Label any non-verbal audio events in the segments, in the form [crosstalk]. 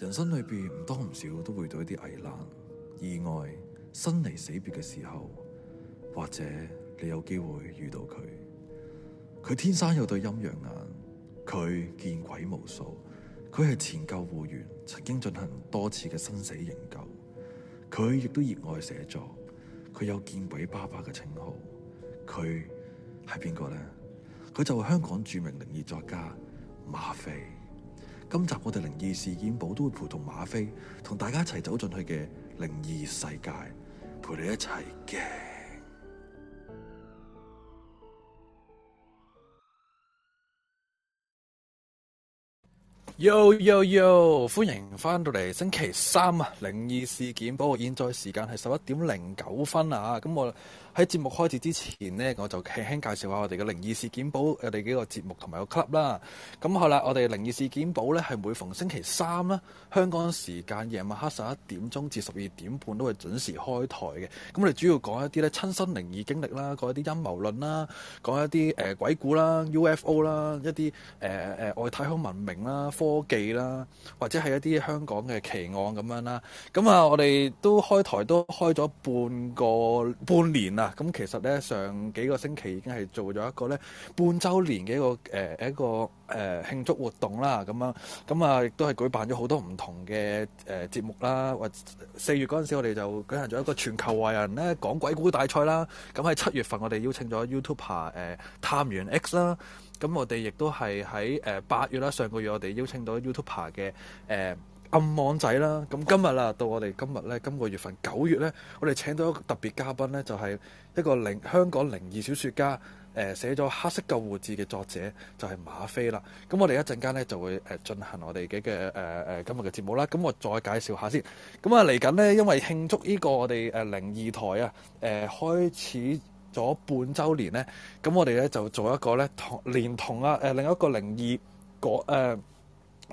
人生裏邊唔多唔少都會遇到一啲危難、意外、生離死別嘅時候，或者你有機會遇到佢。佢天生有對陰陽眼，佢見鬼無數，佢係前救護員，曾經進行多次嘅生死營救。佢亦都熱愛寫作，佢有見鬼爸爸嘅稱號。佢係邊個呢？佢就係香港著名靈異作家馬菲。今集我哋《靈異事件簿》都會陪同馬菲，同大家一齊走進去嘅靈異世界，陪你一齊嘅。Yo yo yo！歡迎翻到嚟，星期三啊！靈異事件簿現在時間係十一點零九分啊！咁我喺節目開始之前呢，我就輕輕介紹下我哋嘅靈異事件簿，我哋幾個節目同埋個 club 啦，啊。咁好啦，我哋靈異事件簿呢，係每逢星期三啦，香港時間夜晚黑十一點鐘至十二點半都會準時開台嘅。咁我哋主要講一啲呢親身靈異經歷啦，講一啲陰謀論啦，講一啲誒、呃、鬼故啦，UFO 啦，一啲誒誒外太空文明啦，科科技啦，或者係一啲香港嘅奇案咁樣啦。咁啊，我哋都開台都開咗半個半年啦。咁其實呢，上幾個星期已經係做咗一個呢半週年嘅一個誒、呃、一個誒、呃、慶祝活動啦。咁樣咁啊，亦都係舉辦咗好多唔同嘅誒、呃、節目啦。或四月嗰陣時，我哋就舉行咗一個全球華人呢講鬼故大賽啦。咁喺七月份，我哋邀請咗 YouTuber 誒、呃、探員 X 啦。咁我哋亦都係喺誒八月啦，上個月我哋邀請到 YouTuber 嘅、呃、暗網仔啦。咁今日啦，到我哋今日呢，今個月份九月呢，我哋請到一個特別嘉賓呢，就係、是、一個靈香港靈異小說家，誒、呃、寫咗《黑色救護誌》嘅作者，就係、是、馬菲啦。咁我哋一陣間呢，就會誒進行我哋嘅嘅誒誒今日嘅節目啦。咁我再介紹下先。咁啊，嚟緊呢，因為慶祝呢個我哋誒靈異台啊，誒、呃、開始咗半周年咧，咁我哋咧就做一個咧同連同啊誒、呃、另一個靈異廣誒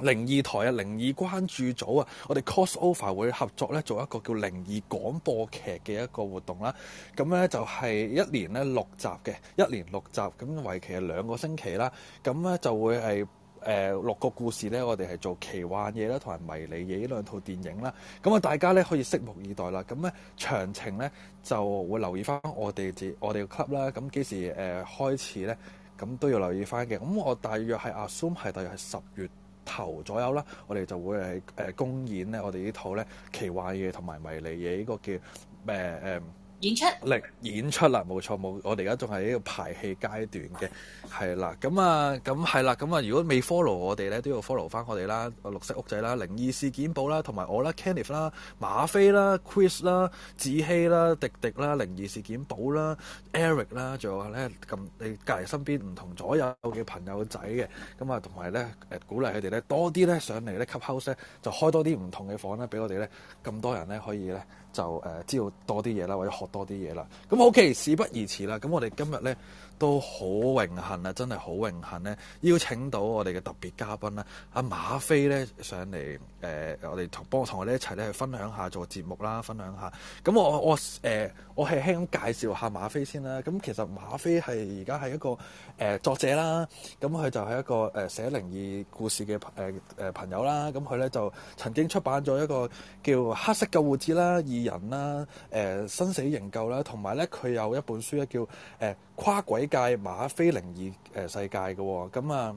靈異台啊靈異關注組啊，我哋 crossover 會合作咧做一個叫靈異廣播劇嘅一個活動啦。咁咧就係一年咧六集嘅，一年六集，咁為期係兩個星期啦。咁咧就會係。誒、呃、六個故事咧，我哋係做奇幻嘢啦，同埋迷你嘢呢兩套電影啦。咁、嗯、啊，大家咧可以拭目以待啦。咁咧詳情咧就會留意翻我哋自我哋 club 啦。咁、嗯、幾時誒、呃、開始咧？咁、嗯、都要留意翻嘅。咁、嗯、我大約係 assume 係大約係十月頭左右啦。我哋就會係誒公演咧，我哋呢套咧奇幻嘢同埋迷你嘢呢個叫誒誒。呃呃演出，力演出啦，冇錯冇，我哋而家仲喺呢個排戲階段嘅，係啦，咁啊，咁係啦，咁啊，如果未 follow 我哋咧，都要 follow 翻我哋啦，綠色屋仔啦，靈異事件簿啦，同埋我啦，Kenneth 啦，馬飛啦，Chris 啦，子希啦，迪迪啦，靈異事件簿啦，Eric 啦，仲有咧咁你隔離身邊唔同咗右嘅朋友仔嘅，咁啊，同埋咧誒鼓勵佢哋咧多啲咧上嚟咧吸 house 咧，就開多啲唔同嘅房咧，俾我哋咧咁多人咧可以咧。就誒、呃、知道多啲嘢啦，或者學多啲嘢啦。咁 OK，事不宜遲啦。咁我哋今日咧。都好榮幸啊！真係好榮幸咧，邀請到我哋嘅特別嘉賓啦，阿、啊、馬菲咧上嚟誒、呃，我哋同幫我同佢一齊咧去分享下做節目啦，分享下。咁我我誒，我輕輕咁介紹下馬菲先啦。咁其實馬菲係而家係一個誒、呃、作者啦，咁佢就係一個誒、呃、寫靈異故事嘅誒誒朋友啦。咁佢咧就曾經出版咗一個叫《黑色救護誌》啦，《異人》啦，呃《誒生死營救》啦，同埋咧佢有一本書咧叫《誒、呃》。跨鬼界，馬菲靈異誒世界嘅、哦，咁啊，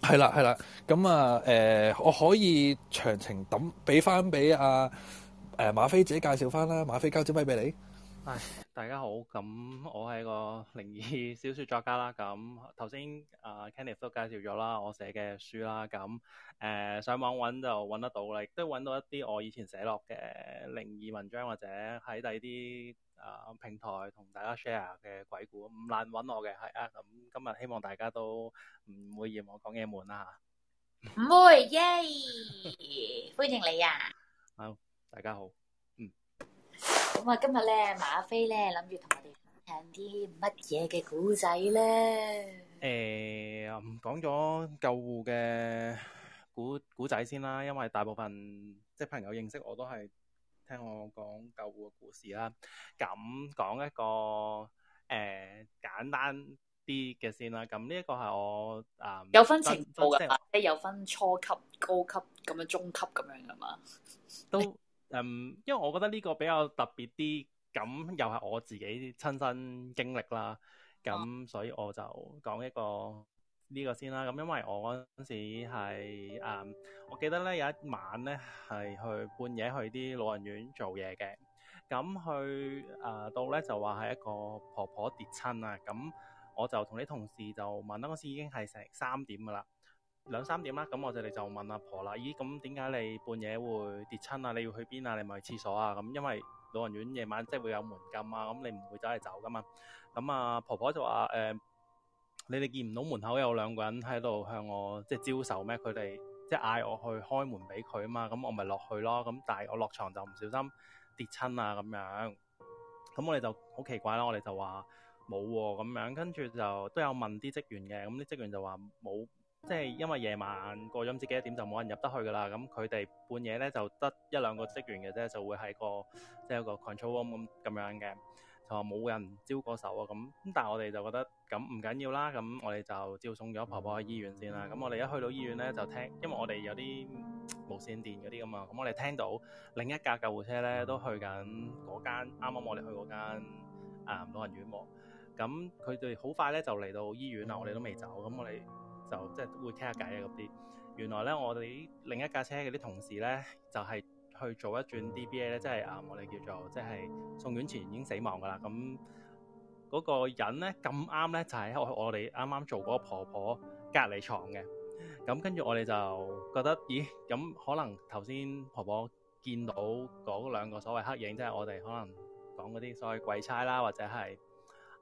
係啦係啦，咁啊誒、呃，我可以長情抌俾翻俾阿誒馬菲自己介紹翻啦，馬菲交支咪俾你。係。大家好，咁我係個靈異小說作家啦。咁頭先啊，Kenneth 都介紹咗啦，我寫嘅書啦。咁、呃、誒，上網揾就揾得到啦，亦都揾到一啲我以前寫落嘅靈異文章，或者喺第啲誒平台同大家 share 嘅鬼故，唔難揾我嘅。係啊，咁今日希望大家都唔會嫌我講嘢悶啦吓。唔會，耶！ [laughs] Yay, 歡迎你啊。好，大家好。咁啊，今日咧，馬菲咧諗住同我哋聽啲乜嘢嘅古仔咧？誒、欸，講咗救護嘅古古仔先啦，因為大部分即係朋友認識我都係聽我講救護嘅故事啦。咁講一個誒、欸、簡單啲嘅先啦。咁呢一個係我誒、嗯、有分程度嘅即是有分初級、高級咁樣、中級咁樣噶嘛？都。 [laughs] 嗯，因為我覺得呢個比較特別啲，咁又係我自己親身經歷啦，咁、啊、所以我就講一個呢個先啦。咁因為我嗰陣時係、嗯，我記得咧有一晚咧係去半夜去啲老人院做嘢嘅，咁去誒到咧就話係一個婆婆跌親啊，咁我就同啲同事就問啦，嗰時已經係成三點噶啦。兩三點啦，咁我就嚟就問阿婆啦。咦，咁點解你半夜會跌親啊？你要去邊啊？你咪去廁所啊？咁因為老人院夜晚即係會有門禁啊，咁你唔會走嚟走噶嘛。咁啊，婆婆就話誒、欸，你哋見唔到門口有兩個人喺度向我即係招手咩？佢哋即係嗌我去開門俾佢啊嘛。咁我咪落去咯。咁但係我落床就唔小心跌親啊，咁樣，咁我哋就好奇怪啦。我哋就話冇咁樣，跟住就都有問啲職員嘅。咁啲職員就話冇。即係因為夜晚過咗唔知幾多點就冇人入得去㗎啦。咁佢哋半夜咧就得一兩個職員嘅啫，就會喺個即係一個 control room 咁樣嘅，就冇人招過手啊。咁咁，但係我哋就覺得咁唔緊要啦。咁我哋就照送咗婆婆去醫院先啦。咁我哋一去到醫院咧，就聽，因為我哋有啲無線電嗰啲㗎嘛。咁我哋聽到另一架救護車咧都去緊嗰間啱啱我哋去嗰間啊、老人院喎。咁佢哋好快咧就嚟到醫院啦。我哋都未走，咁我哋，就即係會傾下偈啊咁啲，原來咧我哋另一架車嗰啲同事咧就係、是、去做一轉 DBA 咧，即係啊我哋叫做即係送院前已經死亡噶啦，咁、嗯、嗰、那個人咧咁啱咧就喺、是、我哋啱啱做嗰個婆婆隔離床嘅，咁跟住我哋就覺得咦咁、嗯、可能頭先婆婆見到嗰兩個所謂黑影，即係我哋可能講嗰啲所謂鬼差啦，或者係。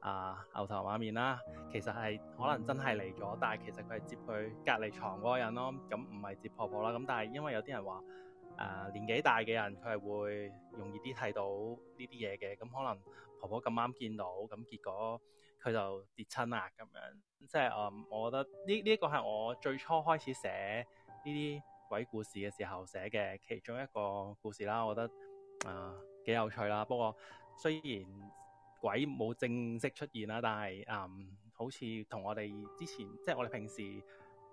啊、呃，牛頭馬面啦、啊，其實係可能真係嚟咗，但係其實佢係接佢隔離床嗰個人咯，咁唔係接婆婆啦。咁但係因為有啲人話，誒、呃、年紀大嘅人佢係會容易啲睇到呢啲嘢嘅，咁、嗯、可能婆婆咁啱見到，咁、嗯、結果佢就跌親啦咁樣。即係誒、呃，我覺得呢呢個係我最初開始寫呢啲鬼故事嘅時候寫嘅其中一個故事啦，我覺得啊幾、呃、有趣啦。不過雖然，鬼冇正式出現啦，但係嗯，好似同我哋之前即係我哋平時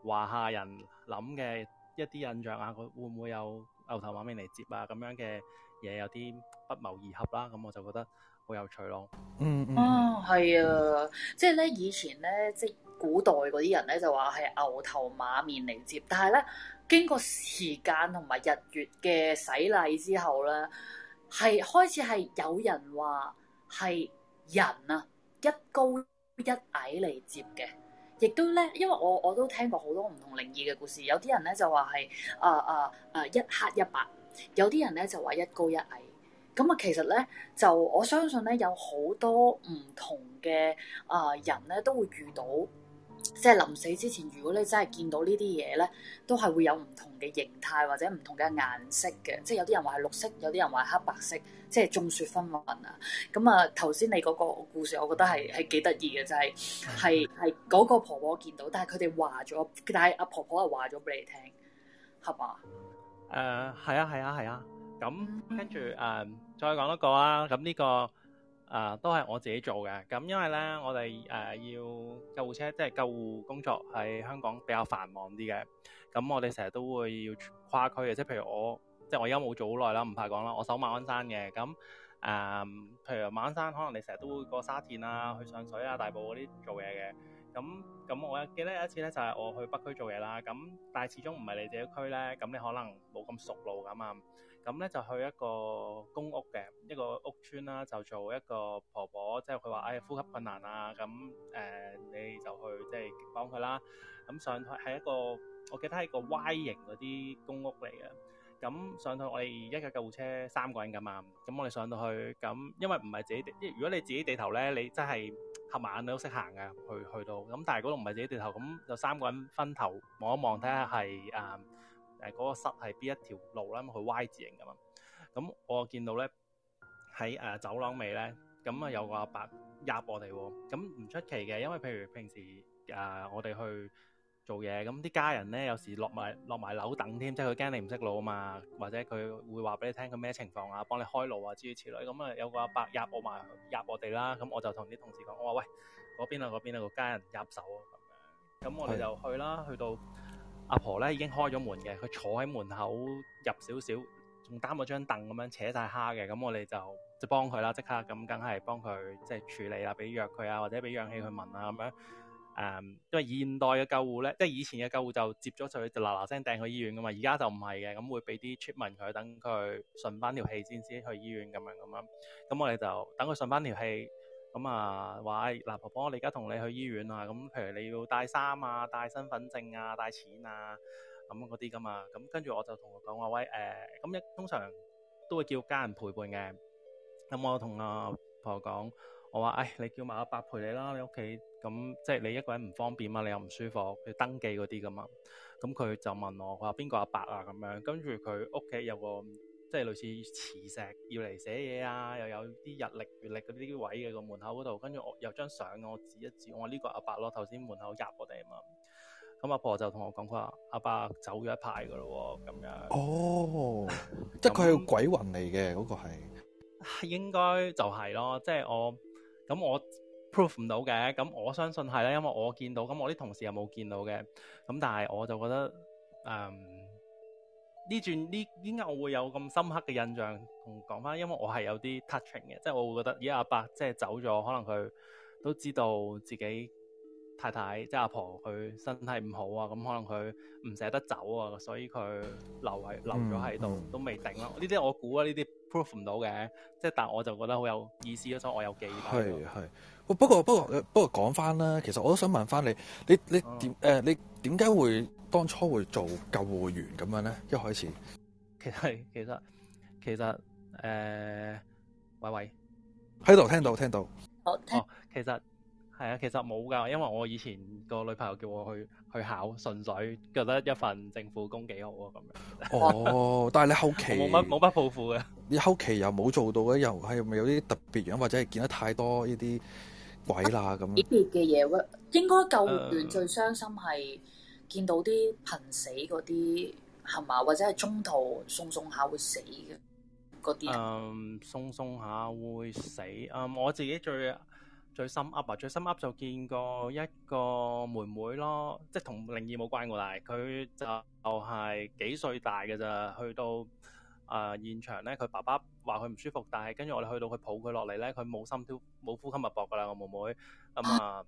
華夏人諗嘅一啲印象啊，佢會唔會有牛頭馬面嚟接啊咁樣嘅嘢有啲不謀而合啦、啊？咁、嗯、我就覺得好有趣咯。嗯嗯，係啊，即係呢，以前呢，即、就是、古代嗰啲人呢，就話係牛頭馬面嚟接，但係呢，經過時間同埋日月嘅洗禮之後呢，係開始係有人話係。人啊，一高一矮嚟接嘅，亦都咧，因為我我都聽過好多唔同靈異嘅故事，有啲人咧就話係啊啊啊一黑一白，有啲人咧就話一高一矮，咁、嗯、啊其實咧就我相信咧有好多唔同嘅啊人咧都會遇到。即係臨死之前，如果你真係見到呢啲嘢咧，都係會有唔同嘅形態或者唔同嘅顏色嘅，即係有啲人話係綠色，有啲人話係黑白色，即係眾說紛紜啊！咁、嗯、啊，頭先你嗰個故事，我覺得係係幾得意嘅，就係係係嗰個婆婆見到，但係佢哋話咗，但係阿婆婆啊話咗俾你聽，係嘛？誒、呃，係啊，係啊，係啊！咁跟住誒，再講一個啊。咁呢個。啊，uh, 都係我自己做嘅。咁因為咧，我哋誒、uh, 要救護車，即係救護工作喺香港比較繁忙啲嘅。咁我哋成日都會要跨區嘅，即係譬如我，即係我而家冇做好耐啦，唔怕講啦，我守馬鞍山嘅。咁誒，uh, 譬如馬鞍山，可能你成日都會過沙田啊、去上水啊、大埔嗰啲做嘢嘅。咁咁，我記得有一次咧，就係、是、我去北區做嘢啦。咁但係始終唔係你自己區咧，咁你可能冇咁熟路㗎嘛。咁咧就去一個公屋嘅一個屋村啦，就做一個婆婆，即係佢話：，唉，呼吸困難啊，咁誒，你就去即係幫佢啦。咁上去係一個，我記得係一個 Y 型嗰啲公屋嚟嘅。咁上去我哋一架救護車三個人㗎嘛，咁我哋上到去，咁因為唔係自己地頭，如果你自己地頭咧，你真係合埋眼你都識行嘅，去去到。咁但係嗰度唔係自己地頭，咁就三個人分頭望一望，睇下係誒。誒嗰個室係邊一條路啦？咁佢 Y 字形㗎嘛，咁我見到咧，喺誒走廊尾咧，咁啊有個阿伯壓我哋喎，咁唔出奇嘅，因為譬如平時誒、呃、我哋去做嘢，咁啲家人咧有時落埋落埋樓等添，即係佢驚你唔識路嘛，或者佢會話俾你聽佢咩情況啊，幫你開路啊諸如此類咯。咁啊有個阿伯壓我埋壓我哋啦，咁我，我就同啲同事講，我話喂，嗰邊啊，嗰邊啊個家人夾手啊咁樣，咁我哋就去啦， [noise] 去到。阿婆咧已經開咗門嘅，佢坐喺門口入少少，仲擔咗張凳咁樣扯晒蝦嘅。咁我哋就就幫佢啦，即刻咁梗係幫佢即係處理啦，俾藥佢啊，或者俾氧氣佢聞啊咁樣誒。Um, 因為現代嘅救護咧，即係以前嘅救護就接咗上去就嗱嗱聲掟去醫院噶嘛，而家就唔係嘅，咁會俾啲 treatment 佢，等佢順翻條氣先先去醫院咁樣咁樣。咁我哋就等佢順翻條氣。咁啊，話誒嗱婆婆，我而家同你去醫院啊，咁、嗯、譬如你要帶衫啊、帶身份證啊、帶錢啊，咁嗰啲噶嘛，咁跟住我就同佢講話喂，誒咁一通常都會叫家人陪伴嘅，咁我同阿婆婆講，我話誒、哎、你叫埋阿伯陪你啦，你屋企咁即係你一個人唔方便啊，你又唔舒服，要登記嗰啲噶嘛，咁、嗯、佢就問我話邊個阿伯啊咁樣，跟住佢屋企有個。即係類似磁石要嚟寫嘢啊，又有啲日曆月曆嗰啲位喺個門口嗰度，跟住我有張相我指一指，我話呢個阿伯咯，頭先門口入我哋啊嘛，咁阿婆就同我講佢話阿伯走咗一排嘅咯喎，咁樣哦， [laughs] 嗯、即係佢係鬼魂嚟嘅，嗰個係應該就係咯，即係我咁我 proof 唔到嘅，咁我相信係啦，因為我見到，咁我啲同事又冇見到嘅，咁但係我就覺得嗯。呢轉呢點解我會有咁深刻嘅印象？同講翻，因為我係有啲 touching 嘅，即係我會覺得，咦，阿伯即係走咗，可能佢都知道自己太太即係阿婆佢身體唔好啊，咁可能佢唔捨得走啊，所以佢留喺留咗喺度都未定咯。呢啲我估啊，呢啲。prove 唔到嘅，即係但我就覺得好有意思咯，所以我有記憶。係係、哦，不過不過不過講翻啦，其實我都想問翻你，你你點誒？你點解、呃、會當初會做救護員咁樣咧？一開始，其實其實其實誒，喂喂，喺度聽到聽到 Okay. 哦，其實。係啊，其實冇㗎，因為我以前個女朋友叫我去去考，純粹覺得一份政府工幾好啊咁樣。哦， [laughs] 但係你後期冇乜冇乜抱負嘅，你後期又冇做到嘅，又係咪有啲特別樣，或者係見得太多呢啲鬼啦咁？特別嘅嘢屈，應該救護員最傷心係見到啲瀕死嗰啲係嘛，或者係中途送送下會死嘅嗰啲啊。嗯，送送、um, 下會死。嗯、um，我自己最。最深噏啊！最深噏就見過一個妹妹咯，即係同靈異冇關過啦。但係佢就係幾歲大嘅咋，去到啊現場咧，佢爸爸話佢唔舒服，但係跟住我哋去到，佢抱佢落嚟咧，佢冇心跳、冇呼吸脈搏㗎啦，個妹妹咁啊！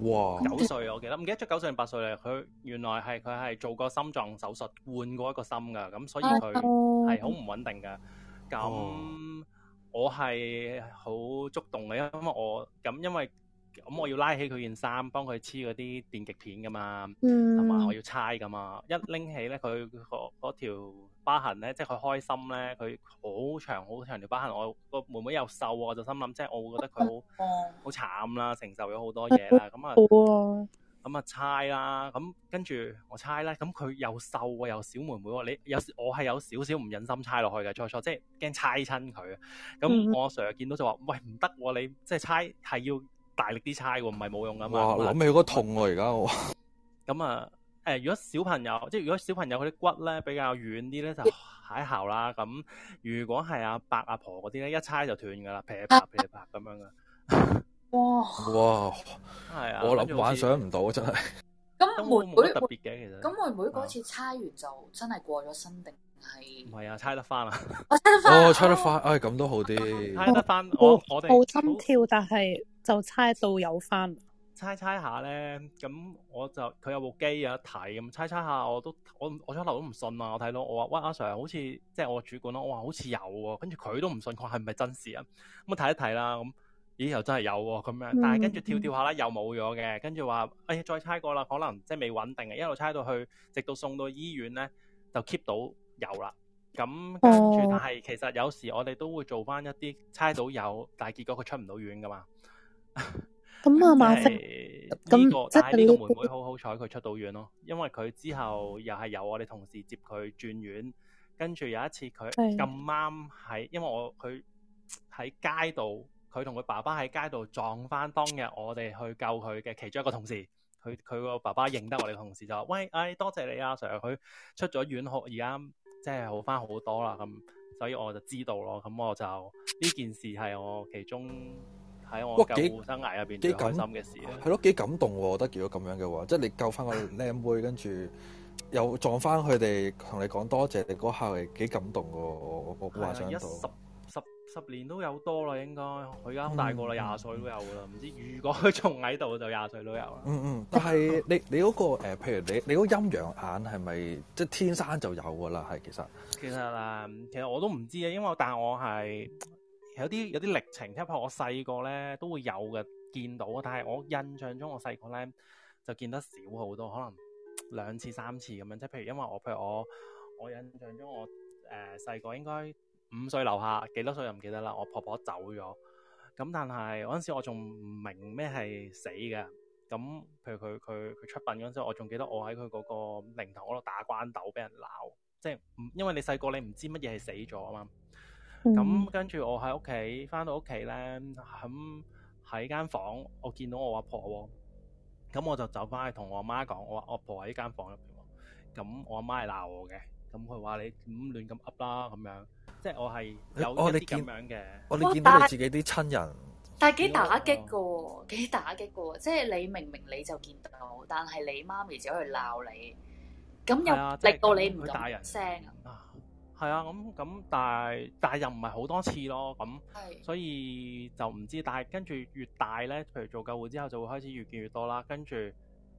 哇！九歲我記得，唔記得咗九歲定八歲嚟？佢原來係佢係做過心臟手術，換過一個心㗎，咁所以佢係好唔穩定㗎。咁我係好觸動嘅，因為我咁因為咁我要拉起佢件衫，幫佢黐嗰啲電極片噶嘛，同埋、嗯、我要猜噶嘛。一拎起咧，佢嗰條疤痕咧，即係佢開心咧，佢好長好長條疤痕。我個妹妹又瘦，我就心諗，即係我會覺得佢好、啊、好慘啦，承受咗、欸、好多嘢啦。咁啊～咁啊，猜啦，咁跟住我猜咧，咁佢又瘦喎、啊，又小妹妹喎、啊，你我有我係有少少唔忍心猜落去嘅，初初即係驚猜親佢啊。咁我成日見到就話，嗯、喂唔得喎，你即係猜係要大力啲猜喎，唔係冇用噶嘛哇樣、啊。哇，諗起嗰個痛喎，而家我。咁啊，誒，如果小朋友，即係如果小朋友嗰啲骨咧比較軟啲咧，就喺校啦。咁如果係阿伯阿婆嗰啲咧，一猜就斷噶啦，劈劈劈劈咁樣噶。 [laughs] 哇哇，係啊！我諗幻想唔到真係。咁妹妹，咁妹妹嗰次救完就真係過咗身定係？唔係啊，救得返啊！我救得返，哎，咁都好啲。救得返，我我冇心跳，但係就救到有返。救救下咧，咁我就佢有部機啊一睇咁，救救下我都我我初頭都唔信啊！我睇到我話喂阿 Sir 好似即係我主管咯，我話好似有啊！跟住佢都唔信，佢話係唔係真事啊？咁啊睇一睇啦咁。咦又真係有喎。哦、咁樣，但係跟住跳跳下啦，又冇咗嘅，跟住話哎再猜過啦，可能即係未穩定嘅，一路猜到去，直到送到醫院呢，就 keep 到有啦。咁跟住，哦、但係其實有時我哋都會做翻一啲猜到有，但係結果佢出唔到院噶嘛。咁啊、嗯，馬菲咁，但係呢個妹妹好好彩，佢、嗯、出到院咯，因為佢之後又係由我哋同事接佢轉院，跟住有一次佢咁啱喺，嗯、因為我佢喺街度。佢同佢爸爸喺街度撞翻，當日我哋去救佢嘅其中一個同事，佢佢個爸爸認得我哋同事就話：喂，唉，多謝你啊 Sir，佢出咗院，可而家即係好翻好多啦。咁所以我就知道咯。咁我就呢件事係我其中喺我救護生涯入邊幾感心嘅事，係咯幾感動喎。我覺得如果咁樣嘅話，即係你救翻個僆妹，跟住又撞翻佢哋，同你講多謝你嗰刻係幾感動嘅喎。我我幻想到。十年都有多啦，應該佢而家好大個啦，廿、嗯、歲都有噶啦。唔知如果佢仲喺度，就廿歲都有啦。嗯嗯，但係你你嗰、嗰個、呃、譬如你你嗰個陰陽眼係咪即係天生就有噶啦？係其實其實啊、呃，其實我都唔知啊，因為但係我係有啲有啲歷程，即係譬如我細個咧都會有嘅見到，但係我印象中我細個咧就見得少好多，可能兩次三次咁樣。即係譬如因為我譬如我我印象中我誒細個應該。五歲樓下幾多歲又唔記得啦。我婆婆走咗咁，但係嗰陣時我仲唔明咩係死嘅。咁，譬如佢佢佢出殯嗰陣時，我仲記得我喺佢嗰個靈堂嗰度打關斗俾人鬧，即係因為你細個你唔知乜嘢係死咗啊嘛。咁、嗯、跟住我喺屋企翻到屋企咧，咁喺間房間我見到我阿婆、哦，咁我就走翻去同我阿媽講，我話我婆喺間房入邊。咁我阿媽係鬧我嘅，咁佢話你點亂咁噏啦咁樣。即係我係有啲咁樣嘅，我哋、哦見，哦、見到佢自己啲親人，但係幾打擊嘅，幾、哎、呀打擊嘅。即係你明明你就見到，但係你媽咪走去鬧你，咁又力到你唔敢聲啊。係啊，咁咁、啊嗯嗯嗯嗯嗯、但係但係又唔係好多次咯。咁、嗯、是所以就唔知，但係跟住越大咧，譬如做救護之後就會開始越見越多啦。跟住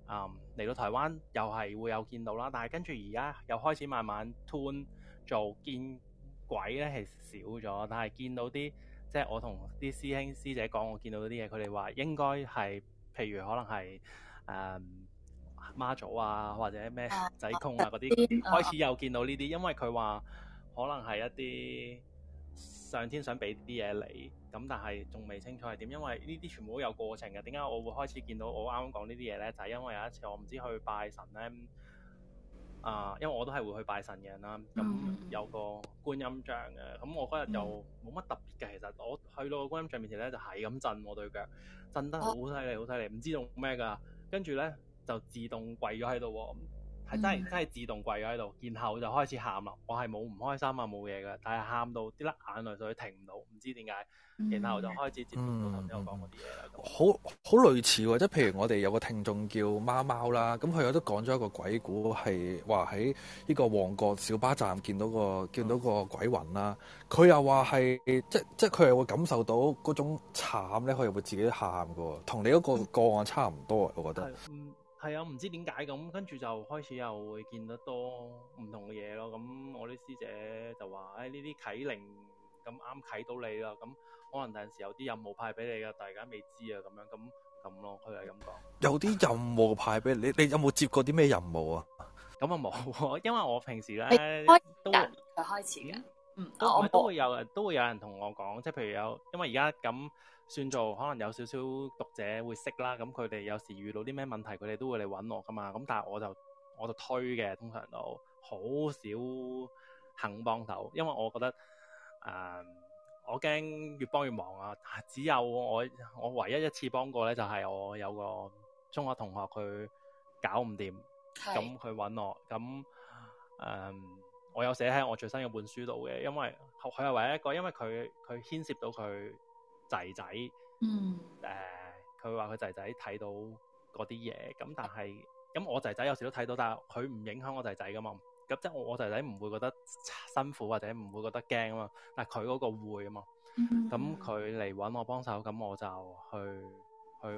啊嚟到台灣又係會有見到啦。但係跟住而家又開始慢慢 tune 做見。鬼咧係少咗，但係見到啲即係我同啲師兄師姐講，我見到啲嘢，佢哋話應該係譬如可能係誒、嗯、媽祖啊，或者咩仔公啊嗰啲，啊、開始又見到呢啲，因為佢話可能係一啲上天想俾啲嘢你，咁但係仲未清楚係點，因為呢啲全部都有過程嘅。點解我會開始見到我啱啱講呢啲嘢咧？就係、是、因為有一次我唔知去拜神咧。啊，uh, 因為我都係會去拜神嘅人啦，咁有個觀音像嘅，咁我嗰日就冇乜特別嘅，其實我去到個觀音像面前咧就係咁震我對腳，震得好犀利好犀利，唔知做咩噶，跟住咧就自動跪咗喺度喎。係真係真係自動跪咗喺度，然後就開始喊啦。我係冇唔開心啊，冇嘢嘅，但係喊到啲粒眼淚水就停唔到，唔知點解。然後就開始接觸又講嗰啲嘢，好好類似喎。即係譬如我哋有個聽眾叫貓貓啦，咁佢有都講咗一個鬼故，係話喺呢個旺角小巴站見到個、嗯、見到個鬼魂啦。佢又話係即即佢係會感受到嗰種慘咧，佢又會自己喊嘅，同你嗰個個案差唔多呀。嗯、我覺得。嗯係啊，唔知點解咁，跟住就開始又會見得多唔同嘅嘢咯。咁我啲師姐就話，誒、哎，呢啲啟靈咁啱啟到你啦，咁可能第陣時有啲任務派俾你噶，大家未知啊，咁樣咁咁咯，佢係咁講。有啲任務派俾你，你有冇接過啲咩任務啊？咁啊冇，因為我平時咧都係開始嘅，都始嗯，都我都會有，人，都會有人同我講，即係譬如有，因為而家咁。算做可能有少少讀者會識啦，咁佢哋有時遇到啲咩問題，佢哋都會嚟揾我㗎嘛。咁但係我就我就推嘅，通常都好少肯幫手，因為我覺得誒、嗯、我驚越幫越忙啊。只有我我唯一一次幫過呢，就係我有個中學同學佢搞唔掂，咁佢揾我，咁誒、嗯、我有寫喺我最新嘅本書度嘅，因為佢係唯一一個，因為佢佢牽涉到佢仔仔，嗯，誒、呃，佢話佢仔仔睇到嗰啲嘢，咁但係，咁我仔仔有時都睇到，但係佢唔影響我仔仔噶嘛，咁即係我我仔仔唔會覺得辛苦或者唔會覺得驚啊嘛，但係佢嗰個會啊嘛，咁佢嚟搵我幫手，咁我就去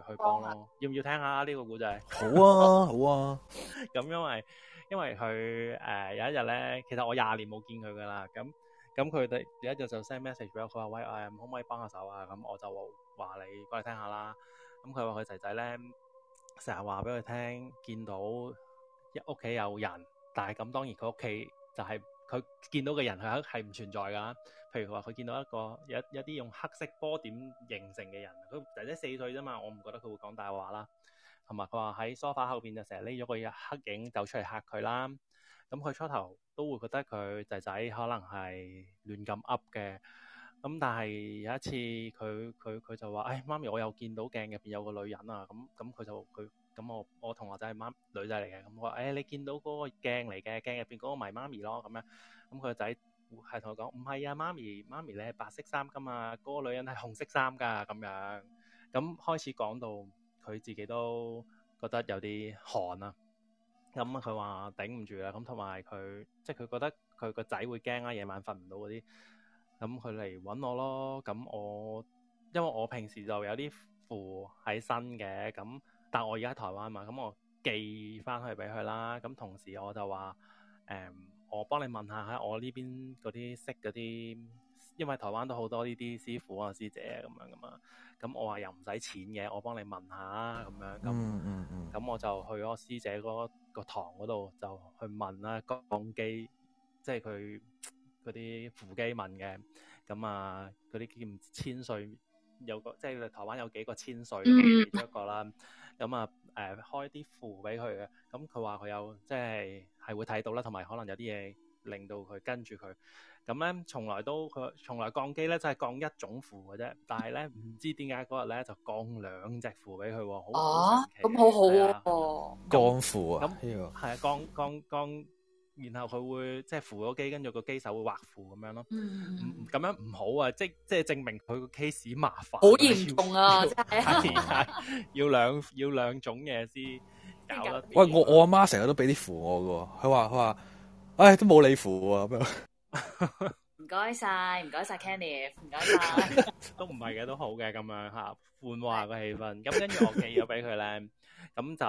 去去幫咯，啊、要唔要聽下呢個故仔？好啊， [laughs] 好啊，咁 [laughs] 因為因為佢誒、呃、有一日咧，其實我廿年冇見佢噶啦，咁。咁佢哋有一日就就 send message 俾我，佢話喂，誒、啊、可唔可以幫下手啊？咁、嗯、我就話你過嚟聽下啦。咁佢話佢仔仔咧成日話俾佢聽，見到屋企有人，但係咁當然佢屋企就係、是、佢見到嘅人係係唔存在㗎。譬如話佢見到一個有一啲用黑色波點形成嘅人，佢仔仔四歲啫嘛，我唔覺得佢會講大話啦。同埋佢話喺梳化後邊就成日匿咗個黑影走出嚟嚇佢啦。咁佢初頭都會覺得佢仔仔可能係亂咁噏嘅，咁但係有一次佢佢佢就話：誒，媽咪，我又見到鏡入邊有個女人啊！咁咁佢就佢咁我我同個仔係媽女仔嚟嘅，咁我話：誒，你見到嗰個鏡嚟嘅，鏡入邊嗰個咪媽咪咯！咁樣，咁佢個仔係同佢講：唔係啊，媽咪，媽咪你係白色衫噶嘛，嗰個女人係紅色衫㗎，咁樣，咁開始講到佢自己都覺得有啲寒啊。咁佢話頂唔住啦，咁同埋佢即係佢覺得佢個仔會驚呀，夜晚瞓唔到嗰啲，咁佢嚟揾我咯，咁、嗯、我因為我平時就有啲符喺身嘅，咁、嗯、但係我而家喺台灣嘛，咁、嗯、我寄翻去俾佢啦，咁、嗯、同時我就話誒、嗯，我幫你問下喺我呢邊嗰啲識嗰啲。因為台灣都好多呢啲師傅啊師姐啊咁樣㗎嘛，咁我話又唔使錢嘅，我幫你問下啊咁樣，咁、mm hmm. 我就去嗰師姐嗰個堂嗰度就去問啦，啊，講機即係佢嗰啲扶機問嘅。咁啊嗰啲叫千歲有個，即係台灣有幾個千歲嘅，mm hmm. 一個啦，咁啊誒開啲符俾佢嘅，咁佢話佢有即係係會睇到啦，同埋可能有啲嘢令到佢跟住佢。咁咧，從來都佢從來降機咧，就係降一種符嘅啫。但係咧，唔知點解嗰日咧就降兩隻符俾佢喎。哦，咁好好喎。降符啊，咁係啊，降降降，然後佢會即係扶咗機，跟住個機手會畫符咁樣咯。嗯，咁樣唔好啊，即即係證明佢個 case 麻煩。好嚴重啊，真係要兩要兩種嘢先搞得。喂，我我阿媽成日都俾啲符我嘅，佢話佢話，唉，都冇你符啊咁樣。唔該晒，唔該晒，Candy，唔該晒，都唔係嘅，都好嘅，咁樣吓，換話個氣氛。咁跟住我企咗俾佢咧，咁 [laughs] 就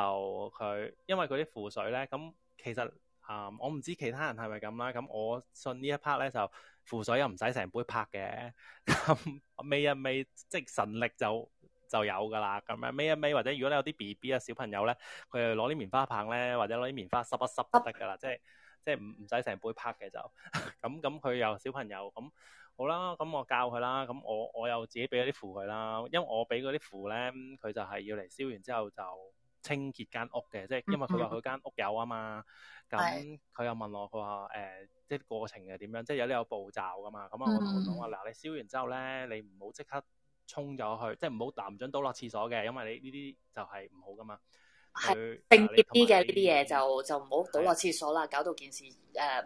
佢，因為佢啲符水咧，咁其實啊、嗯，我唔知其他人係咪咁啦，咁我信一呢一 part 咧就符水又唔使成杯拍嘅，咁、嗯、尾一尾，即係神力就就有噶啦，咁樣尾一尾，或者如果你有啲 B B 啊小朋友咧，佢就攞啲棉花棒咧，或者攞啲棉花濕一濕就得噶啦，即係。即係唔唔使成杯拍嘅就，咁咁佢有小朋友咁好啦，咁我教佢啦，咁我我又自己俾咗啲符佢啦，因為我俾嗰啲符咧，佢就係要嚟燒完之後就清潔間屋嘅，即係因為佢話佢間屋有啊嘛，咁佢、嗯嗯、又問我佢話誒，即係過程係點樣，即係有啲有步驟噶嘛，咁、嗯嗯、啊我同佢講話嗱，你燒完之後咧，你唔好即刻沖咗去，即係唔好唔準倒落廁所嘅，因為你呢啲就係唔好噶嘛。係定啲嘅呢啲嘢，就就唔好倒落廁所啦，的搞到件事誒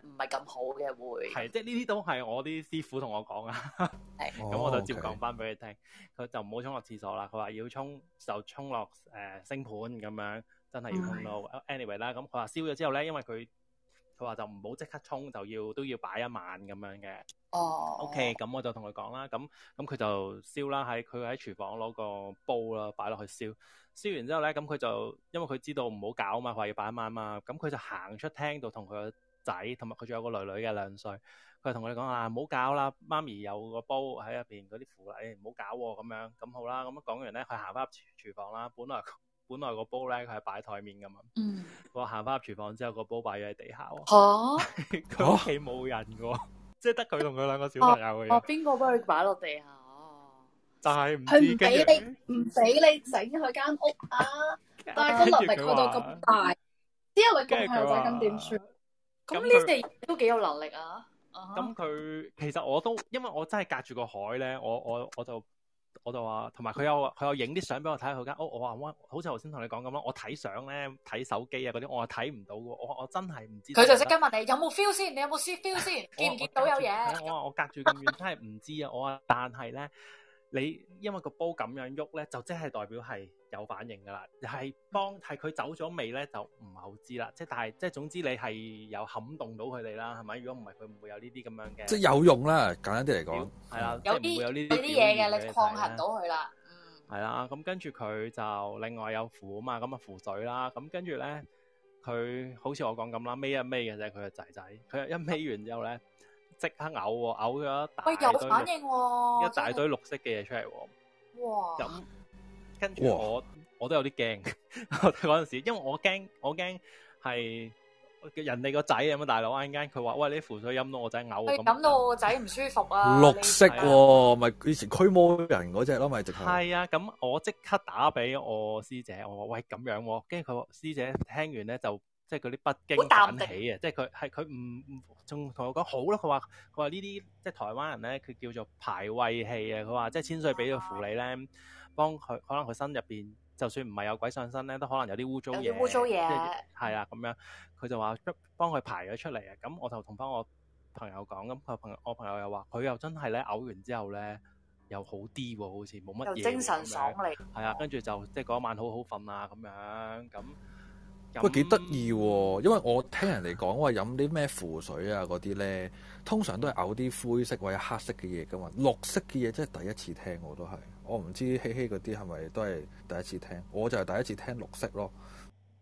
唔係咁好嘅，會係，即係呢啲都係我啲師傅同我講啊，咁的 [laughs] 我就接講翻俾你聽，佢就唔好沖落廁所啦，佢話要沖就沖落誒星盤咁樣，真係要沖到的 anyway 啦，咁佢話燒咗之後咧，因為佢佢話就唔好即刻沖，就要都要擺一晚咁樣嘅。哦，OK，咁我就同佢講啦，咁咁佢就燒啦，喺佢喺廚房攞個煲啦，擺落去燒。燒完之後咧，咁佢就因為佢知道唔好搞啊嘛，話要擺一晚嘛，咁佢就行出廳度同佢個仔，同埋佢仲有，有個女女嘅兩歲，佢就同佢哋講啊，唔好搞啦，媽咪有個煲喺入邊嗰啲符嚟，唔好搞喎咁樣，咁、嗯、好啦，咁講完咧，佢行翻入廚房啦，本來本來個煲咧佢係擺台面噶嘛，我行翻入廚房之後，那個煲擺咗喺地下喎，吓、啊，佢屋企冇人噶，即係得佢同佢兩個小朋友嘅，啊，哦邊個幫佢擺落地下？但係唔俾你，唔俾你整佢間屋啊！但係個能力去到咁大，呢一位咁後生仔咁點算？咁呢啲都幾有能力啊！咁佢其實我都因為我真係隔住個海咧，我我我就我就話，同埋佢有佢有影啲相俾我睇佢間屋，我話好似頭先同你講咁咯，我睇相咧睇手機啊嗰啲，我睇唔到，我我真係唔知。佢就即刻問你有冇 feel 先，你有冇 feel 先，見唔見到有嘢？我話我隔住咁遠真係唔知啊！我話但係咧。你因為個煲咁樣喐咧，就即係代表係有反應噶啦，係幫係佢走咗味咧，就唔係好知啦。即係但係即係總之，你係有撼動到佢哋啦，係咪？如果唔係，佢唔會有呢啲咁樣嘅。即係有用啦，簡單啲嚟講。係啦，有些即係有呢啲嘢嘅，你抗衡到佢啦。係啦，咁跟住佢就另外有符啊嘛，咁啊符水啦。咁跟住咧，佢好似我講咁啦，孭一孭嘅啫，佢個仔仔，佢一孭完之後咧。 [laughs] [laughs] 即刻嘔，嘔咗一大堆，喂，有反應喎！一大堆綠色嘅嘢出嚟。哇！咁跟住我，我都有啲驚。嗰陣時，因為我驚，我驚係人哋個仔咁啊！大佬一陣間佢話：喂，你啲符水飲到我仔嘔咁，飲到我個仔唔舒服啊！綠色喎，咪以前驅魔人嗰隻咯，咪直頭。係啊，咁我即刻打俾我師姐，我話：喂，咁樣喎。跟住佢話師姐聽完咧就。即係嗰啲北京引起嘅，即係佢係佢唔仲同我講好咯，佢話佢話呢啲即係台灣人咧，佢叫做排胃氣啊，佢話即係千歲俾個符你咧，幫佢可能佢身入邊就算唔係有鬼上身咧，都可能有啲污糟嘢，有污糟嘢，係啊咁樣，佢就話出幫佢排咗出嚟啊，咁我就同翻我，我朋友講，咁個朋我朋友又話佢又真係咧嘔完之後咧又好啲喎，好似冇乜嘢，精神是是爽利力，係啊，跟住就即係嗰晚好好瞓啊咁樣咁。喂，幾得意喎！因為我聽人哋講話飲啲咩符水啊嗰啲呢，通常都係嘔啲灰色或者黑色嘅嘢㗎嘛。綠色嘅嘢真係第一次聽，我都係。我唔知希希嗰啲係咪都係第一次聽，我就係第一次聽綠色咯。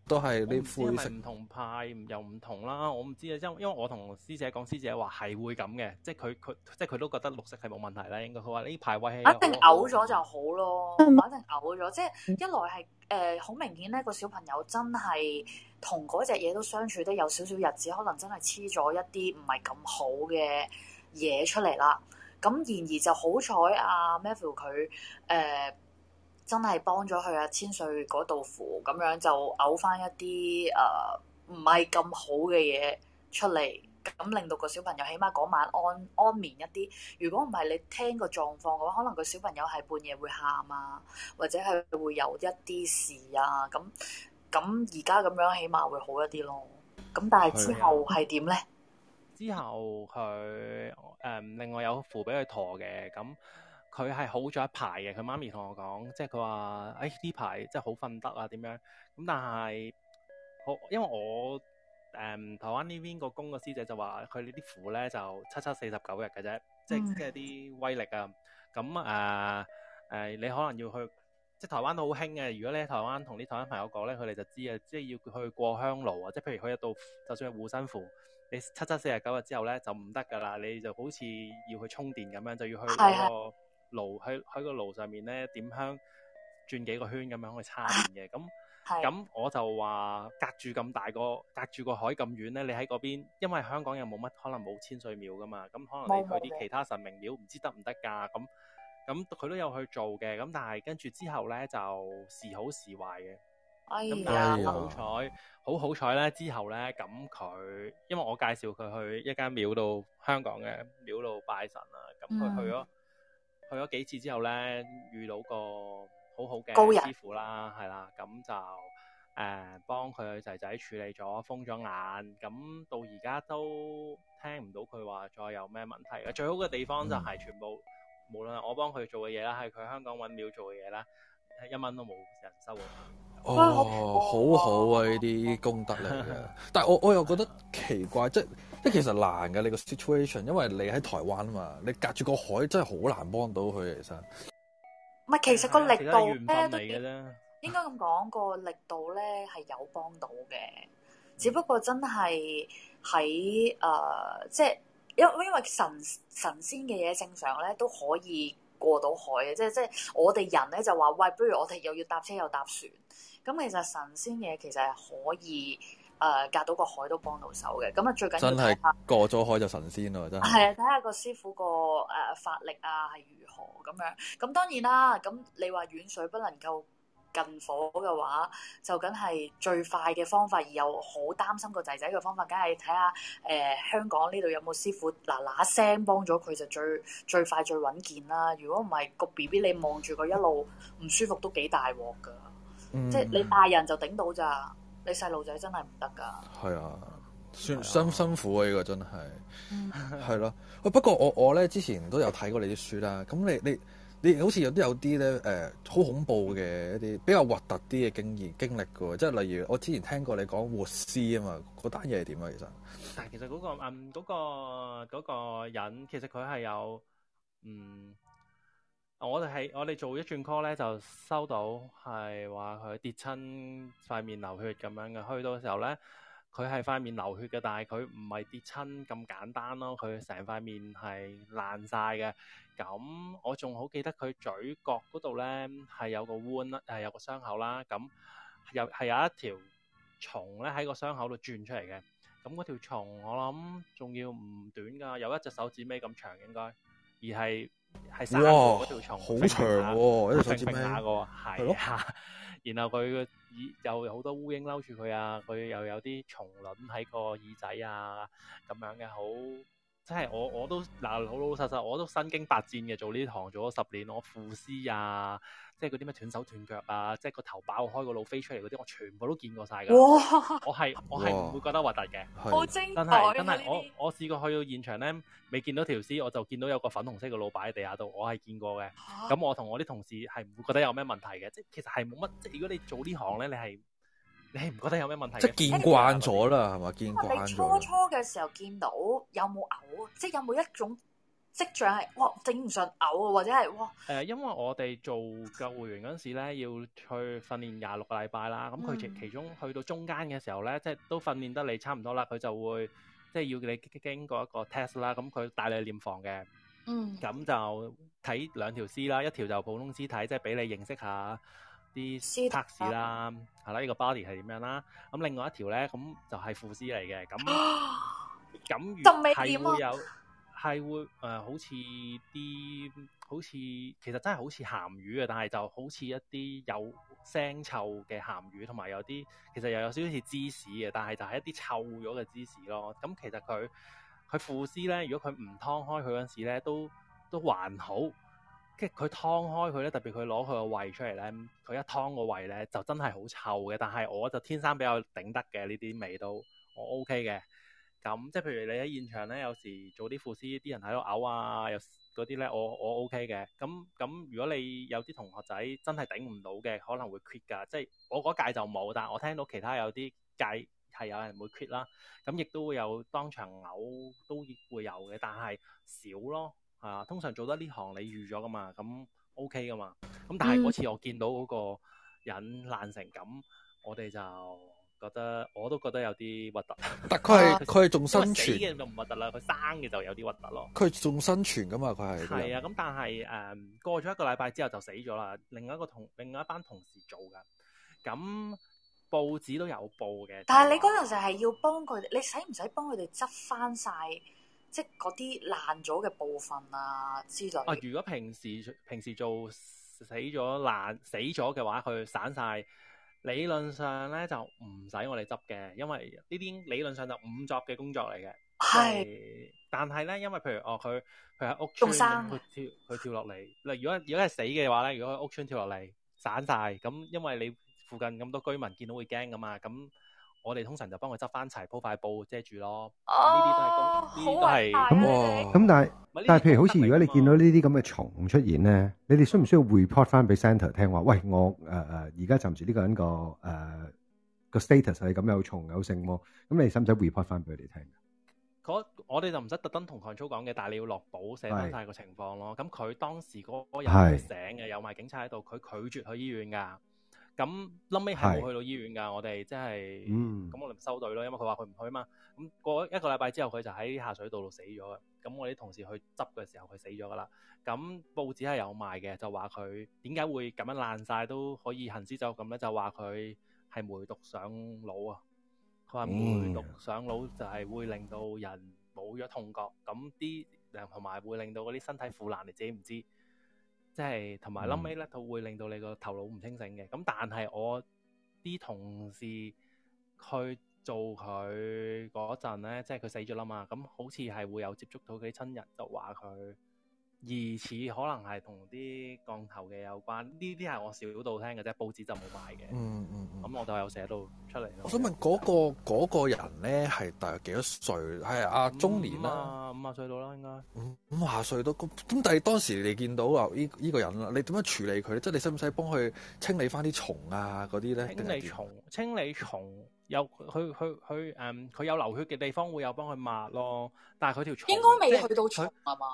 都係你灰色，唔同派又唔同啦，我唔知啊，因因為我同師姐講，師姐話係會咁嘅，即係佢佢即係佢都覺得綠色係冇問題啦，應該佢話呢排威係一定嘔咗就好咯，反正嘔咗，嗯、即係一來係誒好明顯咧，個小朋友真係同嗰隻嘢都相處得有少少日子，可能真係黐咗一啲唔係咁好嘅嘢出嚟啦，咁然而就好彩阿 Mabel 佢誒。呃真係幫咗佢啊！千歲嗰道符咁樣就嘔返一啲誒，唔係咁好嘅嘢出嚟，咁令到個小朋友起碼嗰晚安安眠一啲。如果唔係你聽個狀況嘅話，可能個小朋友係半夜會喊啊，或者係會有一啲事啊。咁咁而家咁樣起碼會好一啲咯。咁但係之後係點呢？之後佢誒、嗯、另外有符俾佢陀嘅咁。佢係好咗一排嘅。佢媽咪同我講，即係佢話：誒呢排即係好瞓得啊，點樣咁？但係好因為我誒、嗯、台灣呢邊個工個師姐就話，佢呢啲符咧就七七四十九日嘅啫，即係啲、嗯、威力啊。咁誒誒，你可能要去即係台灣都好興嘅。如果你喺台灣同啲台灣朋友講咧，佢哋就知啊，即係要去過香爐啊。即係譬如去一到，就算係護身符，你七七四十九日之後咧就唔得噶啦，你就好似要去充電咁樣，就要去嗰、嗰個爐喺喺個爐上面咧，點香轉幾個圈咁樣去參拜嘅。咁咁是我就話隔住咁大個，隔住個海咁遠咧，你喺嗰邊，因為香港又冇乜，可能冇千歲廟噶嘛。咁可能你去啲其他神明廟，唔知得唔得噶？咁咁佢都有去做嘅。咁但係跟住之後咧，就時好時壞嘅。哎呀，但哎呀好彩，好好彩咧！之後咧，咁佢因為我介紹佢去一間廟度香港嘅、嗯、廟度拜神啊，咁佢去咗。嗯去咗幾次之後呢，遇到個好好嘅師傅啦，係啦高人，咁就誒、呃、幫佢仔仔處理咗，封咗眼，咁到而家都聽唔到佢話再有咩問題嘅。最好嘅地方就係全部，嗯、無論係我幫佢做嘅嘢啦，係佢香港揾廟做嘅嘢啦。一蚊都冇，成日收我。哦，好、哦、好啊！呢啲功德咧， [laughs] 但係我我又覺得奇怪， [laughs] 即係即係其實難嘅你個 situation，因為你喺台灣啊嘛，你隔住個海，真係好難幫到佢。其實唔係，其實個力度咧都應該咁講，個力度咧係有幫到嘅，只不過真係喺誒，即係因為因為神神仙嘅嘢，正常咧都可以，過到海嘅，即係即係我哋人咧就話喂，不如我哋又要搭車又搭船，咁其實神仙嘢其實係可以誒、呃、隔到個海都幫到手嘅，咁啊最緊要係過咗海就神仙咯，真係。係啊，睇下個師傅個誒、呃、法力啊係如何咁樣，咁當然啦，咁你話遠水不能夠近火嘅話，就梗係最快嘅方法，而又好擔心個仔仔嘅方法，梗係睇下誒香港呢度有冇師傅嗱嗱聲幫咗佢就最最快最穩健啦。如果唔係個 B B 你望住佢一路唔舒服都幾大鑊㗎，嗯、即係你大人就頂到咋，你細路仔真係唔得㗎。係啊，算辛、啊、辛苦啊呢個真係，係咯、嗯 [laughs] 啊。不過我我咧之前都有睇過你啲書啦，咁你你。你你你好似有啲有啲咧，誒、呃、好恐怖嘅一啲比較核突啲嘅經驗經歷嘅，即係例如我之前聽過你講活屍啊嘛，嗰單嘢係點啊？其實但係其實嗰個嗯嗰個嗰個人其實佢係有嗯我哋係我哋做一轉 call 咧就收到係話佢跌親塊面流血咁樣嘅，去到嘅時候咧。佢係塊面流血嘅，但係佢唔係跌親咁簡單咯，佢成塊面係爛曬嘅。咁我仲好記得佢嘴角嗰度呢係有個彎啦，有個傷口啦。咁又係有一條蟲咧喺個傷口度轉出嚟嘅。咁嗰條蟲我諗仲要唔短㗎，有一隻手指尾咁長應該，而係。係山嗰條蟲，好長喎，嗰隻蟲叫咩？係，然後佢個耳有好多烏蠅嬲住佢啊，佢又有啲蟲卵喺個耳仔啊，咁樣嘅好。真係我我都嗱老老實實我都身經百戰嘅做呢行做咗十年我負屍啊即係嗰啲咩斷手斷腳啊即係個頭爆開個腦飛出嚟嗰啲我全部都見過晒噶哇，我係我係唔會覺得核突嘅，好精彩，但係但係我我試過去到現場咧未見到條屍我就見到有個粉紅色嘅腦擺喺地下度我係見過嘅，咁、啊、我同我啲同事係唔會覺得有咩問題嘅即係其實係冇乜即係如果你做呢行咧你係。你唔覺得有咩問題？即係見慣咗啦，係嘛？見慣咗。你初初嘅時候見到有冇嘔？即係有冇一種跡象係哇頂唔順嘔啊？或者係哇？誒，因為我哋做救護員嗰陣時咧，要去訓練廿六個禮拜啦。咁佢其其中去到中間嘅時候咧，即係都訓練得你差唔多啦。佢就會即係要你經過一個 test 啦。咁佢帶你去殮房嘅。嗯。咁就睇兩條屍啦，一條就普通屍體，即係俾你認識下。啲 texture 啦，係啦、啊，呢個 body 係點樣啦？咁、嗯、另外一條咧，咁、嗯、就係腐屍嚟嘅。咁咁係會有係會誒、呃，好似啲好似其實真係好似鹹魚啊，但係就好似一啲有腥臭嘅鹹魚，同埋有啲其實又有少少似芝士嘅，但係就係一啲臭咗嘅芝士咯。咁、嗯、其實佢佢腐屍咧，如果佢唔劏開佢嗰陣時咧，都都還好。跟住佢劏開佢咧，特別佢攞佢個胃出嚟咧，佢一劏個胃咧就真係好臭嘅。但係我就天生比較頂得嘅呢啲味道，我 OK 嘅。咁即係譬如你喺現場咧，有時做啲腐屍，啲人喺度嘔啊，又嗰啲咧，我我 OK 嘅。咁咁如果你有啲同學仔真係頂唔到嘅，可能會 quit 㗎。即係我嗰屆就冇，但係我聽到其他有啲屆係有人會 quit 啦。咁亦都會有當場嘔都亦會有嘅，但係少咯。啊，通常做得呢行你預咗噶嘛，咁 OK 噶嘛，咁但係嗰次我見到嗰個人爛成咁，嗯、我哋就覺得我都覺得有啲核突。但佢係佢係仲生存嘅就唔核突啦，佢生嘅就有啲核突咯。佢仲生存噶嘛？佢係。係啊，咁但係誒過咗一個禮拜之後就死咗啦。另外一個同另外一班同事做噶，咁報紙都有報嘅。但係你嗰陣就係要幫佢哋，你使唔使幫佢哋執翻晒？即係嗰啲爛咗嘅部分啊之類。啊，如果平時平時做死咗爛死咗嘅話，佢散晒。理論上咧就唔使我哋執嘅，因為呢啲理論上就仵作嘅工作嚟嘅。係是。但係咧，因為譬如哦，佢佢喺屋邨跳佢跳落嚟，嗱如果如果係死嘅話咧，如果喺屋村跳落嚟散晒。咁，因為你附近咁多居民見到會驚㗎嘛咁。我哋通常就幫佢執翻齊，鋪塊布遮住咯。呢啲都係咁，呢啲、哦、都係咁喎。咁但係，但係譬如好似如果你見到呢啲咁嘅蟲出現咧，嗯、你哋需唔需要 report 翻俾 centre 聽話？喂，我誒誒而家暫時呢個人個誒、呃、個 status 係咁有蟲有性喎，咁你使唔使 report 翻俾佢哋聽？嗰我哋就唔使特登同 control 講嘅，但係你要落簿寫翻晒個情況咯。咁佢是當時嗰個人係醒嘅，有埋警察喺度，佢拒絕去醫院㗎。咁臨尾係冇去到醫院㗎，我哋即係咁我哋收隊咯，因為佢話佢唔去嘛。咁過一個禮拜之後，佢就喺下水道度死咗嘅。咁我啲同事去執嘅時候，佢死咗㗎啦。咁報紙係有賣嘅，就話佢點解會咁樣爛晒都可以行屍走肉咁咧？就話佢係梅毒上腦啊。佢話梅毒上腦就係會令到人冇咗痛覺，咁啲誒同埋會令到嗰啲身體腐爛，你自己唔知。即係同埋，後尾咧，佢會令到你個頭腦唔清醒嘅。咁但係我啲同事去做佢嗰陣咧，即係佢死咗啦嘛。咁好似係會有接觸到佢啲親人，就話佢。疑似可能係同啲降頭嘅有關，呢啲係我小道聽嘅啫，報紙就冇買嘅、嗯。嗯嗯咁我就有寫到出嚟咯。我想問嗰、嗯嗰個、嗰個人咧，係大約幾多歲？係阿、啊、中年啦，五啊歲到啦應該。五五啊歲到咁，咁但係當時你見到啊呢依個人啦，你點樣處理佢？即係你使唔使幫佢清理翻啲蟲啊嗰啲咧？呢清理蟲，清理蟲，有佢佢佢，誒，佢、嗯、有流血嘅地方會有幫佢抹咯，但係佢條蟲應該未去到蟲係嘛？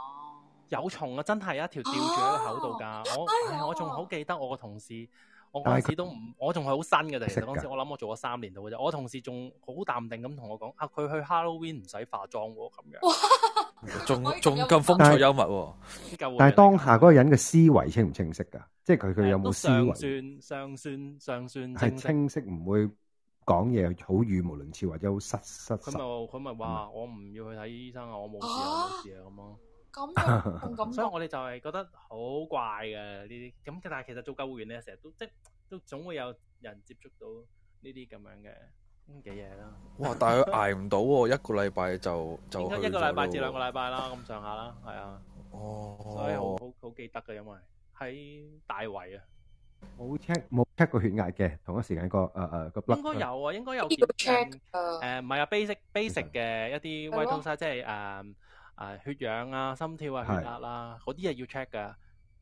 有蟲啊！真係一條吊住喺個口度㗎、啊哎。我我仲好記得我個同事，我眼屎都唔，我仲係好新嘅。其實嗰陣時我我，我諗我做咗三年度嘅啫。我同事仲好淡定咁同我講：啊，佢去 Halloween 唔使化妝喎、啊，咁樣。仲仲咁風趣幽默喎、啊。但係當下嗰個人嘅思維清唔清晰㗎？即係佢佢有冇思維？尚算尚算尚算係清晰，唔會講嘢好語無倫次或者好失失。佢咪佢咪話：我唔要去睇醫生啊！我冇事啊，冇事啊咁咯。咁，所以我哋就係覺得好怪嘅呢啲咁嘅，但係其實做救護員咧，成日都即係都總會有人接觸到呢啲咁樣嘅嘅嘢啦。哇！但係佢挨唔到喎，一個禮拜就就應該一個禮拜至兩個禮拜啦，咁上下啦，係啊。哦。所以好好記得嘅，因為喺大圍啊。冇 check 冇 check 過血壓嘅，同一時間個誒誒個應該有啊，應該有 check 誒，唔係啊，basic basic 嘅一啲 white blood cell 即係誒。啊！血氧啊、心跳啊、血壓啦，嗰啲嘢要 check 㗎，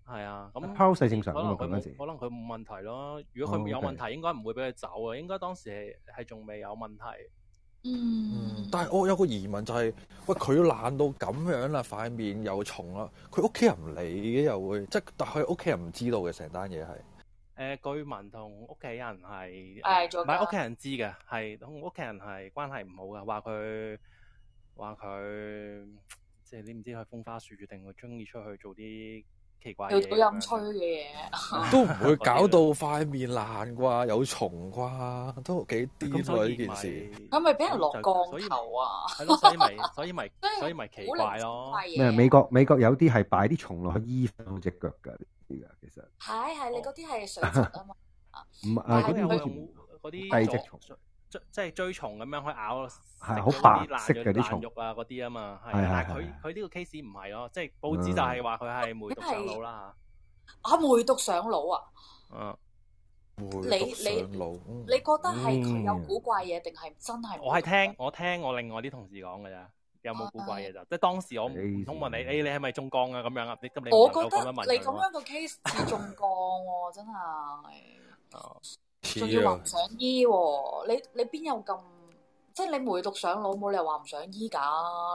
係啊。咁拋晒正常，可能佢可能佢冇問題咯。如果佢有問題，哦 okay、應該唔會俾佢走啊。應該當時係係仲未有問題。嗯，嗯。但係我有個疑問就係、是：喂，佢爛到咁樣啦，塊面又重咯，佢屋企人唔理嘅又會即係，但係屋企人唔知道嘅成單嘢係誒。據聞同屋企人係唔係屋企人知嘅係同屋企人係關係唔好嘅，話佢話佢。即係你唔知佢風花雪月定會中意出去做啲奇怪嘅，做啲陰吹嘅嘢，都唔會搞到塊面爛啩，有蟲啩，都幾癲咯呢件事。佢咪俾人落降頭啊？所以咪所以咪所以咪奇怪咯。咩？美國美國有啲係擺啲蟲落去依上隻腳噶，啲噶其實。係係，你嗰啲係水蟲啊嘛？唔係嗰啲係嗰啲低隻蟲。即即係追蟲咁樣去咬食嗰啲爛爛肉啊嗰啲啊嘛，係但係佢佢呢個 case 唔係咯，即係報紙就係話佢係梅毒上腦啦吓，啊梅毒上腦啊，嗯，梅毒上腦，你你你覺得係佢有古怪嘢定係真係？我係聽我聽我另外啲同事講噶咋，有冇古怪嘢咋，即係當時我唔通問你，誒你係咪中江中降啊咁樣啊？咁你我覺得你咁樣個 case 似中降喎，真係。仲要話唔想醫喎知，你你邊有咁？即係你梅毒上腦冇，你又話唔想醫噶？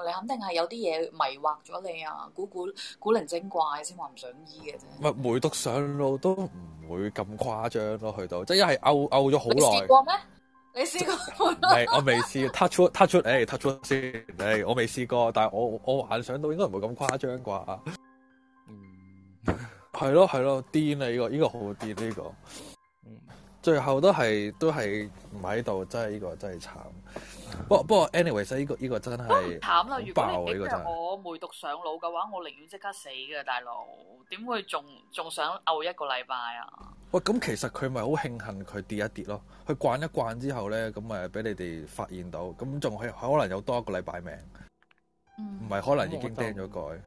你肯定係有啲嘢迷惑咗你啊，古古古靈精怪先話唔想醫嘅啫。唔係梅毒上腦都唔會咁誇張咯，去到即係一係嘔嘔咗好耐。你試過咩？你試過？唔係， [laughs] 我未試。Touch wood，Touch wood，誒，Touch wood 先。誒，我未試過，但係我我幻想到應該唔會咁誇張啩。嗯， [laughs] 係咯係咯，癲啦呢個呢個好癲呢個。這個最後都係都係唔喺度，真係呢個真係慘。不過不過，anyways 呢個呢個真係慘啦，越爆啊呢個真係。如果我梅毒上腦嘅話，我寧願即刻死嘅，大佬點會仲仲想嘔一個禮拜啊？喂，咁其實佢咪好慶幸佢跌一跌咯，佢慣一慣之後咧，咁咪俾你哋發現到，咁仲可可能有多一個禮拜命，唔係、嗯、可能已經釘咗佢，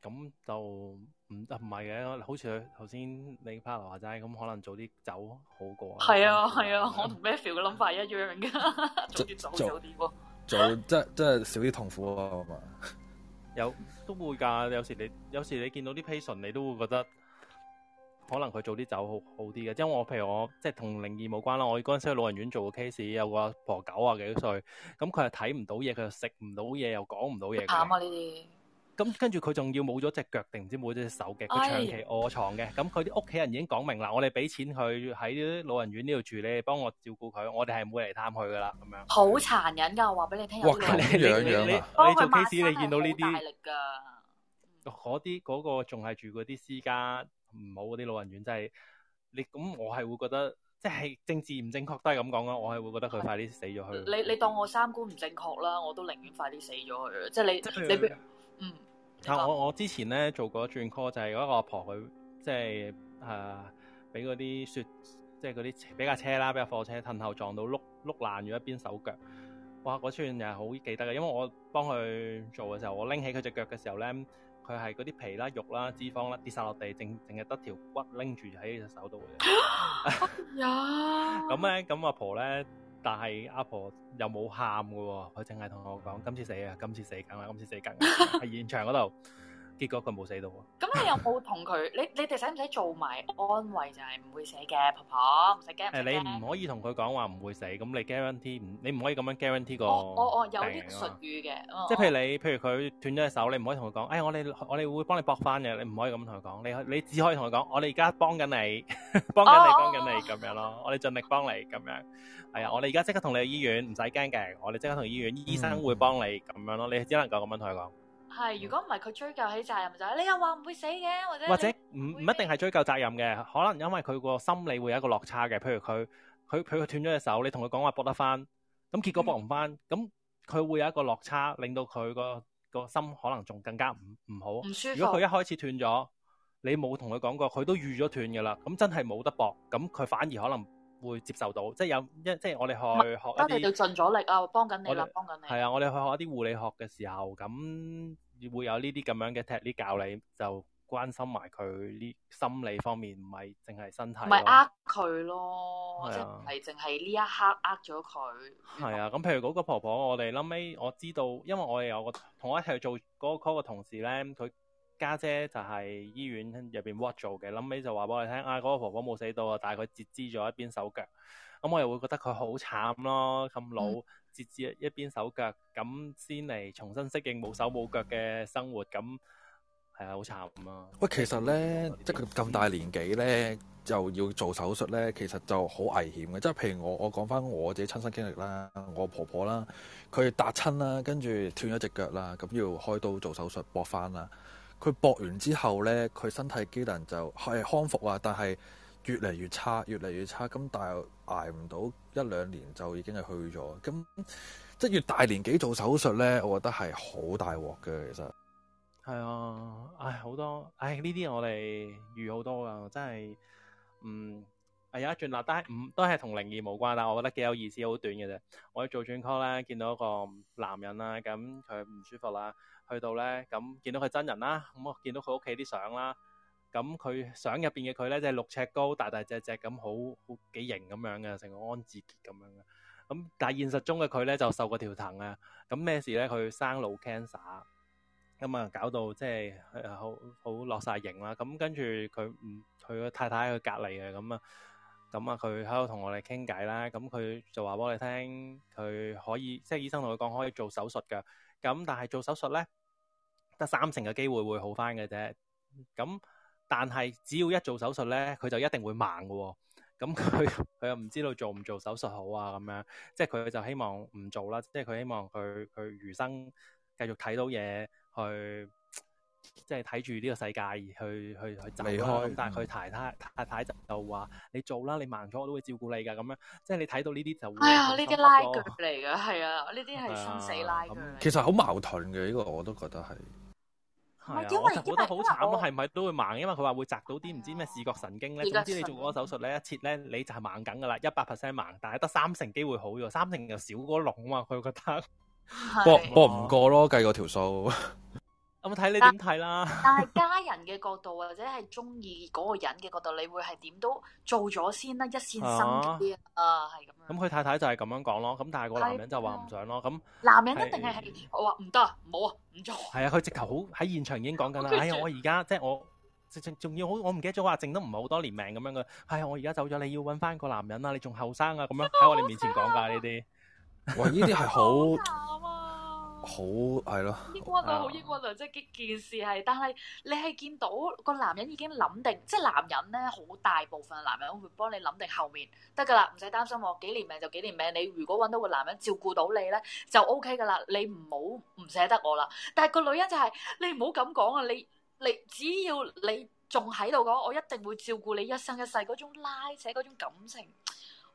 咁就。唔唔係嘅，好似佢頭先你 partner 話齋咁，可能早啲走好過。係 [laughs] [noise] 啊係啊，我同馬菲嘅諗法一樣嘅，早 [laughs] 啲走早啲早，做即即係少啲痛苦啊嘛。 [laughs] 有都會㗎，有時你有時你見到啲 patient，你都會覺得可能佢早啲走好啲嘅，即係我譬如我即係同靈異冇關啦，我嗰陣時去老人院做個 case，有個阿婆九啊幾歲，咁佢係睇唔到嘢，佢又食唔到嘢，又講唔到嘢。啱啊呢啲！ [noise] 咁跟住佢仲要冇咗隻腳定唔知冇咗隻手嘅，佢長期臥床嘅。咁佢啲屋企人已經講明啦，我哋俾錢佢喺啲老人院呢度住，你幫我照顧佢，我哋係唔會嚟探佢噶啦。咁樣好殘忍噶，我話俾你聽。哇，你係兩樣啦。你做 case 你見到呢啲，嗰啲嗰個仲係住嗰啲私家唔好嗰啲老人院，真係你咁我係會覺得，即係政治唔正確都係咁講啦。我係會覺得佢快啲死咗去。你你當我三觀唔正確啦，我都寧願快啲死咗佢。即係你你。嗯，啊，我我之前咧做過一轉 call，就係有個阿婆佢即係誒，俾嗰啲雪，即係嗰啲俾架車啦，俾架貨車褪後撞到，碌碌爛咗一邊手腳，哇！嗰串又係好記得嘅，因為我幫佢做嘅時候，我拎起佢隻腳嘅時候咧，佢係嗰啲皮啦、肉啦、脂肪啦跌晒落地，淨淨係得條骨拎住喺隻手度嘅。嚇咁咧，咁阿、 [laughs] 嗯、婆咧。但係阿婆又冇喊嘅喎，佢淨係同我講：今次死啊，今次死梗啊，今次死梗啊，喺 [laughs] 現場嗰度。結果佢冇死到，咁你有冇同佢？你你哋使唔使做埋安慰？就係唔會死嘅婆婆，唔使驚。誒，你唔可以同佢講話唔會死，咁你 guarantee 唔，你唔可以咁樣 guarantee 個哦哦，有啲術語嘅，即係譬如你，譬如佢斷咗隻手，你唔可以同佢講，哎呀，我哋我哋會幫你搏翻嘅，你唔可以咁同佢講，你你只可以同佢講，我哋而家幫緊你，幫緊你，幫緊你咁樣咯，我哋盡力幫你咁樣。係啊，我哋而家即刻同你去醫院，唔使驚嘅，我哋即刻同醫院醫生會幫你咁樣咯，你只能夠咁樣同佢講。係，如果唔係佢追究起責任就係、是，你又話唔會死嘅，或者或者唔唔一定係追究責任嘅，可能因為佢個心理會有一個落差嘅。譬如佢佢佢斷咗隻手，你同佢講話搏得翻，咁結果搏唔翻，咁佢、嗯、會有一個落差，令到佢個個心可能仲更加唔唔好，唔舒服。如果佢一開始斷咗，你冇同佢講過，佢都預咗斷嘅啦，咁真係冇得搏，咁佢反而可能。會接受到，即係有一即係我哋去學一啲，得你哋盡咗力啊，幫、哦、緊你啦，幫緊們你係啊。我哋去學一啲護理學嘅時候，咁會有呢啲咁樣嘅 technique 呢，教你，就關心埋佢呢心理方面，唔係淨係身體，唔係呃佢咯，即係唔係淨係呢一刻呃咗佢係啊。咁譬如嗰個婆婆，我哋後尾我知道，因為我哋有個同我一齊做嗰個 call 嘅同事咧，佢。家姐，姐就係醫院入邊 work 做嘅，臨尾就話俾我哋聽，啊、哎、嗰、那個婆婆冇死到啊，但係佢截肢咗一邊手腳。咁、嗯、我又會覺得佢好慘咯，咁老截肢一邊手腳，咁先嚟重新適應冇手冇腳嘅生活，咁係啊，好慘啊。喂，其實咧，即係佢咁大年紀咧，就要做手術咧，其實就好危險嘅。即係譬如我我講翻我自己親身經歷啦，我婆婆啦，佢跌親啦，跟住斷咗隻腳啦，咁要開刀做手術，搏翻啦。佢搏完之後咧，佢身體機能就係康復啊，但係越嚟越差，越嚟越差。咁但係捱唔到一兩年就已經係去咗。咁即係越大年紀做手術咧，我覺得係好大鑊嘅。其實係啊，唉好多，唉呢啲我哋遇好多噶，真係嗯，有一段嗱，但係唔、嗯、都係同靈異無關啦。我覺得幾有意思，好短嘅啫。我做轉 call 咧，見到一個男人啦，咁佢唔舒服啦。去到咧，咁見到佢真人啦，咁我見到佢屋企啲相啦，咁佢相入邊嘅佢咧就係六尺高，大大隻隻咁，好好幾型咁樣嘅，成個安志傑咁樣嘅。咁但係現實中嘅佢咧就瘦過條藤啊。咁咩事咧？佢生腦 cancer，咁啊搞到即係好好落晒型啦。咁跟住佢唔佢個太太喺佢隔離啊咁啊，咁啊佢喺度同我哋傾偈啦。咁佢就話俾我哋聽佢可以即係醫生同佢講可以做手術㗎。咁但係做手術咧？三成嘅機會會好翻嘅啫，咁但係只要一做手術咧，佢就一定會盲嘅喎。咁佢佢又唔知道做唔做手術好啊，咁樣即係佢就希望唔做啦。即係佢希望佢佢餘生繼續睇到嘢，去即係睇住呢個世界而去去去走、啊、開。但係佢太太太太就話、嗯：你做啦，你盲咗我都會照顧你㗎。咁樣即係你睇到呢啲就會哎呀，呢啲拉鋸嚟嘅，係啊，呢啲係生死拉鋸、啊。其實好矛盾嘅呢個，我都覺得係。係啊，我就覺得好慘咯，係咪都會盲？因為佢話會摘到啲唔知咩視覺神經咧，總之你做嗰個手術咧，一切咧你就係盲緊噶啦，一百 percent 盲，但係得三成機會好咗，三成又少過龍啊嘛，佢覺得博博唔過咯，計嗰條數。 [laughs] 我睇你點睇啦， [laughs] 但係家人嘅角度或者係中意嗰個人嘅角度，你會係點都做咗先啦，一線生機啊，係咁。咁佢、啊嗯、太太就係咁樣講咯，咁但係個男人就話唔想咯，咁、嗯、男人一定係，是我話唔得，冇啊，唔做。係啊，佢直頭好喺現場已經講緊啦，哎呀，我而家即係我，仲仲要好，我唔記得咗話剩都唔係好多年命咁樣嘅。係、哎、啊，我而家走咗，你要揾翻個男人啊，你仲後生啊，咁樣喺我哋面前講噶呢啲，哇，呢啲係好。 [laughs] [laughs] 好係咯，英魂啊，好英魂啊！即係件件事係，但係你係見到個男人已經諗定，即係男人咧，好大部分男人會幫你諗定後面得噶啦，唔使擔心我幾年命就幾年命。你如果揾到個男人照顧到你咧，就 OK 噶啦，你唔好唔捨得我啦。但係個女人就係你唔好咁講啊！你你只要你仲喺度嘅話，我一定會照顧你一生一世。嗰種拉扯，嗰種感情，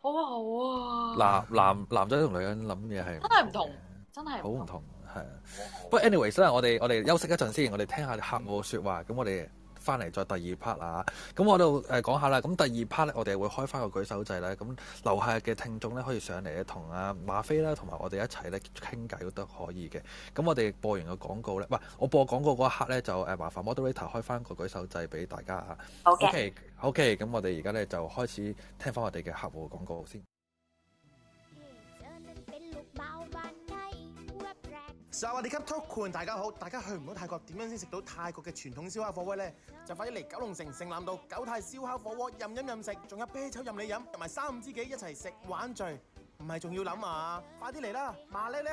好好啊！男男男仔同女人諗嘢係真係唔同，真係好唔同。不過 But anyways 啦， [noise] 我哋我哋休息一陣先，我哋聽下客戶嘅説話，咁我哋翻嚟再第二 part 啊，咁我度誒講下啦，咁第二 part 咧，我哋會開翻個舉手掣咧，咁樓下嘅聽眾咧，可以上嚟同阿馬菲啦、啊，同埋我哋一齊咧傾偈都得可以嘅，咁我哋播完個廣告咧，喂，我播廣告嗰一刻咧，就誒麻煩 moderator 開翻個舉手掣俾大家啊，OK，OK，咁我哋而家咧就開始聽翻我哋嘅客戶嘅廣告先。就話你給託盤，大家好，大家去唔到泰國點樣先食到泰國嘅傳統燒烤火鍋呢？就快啲嚟九龍城城南道九泰燒烤火鍋，任飲任，任食，仲有啤酒任你飲，同埋三五知己一齊食玩聚，唔係仲要諗啊！快啲嚟啦，麻溜溜！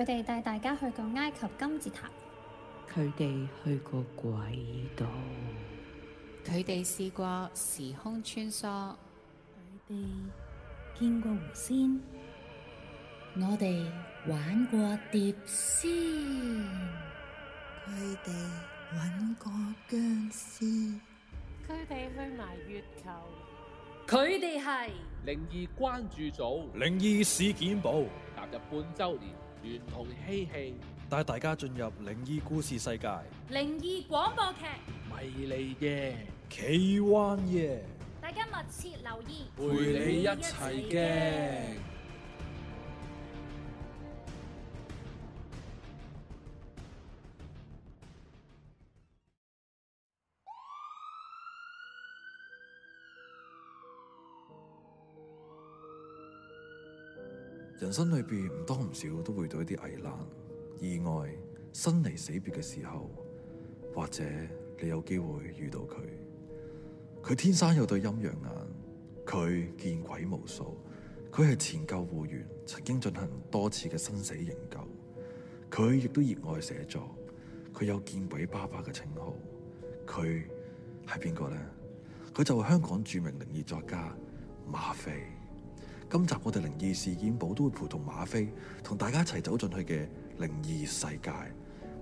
佢哋帶大家去過埃及金字塔，佢哋去過鬼島，佢哋試過時空穿梭，佢哋見過狐仙，我哋玩過碟仙，佢哋搵過僵屍，佢哋去埋月球，佢哋係靈異關注組靈異事件部踏入半周年。如同嬉戲，帶大家進入靈異故事世界。靈異廣播劇，迷離嘅，奇幻嘅，大家密切留意，陪你一齊驚。身裏邊唔多唔少都會對一啲危難、意外、生離死別嘅時候，或者你有機會遇到佢。佢天生有對陰陽眼，佢見鬼無數，佢係前救護員，曾經進行多次嘅生死營救。佢亦都熱愛寫作，佢有見鬼爸爸嘅稱號。佢係邊個呢？佢就係香港著名靈異作家馬菲。今集我哋《靈異事件簿》都會陪同馬菲，同大家一齊走進去嘅靈異世界，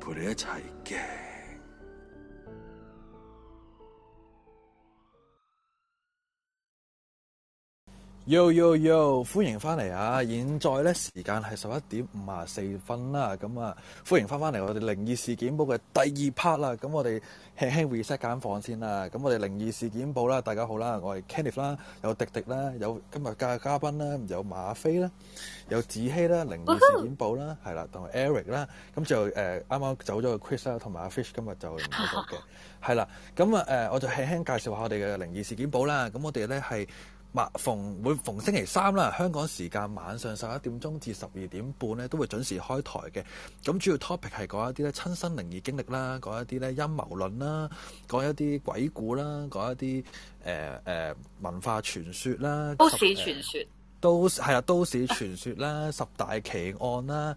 陪你一齊嘅。Yo yo yo！歡迎翻嚟啊！現在咧時間係十一點五廿四分啦，咁啊歡迎翻翻嚟我哋靈異事件簿嘅第二 part 啦。咁我哋輕輕 reset 間房先啦。咁我哋靈異事件簿啦，大家好啦，我係 Kenneth 啦，有迪迪啦，有今日嘅嘉賓啦，有馬菲啦，有子希啦，靈異事件簿啦，係啦，同 Eric 啦。咁就誒啱啱走咗個 Chris 啦，同埋阿 Fish 今日就唔喺度嘅，係啦。咁啊誒，我就輕輕介紹下我哋嘅靈異事件簿啦。咁我哋咧係。逢每逢星期三啦，香港時間晚上十一點鐘至十二點半咧，都會準時開台嘅。咁主要 topic 係講一啲咧親身靈異經歷啦，講一啲咧陰謀論啦，講一啲鬼故啦，講一啲誒誒文化傳說啦，呃啊，都市傳說都係啊都市傳說啦，十大奇案啦。啊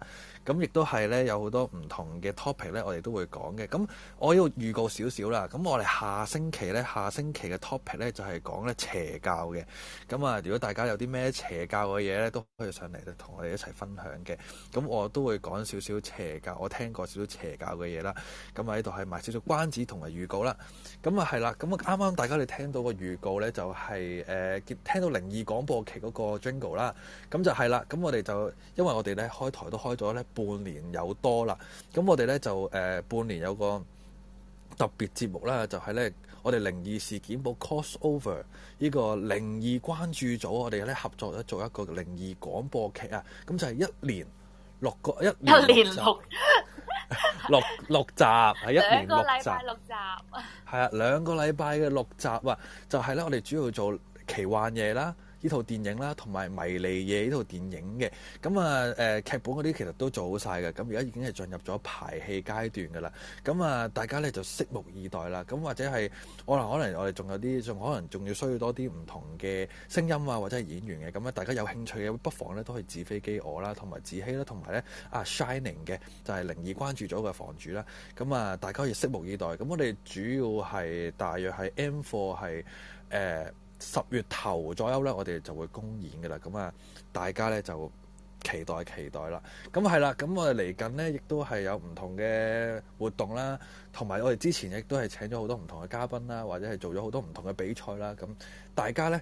咁亦都係咧，有好多唔同嘅 topic 咧，我哋都會講嘅。咁我要預告少少啦。咁我哋下星期咧，下星期嘅 topic 咧就係講咧邪教嘅。咁啊，如果大家有啲咩邪教嘅嘢咧，都可以上嚟同我哋一齊分享嘅。咁我都會講少少邪教，我聽過少少邪教嘅嘢啦。咁啊，呢度係賣少少關子同埋預告啦。咁啊係啦，咁啊啱啱大家你聽到個預告咧，就是，就係誒聽到靈異廣播劇嗰個 Jingle 啦。咁就係啦，咁我哋就因為我哋咧開台都開咗咧。半年有多啦，咁我哋呢，就誒、呃、半年有個特別節目啦，就係、是、呢，我哋靈異事件簿 cross over 呢個靈異關注組，我哋呢合作咗做一個靈異廣播劇啊。咁就係一年六個一一年六六六集係一年六集，係啊 [laughs] 兩個禮拜嘅六集啊，集就係、是、呢，我哋主要做奇幻嘢啦。呢套電影啦，同埋《迷離夜》呢套電影嘅，咁啊誒劇本嗰啲其實都做好晒嘅，咁而家已經係進入咗排戲階段嘅啦。咁、嗯、啊，大家呢就拭目以待啦。咁、嗯、或者係我話可能我哋仲有啲，仲可能仲要需要多啲唔同嘅聲音啊，或者係演員嘅。咁、嗯、啊，大家有興趣嘅不妨呢都可以指飛機我啦，同埋紫希啦，同埋呢啊 Shining 嘅就係靈異關注組嘅房主啦。咁、嗯、啊、嗯，大家亦拭目以待。咁、嗯、我哋主要係大約係 M Four 係誒。呃十月頭左右呢，我哋就會公演嘅啦。咁啊，大家呢就期待期待啦。咁係啦，咁我哋嚟緊呢亦都係有唔同嘅活動啦，同埋我哋之前亦都係請咗好多唔同嘅嘉賓啦，或者係做咗好多唔同嘅比賽啦。咁大家呢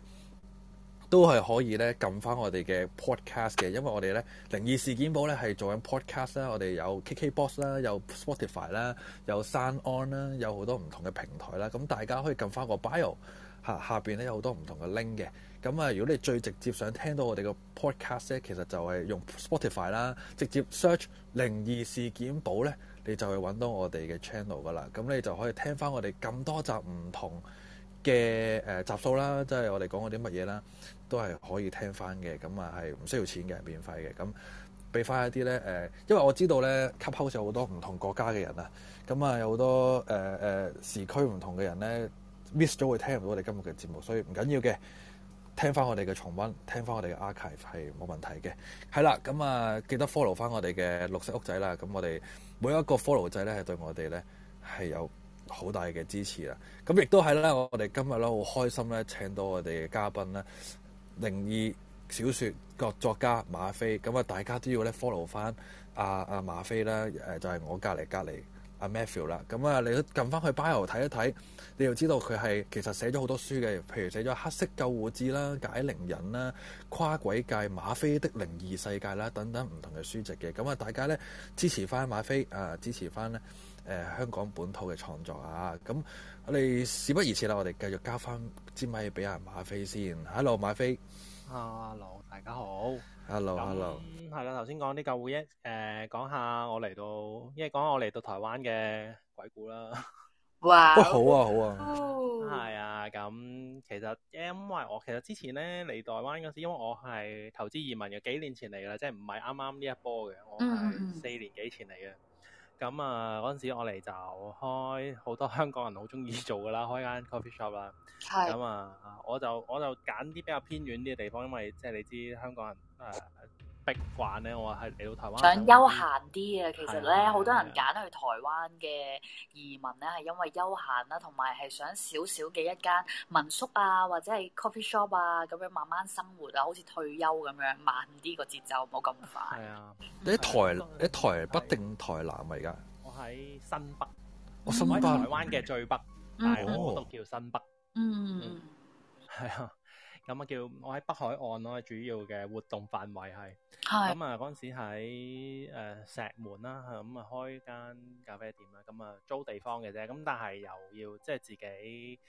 都係可以呢撳翻我哋嘅 podcast 嘅，因為我哋呢靈異事件簿呢係做緊 podcast 啦，我哋有 KKbox 啦，on，有 Spotify 啦，有 SoundOn 啦，有好多唔同嘅平台啦。咁大家可以撳翻個 bio。下下邊咧有好多唔同嘅 link 嘅，咁啊如果你最直接想聽到我哋嘅 podcast 咧，其實就係用 Spotify 啦，直接 search 靈異事件簿咧，你就會揾到我哋嘅 channel 噶啦，咁你就可以聽翻我哋咁多集唔同嘅誒集數啦，即係我哋講嗰啲乜嘢啦，都係可以聽翻嘅，咁啊係唔需要錢嘅免費嘅，咁俾翻一啲咧誒，因為我知道咧 Clubhouse 好多唔同國家嘅人啊，咁啊有好多誒誒時區唔同嘅人咧。miss 咗會聽唔到我哋今日嘅節目，所以唔緊要嘅，聽翻我哋嘅重溫，聽翻我哋嘅 archive 係冇問題嘅。係啦，咁啊記得 follow 翻我哋嘅綠色屋仔啦。咁我哋每一個 follow 仔咧係對我哋咧係有好大嘅支持啦。咁亦都係咧，我哋今日咧好開心咧，請到我哋嘅嘉賓咧，靈異小說各作家馬菲。咁啊，大家都要咧 follow 翻阿、啊、阿、啊啊、馬菲啦。誒，就係、是、我隔籬隔籬。阿 Matthew 啦，咁啊，你都撳翻去 bio 睇一睇，你就知道佢係其實寫咗好多書嘅，譬如寫咗《黑色救護誌》啦，《解靈人》啦，《跨鬼界》、《馬菲的靈異世界》啦等等唔同嘅書籍嘅。咁啊，大家咧支持翻馬菲啊，支持翻咧誒香港本土嘅創作啊。咁我哋事不宜遲啦，我哋繼續交翻支咪俾阿馬菲先。Hello，馬菲。Hello，大家好。hello hello，係啦，頭先講啲舊回憶，誒，講下我嚟到，因為講下我嚟到台灣嘅鬼故啦，哇，好啊好啊，係啊，咁其實因為我其實之前咧嚟台灣嗰時，因為我係投資移民嘅，幾年前嚟㗎啦，即係唔係啱啱呢一波嘅，我係四年幾前嚟嘅，咁啊嗰陣時我嚟就開好多香港人好中意做噶啦，開間 coffee shop 啦，係，咁啊我就我就揀啲比較偏遠啲嘅地方，因為即係你知香港人。誒，習慣咧，我係嚟到台灣，想休閒啲啊，其實咧，好多人揀去台灣嘅移民咧，係、啊啊、因為休閒啦，同埋係想少少嘅一間民宿啊，或者係 coffee shop 啊，咁樣慢慢生活啊，好似退休咁樣，慢啲個節奏，冇咁快。係啊，你喺台喺台北定台南啊？而家我喺新北，我新北，台灣嘅最北，我讀叫新北。嗯，係、嗯、啊。哦嗯嗯 [laughs] 咁啊叫我喺北海岸咯，主要嘅活動範圍係。係的。咁啊嗰陣時喺誒、呃、石門啦，咁、嗯、啊開間咖啡店啦，咁、嗯、啊、嗯、租地方嘅啫。咁、嗯、但係又要即係、就是、自己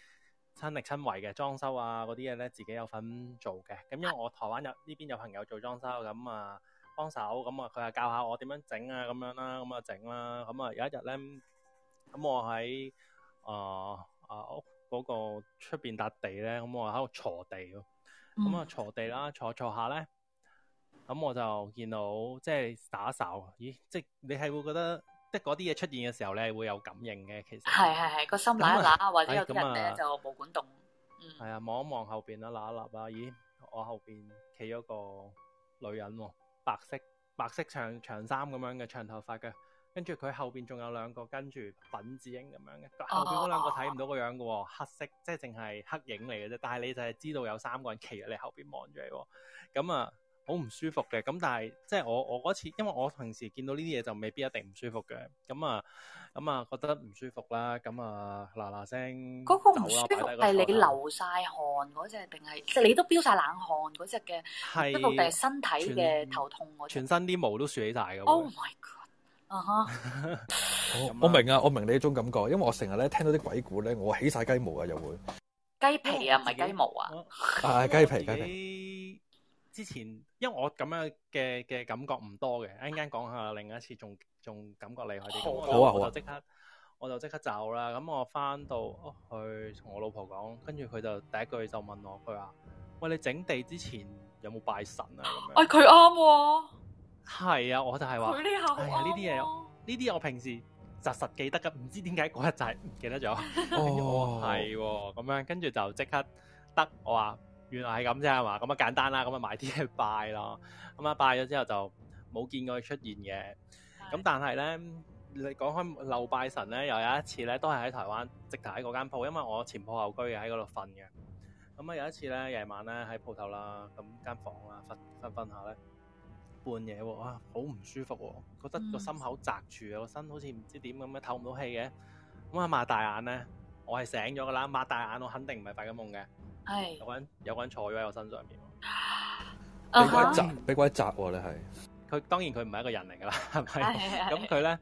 親力親為嘅裝修啊，嗰啲嘢咧自己有份做嘅。咁、嗯、因為我台灣有呢邊有朋友做裝修，咁、嗯、啊、嗯、幫手，咁啊佢啊教下我點樣整啊咁樣啦，咁啊整啦。咁、嗯、啊、嗯嗯、有一日咧，咁、嗯、我喺誒誒屋。嗰個出邊笪地咧，咁我喺度坐地，咁啊、嗯、坐地啦，坐坐下咧，咁我就見到即係打哨，咦，即係你係會覺得即係嗰啲嘢出現嘅時候咧，你會有感應嘅，其實係係係個心乸一揦，或者有啲人咧、哎啊、就冇管動，嗯，係啊，望一望後邊啊，揦、呃、一揦啊，咦，我後邊企咗個女人喎、啊，白色白色長長衫咁樣嘅長頭髮嘅。跟住佢後邊仲有兩個跟住品字型咁樣嘅，後邊嗰兩個睇唔到個樣嘅、哦，啊、黑色即係淨係黑影嚟嘅啫。但係你就係知道有三個人企喺你後邊望住你，咁啊好唔舒服嘅。咁、嗯、但係即係我我嗰次，因為我平時見到呢啲嘢就未必一定唔舒服嘅。咁啊咁啊覺得唔舒服啦，咁啊嗱嗱聲。嗰個唔舒服係你流晒汗嗰隻，定係 [coughs] 即係你都飆晒冷汗嗰隻嘅？係定係身體嘅頭痛，全身啲毛都豎起晒嘅。Oh my god！Uh huh. 啊我明啊，我明你呢種感覺，因為我成日咧聽到啲鬼故咧，我起晒雞毛啊又會。雞皮啊唔係雞毛啊。係雞皮雞皮。雞皮之前因為我咁樣嘅嘅感覺唔多嘅，一陣間講下另一次仲仲感覺厲害啲，啊啊。好啊好啊。即刻我就即刻，刻走啦。咁我翻到去同我老婆講，跟住佢就第一句就問我，佢話：喂，你整地之前有冇拜神啊？咁樣。哎佢啱喎。係啊，我就係話，係呢啲嘢，呢啲我平時實實記得嘅，唔知點解嗰日就係唔記得咗。哦、 [laughs] 啊，係喎、啊，咁樣跟住就即刻得，我話原來係咁啫嘛，咁啊簡單啦，咁啊買啲嘢拜咯，咁啊拜咗之後就冇見過佢出現嘅。咁是但係咧，你講開漏拜神咧，又有一次咧，都係喺台灣，直頭喺嗰間鋪，因為我前鋪後居嘅喺嗰度瞓嘅。咁啊有一次咧夜晚咧喺鋪頭啦，咁間房啦瞓瞓瞓下咧。半夜啊，好唔舒服喎，覺得個心口窒住啊，個身好似唔知點咁樣透唔到氣嘅，咁啊擘大眼咧，我係醒咗噶啦，擘大眼我肯定唔係發緊夢嘅，係有個人有個人坐喺我身上面，俾鬼窒俾鬼窒喎，你係佢當然佢唔係一個人嚟噶啦，係咪？咁佢咧，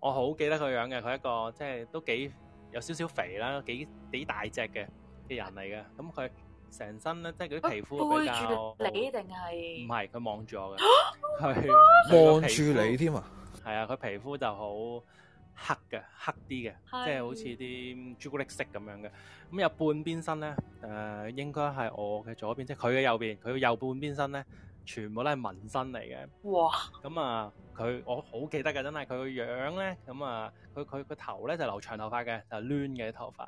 我好記得佢樣嘅，佢一個即係都幾有少少肥啦，幾幾大隻嘅嘅人嚟嘅，咁佢。成身咧，即係佢啲皮膚比較，你定係？唔係，佢望住我嘅，係望住你添啊！係啊，佢皮膚就好黑嘅，黑啲嘅，是即係好似啲朱古力色咁樣嘅。咁有半邊身咧，誒、呃、應該係我嘅左邊，即係佢嘅右邊。佢嘅右半邊身咧，全部都係紋身嚟嘅。哇！咁啊、嗯，佢、呃、我好記得嘅，真係佢個樣咧，咁、嗯、啊，佢佢個頭咧就留長頭髮嘅，就攣嘅頭髮。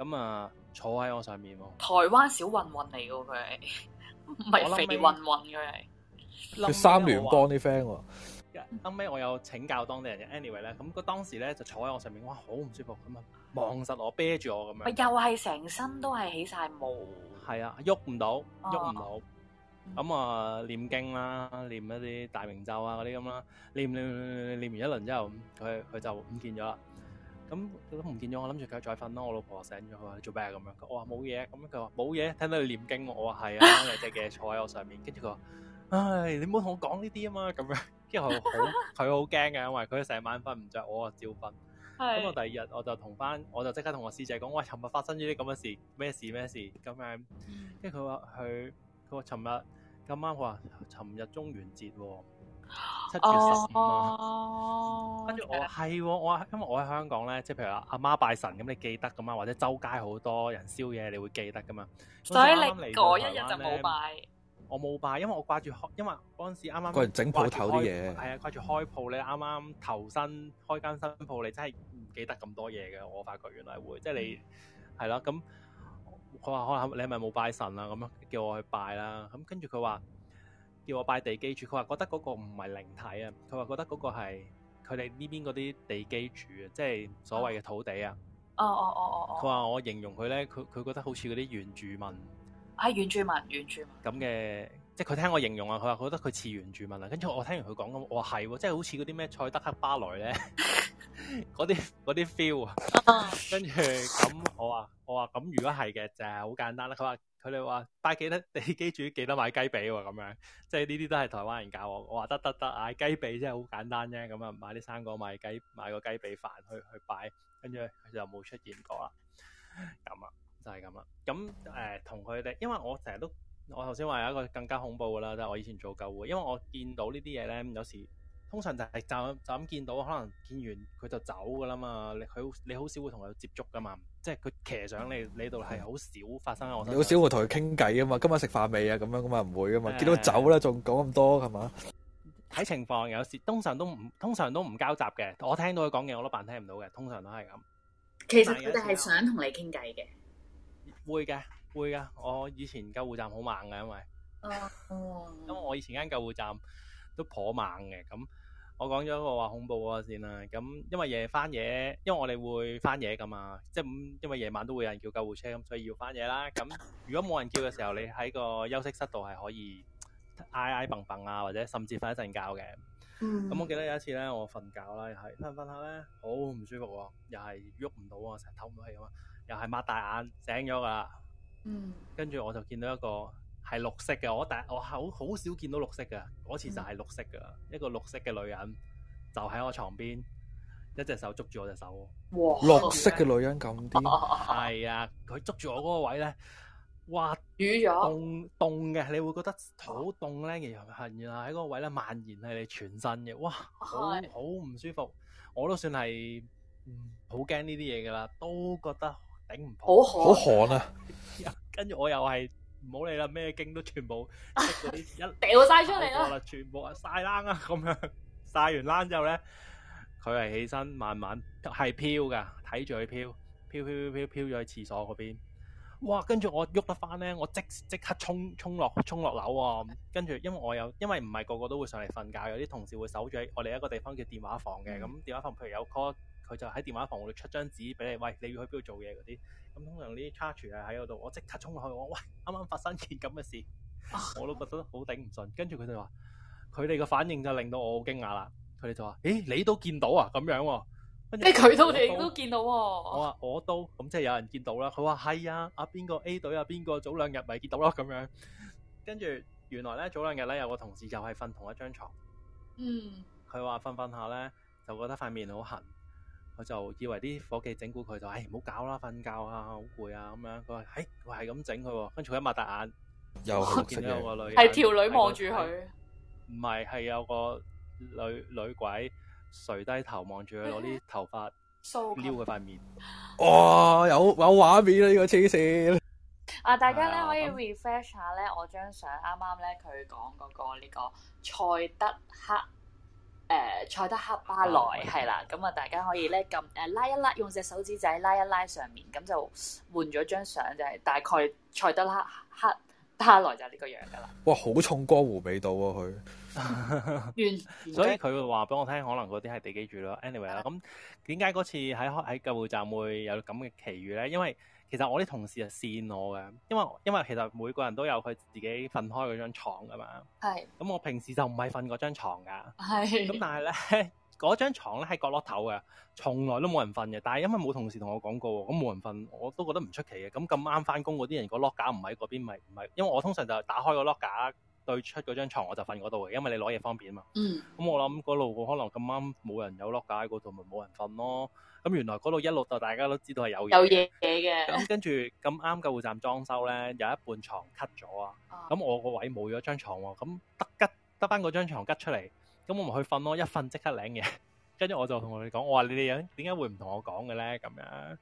咁啊、嗯，坐喺我上面喎。台灣小混混嚟嘅佢，唔係肥混混佢係。佢三聯幫啲 friend 喎。後尾我有請教當地人嘅 [laughs] ，anyway 咧，咁佢當時咧就坐喺我上面，哇，好唔舒服咁啊，望實我，啤住我咁樣。又係成身都係起晒毛。係啊，喐唔到，喐唔到。咁啊，念經啦，念一啲大明咒啊嗰啲咁啦，念唸唸完一輪之後，佢佢就唔見咗啦。咁佢都唔見咗，我諗住佢再瞓咯。我老婆醒咗，佢話：你做咩啊？咁樣佢，我話冇嘢，咁佢話冇嘢，聽到你念經，我話係啊，你即係坐喺我上面。跟住佢話：唉，你唔好同我講呢啲啊嘛。咁樣，跟住佢好，佢好驚嘅，因為佢成晚瞓唔着，我啊照瞓。咁是我第二日我就同翻，我就即刻同我師姐講：喂，尋日發生咗啲咁嘅事，咩事咩事？咁樣，跟住佢話佢，佢話尋日今晚。佢話尋日中元節喎。哦。七月十五，跟住我係的、哦、我，因為我喺香港咧，即係譬如話阿媽，媽拜神咁，你記得噶嘛？或者周街好多人燒嘢，你會記得噶嘛？所以你嗰一日就冇拜，我冇拜，因為我掛住，因為嗰陣時啱啱整鋪頭啲嘢，係啊，掛住開鋪咧，啱啱投身開間新鋪，你真係唔記得咁多嘢嘅，我發覺原來會，即係你係啦。咁佢話可能你係咪冇拜神啊？咁樣叫我去拜啦。咁跟住佢話。叫我拜地基主，佢話覺得嗰個唔係靈體啊，佢話覺得嗰個係佢哋呢邊嗰啲地基主啊，即係所謂嘅土地啊。哦哦哦哦。佢話我形容佢咧，佢佢覺得好似嗰啲原住民。係原住民，原住民。咁嘅，即係佢聽我形容啊，佢話覺得佢似原住民啊。跟住我聽完佢講咁，哇係，即係好似嗰啲咩塞德克巴萊咧，嗰啲嗰啲 feel 啊。啊。跟住咁，我話我話咁，如果係嘅就係好簡單啦。佢話。佢哋話拜幾多你記住幾多買雞髀喎咁樣，即係呢啲都係台灣人教我。我話得得得，嗌雞髀真係好簡單啫。咁啊，買啲生果，買雞，買個雞髀飯去去拜，跟住佢就冇出現過啦。咁啊，就係咁啦。咁誒，同佢哋，因為我成日都，我頭先話有一個更加恐怖噶啦，就係、是、我以前做救護，因為我見到呢啲嘢咧，有時通常就係就就咁見到，可能見完佢就走噶啦嘛。你佢你，你好少會同佢接觸噶嘛。即係佢騎上你，你度係好少發生我。好少會同佢傾偈啊嘛，今日食飯未啊咁樣咁啊，唔會啊嘛。的見到走啦，仲講咁多係嘛？睇情況，有時通常都唔通常都唔交集嘅。我聽到佢講嘢，我都扮聽唔到嘅。通常都係咁。其實佢哋係想同你傾偈嘅。會嘅，會嘅。我以前救護站好猛嘅，因為，哦，咁我以前間救護站都頗猛嘅咁。我講咗個話恐怖喎先啦，咁因為夜翻夜，因為我哋會翻夜噶嘛，即係咁，因為夜晚都會有人叫救護車咁，所以要翻夜啦。咁如果冇人叫嘅時候，你喺個休息室度係可以挨挨蹦蹦啊，或者甚至瞓一陣覺嘅。咁我記得有一次咧，我瞓覺啦，又係瞓瞓下咧，好唔舒服喎，又係喐唔到啊，成日唞唔到氣啊嘛，又係擘大眼醒咗噶啦。嗯，跟住我就見到一個。係綠色嘅，我但我好好少見到綠色嘅，嗰次就係綠色嘅、嗯、一個綠色嘅女，哇女人，就喺我床邊，一隻手捉住我隻手。哇！綠色嘅女人咁啲，係啊，佢捉住我嗰個位咧，哇，瘀咗凍凍嘅，你會覺得好凍咧，其實係然後喺嗰個位咧蔓延係你全身嘅，哇，好好唔舒服，我都算係好驚呢啲嘢噶啦，都覺得頂唔妥，好寒啊，跟住、嗯、 [laughs] 我又係。唔好理啦，咩經都全部嗰啲一 [laughs] 掉晒出嚟咯。全部啊晒冷啊咁樣，晒完冷之後咧，佢係起身慢慢係飄噶睇住佢飄，飄飄飄飄飄咗喺廁所嗰邊。哇！跟住我喐得翻咧，我即即刻衝衝落衝落樓啊！跟住因為我有，因為唔係個個都會上嚟瞓覺，有啲同事會守住我哋一個地方叫電話房嘅，咁、嗯、電話房譬如有 call，佢就喺電話房會出張紙俾你，喂，你要去邊度做嘢嗰啲。咁通常呢啲 charge 啊，喺嗰度，我即刻衝落去，我，喂，啱啱發生件咁嘅事，啊、我都覺得好頂唔順。跟住佢哋話，佢哋嘅反應就令到我好驚訝啦。佢哋就話，咦，你都見到啊？咁樣？即係佢都哋都，都見到喎，哦。我話我都，咁即係有人見到啦。佢話係啊，啊邊個 A 隊啊，邊個早兩日咪見到咯咁樣。跟住原來咧早兩日咧有個同事又係瞓同一張床，嗯，佢話瞓瞓下咧就覺得塊面好痕。我就以為啲伙計整蠱佢，就唉，唔好搞啦，瞓覺啊，好攰啊咁樣。佢話：誒、哎，我係咁整佢，跟住佢一擘大眼，又見到個女，係條女望住佢。唔係，係有個女女鬼垂低頭望住佢，攞啲頭髮撩佢塊面。 [laughs] 哇！有有畫面呢、呢個黐線。啊，大家咧、嗯、可以 refresh 下咧，我張相啱啱咧佢講嗰個呢個賽德克。誒，賽德克巴萊係啦。咁啊、嗯、大家可以咧撳誒，拉一拉，用隻手指仔拉一拉上面，咁就換咗張相，就係大概賽德克克巴萊就係呢個樣噶啦。哇！好重江湖味道喎、啊，佢。所以佢會話俾我聽，可能嗰啲係地基主咯。anyway 啦，咁點解嗰次喺喺救護站會有咁嘅奇遇咧？因為其實我啲同事係扇我嘅，因為因為其實每個人都有佢自己瞓開嗰張牀㗎嘛。咁是我平時就唔係瞓嗰張牀㗎。係是。咁但係呢，嗰張牀呢喺角落頭嘅，從來都冇人瞓嘅。但係因為冇同事同我講過，咁冇人瞓我都覺得唔出奇嘅。咁咁啱翻工嗰啲人個 lock 架唔喺嗰邊，咪咪，因為我通常就打開個 lock 架。對出嗰張床我就瞓嗰度嘅，因為你攞嘢方便啊嘛。嗯。咁、嗯、我諗嗰度可能咁啱冇人有落架喺嗰度，咪冇人瞓咯。咁原來嗰度一路就大家都知道係有嘢。有嘢嘅。咁 [laughs] 跟住咁啱救護站裝修咧，有一半床 cut 咗啊。咁、嗯、我個位冇咗張床喎，咁得 cut 得翻嗰張床 cut 出嚟，咁、嗯、我咪去瞓咯，一瞓即刻領嘢。 [laughs] 跟住我就同佢哋講，我話你哋點解會唔同我講嘅咧？咁樣。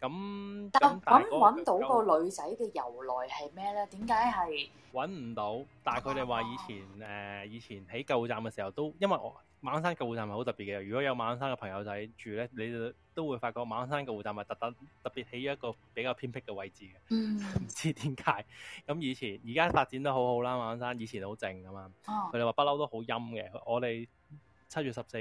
咁，咁揾到個女仔嘅由來係咩咧？點解係揾唔到？但係佢哋話以前誒、啊呃、以前起救護站嘅時候都，因為我馬鞍山救護站係好特別嘅。如果有馬鞍山嘅朋友仔住咧，你都會發覺馬鞍山嘅救護站係特特特別起咗一個比較偏僻嘅位置嘅。唔、嗯、知點解咁，以前而家發展得好好啦，馬鞍山以前好靜噶嘛。佢哋話不嬲都好陰嘅。我哋七月十四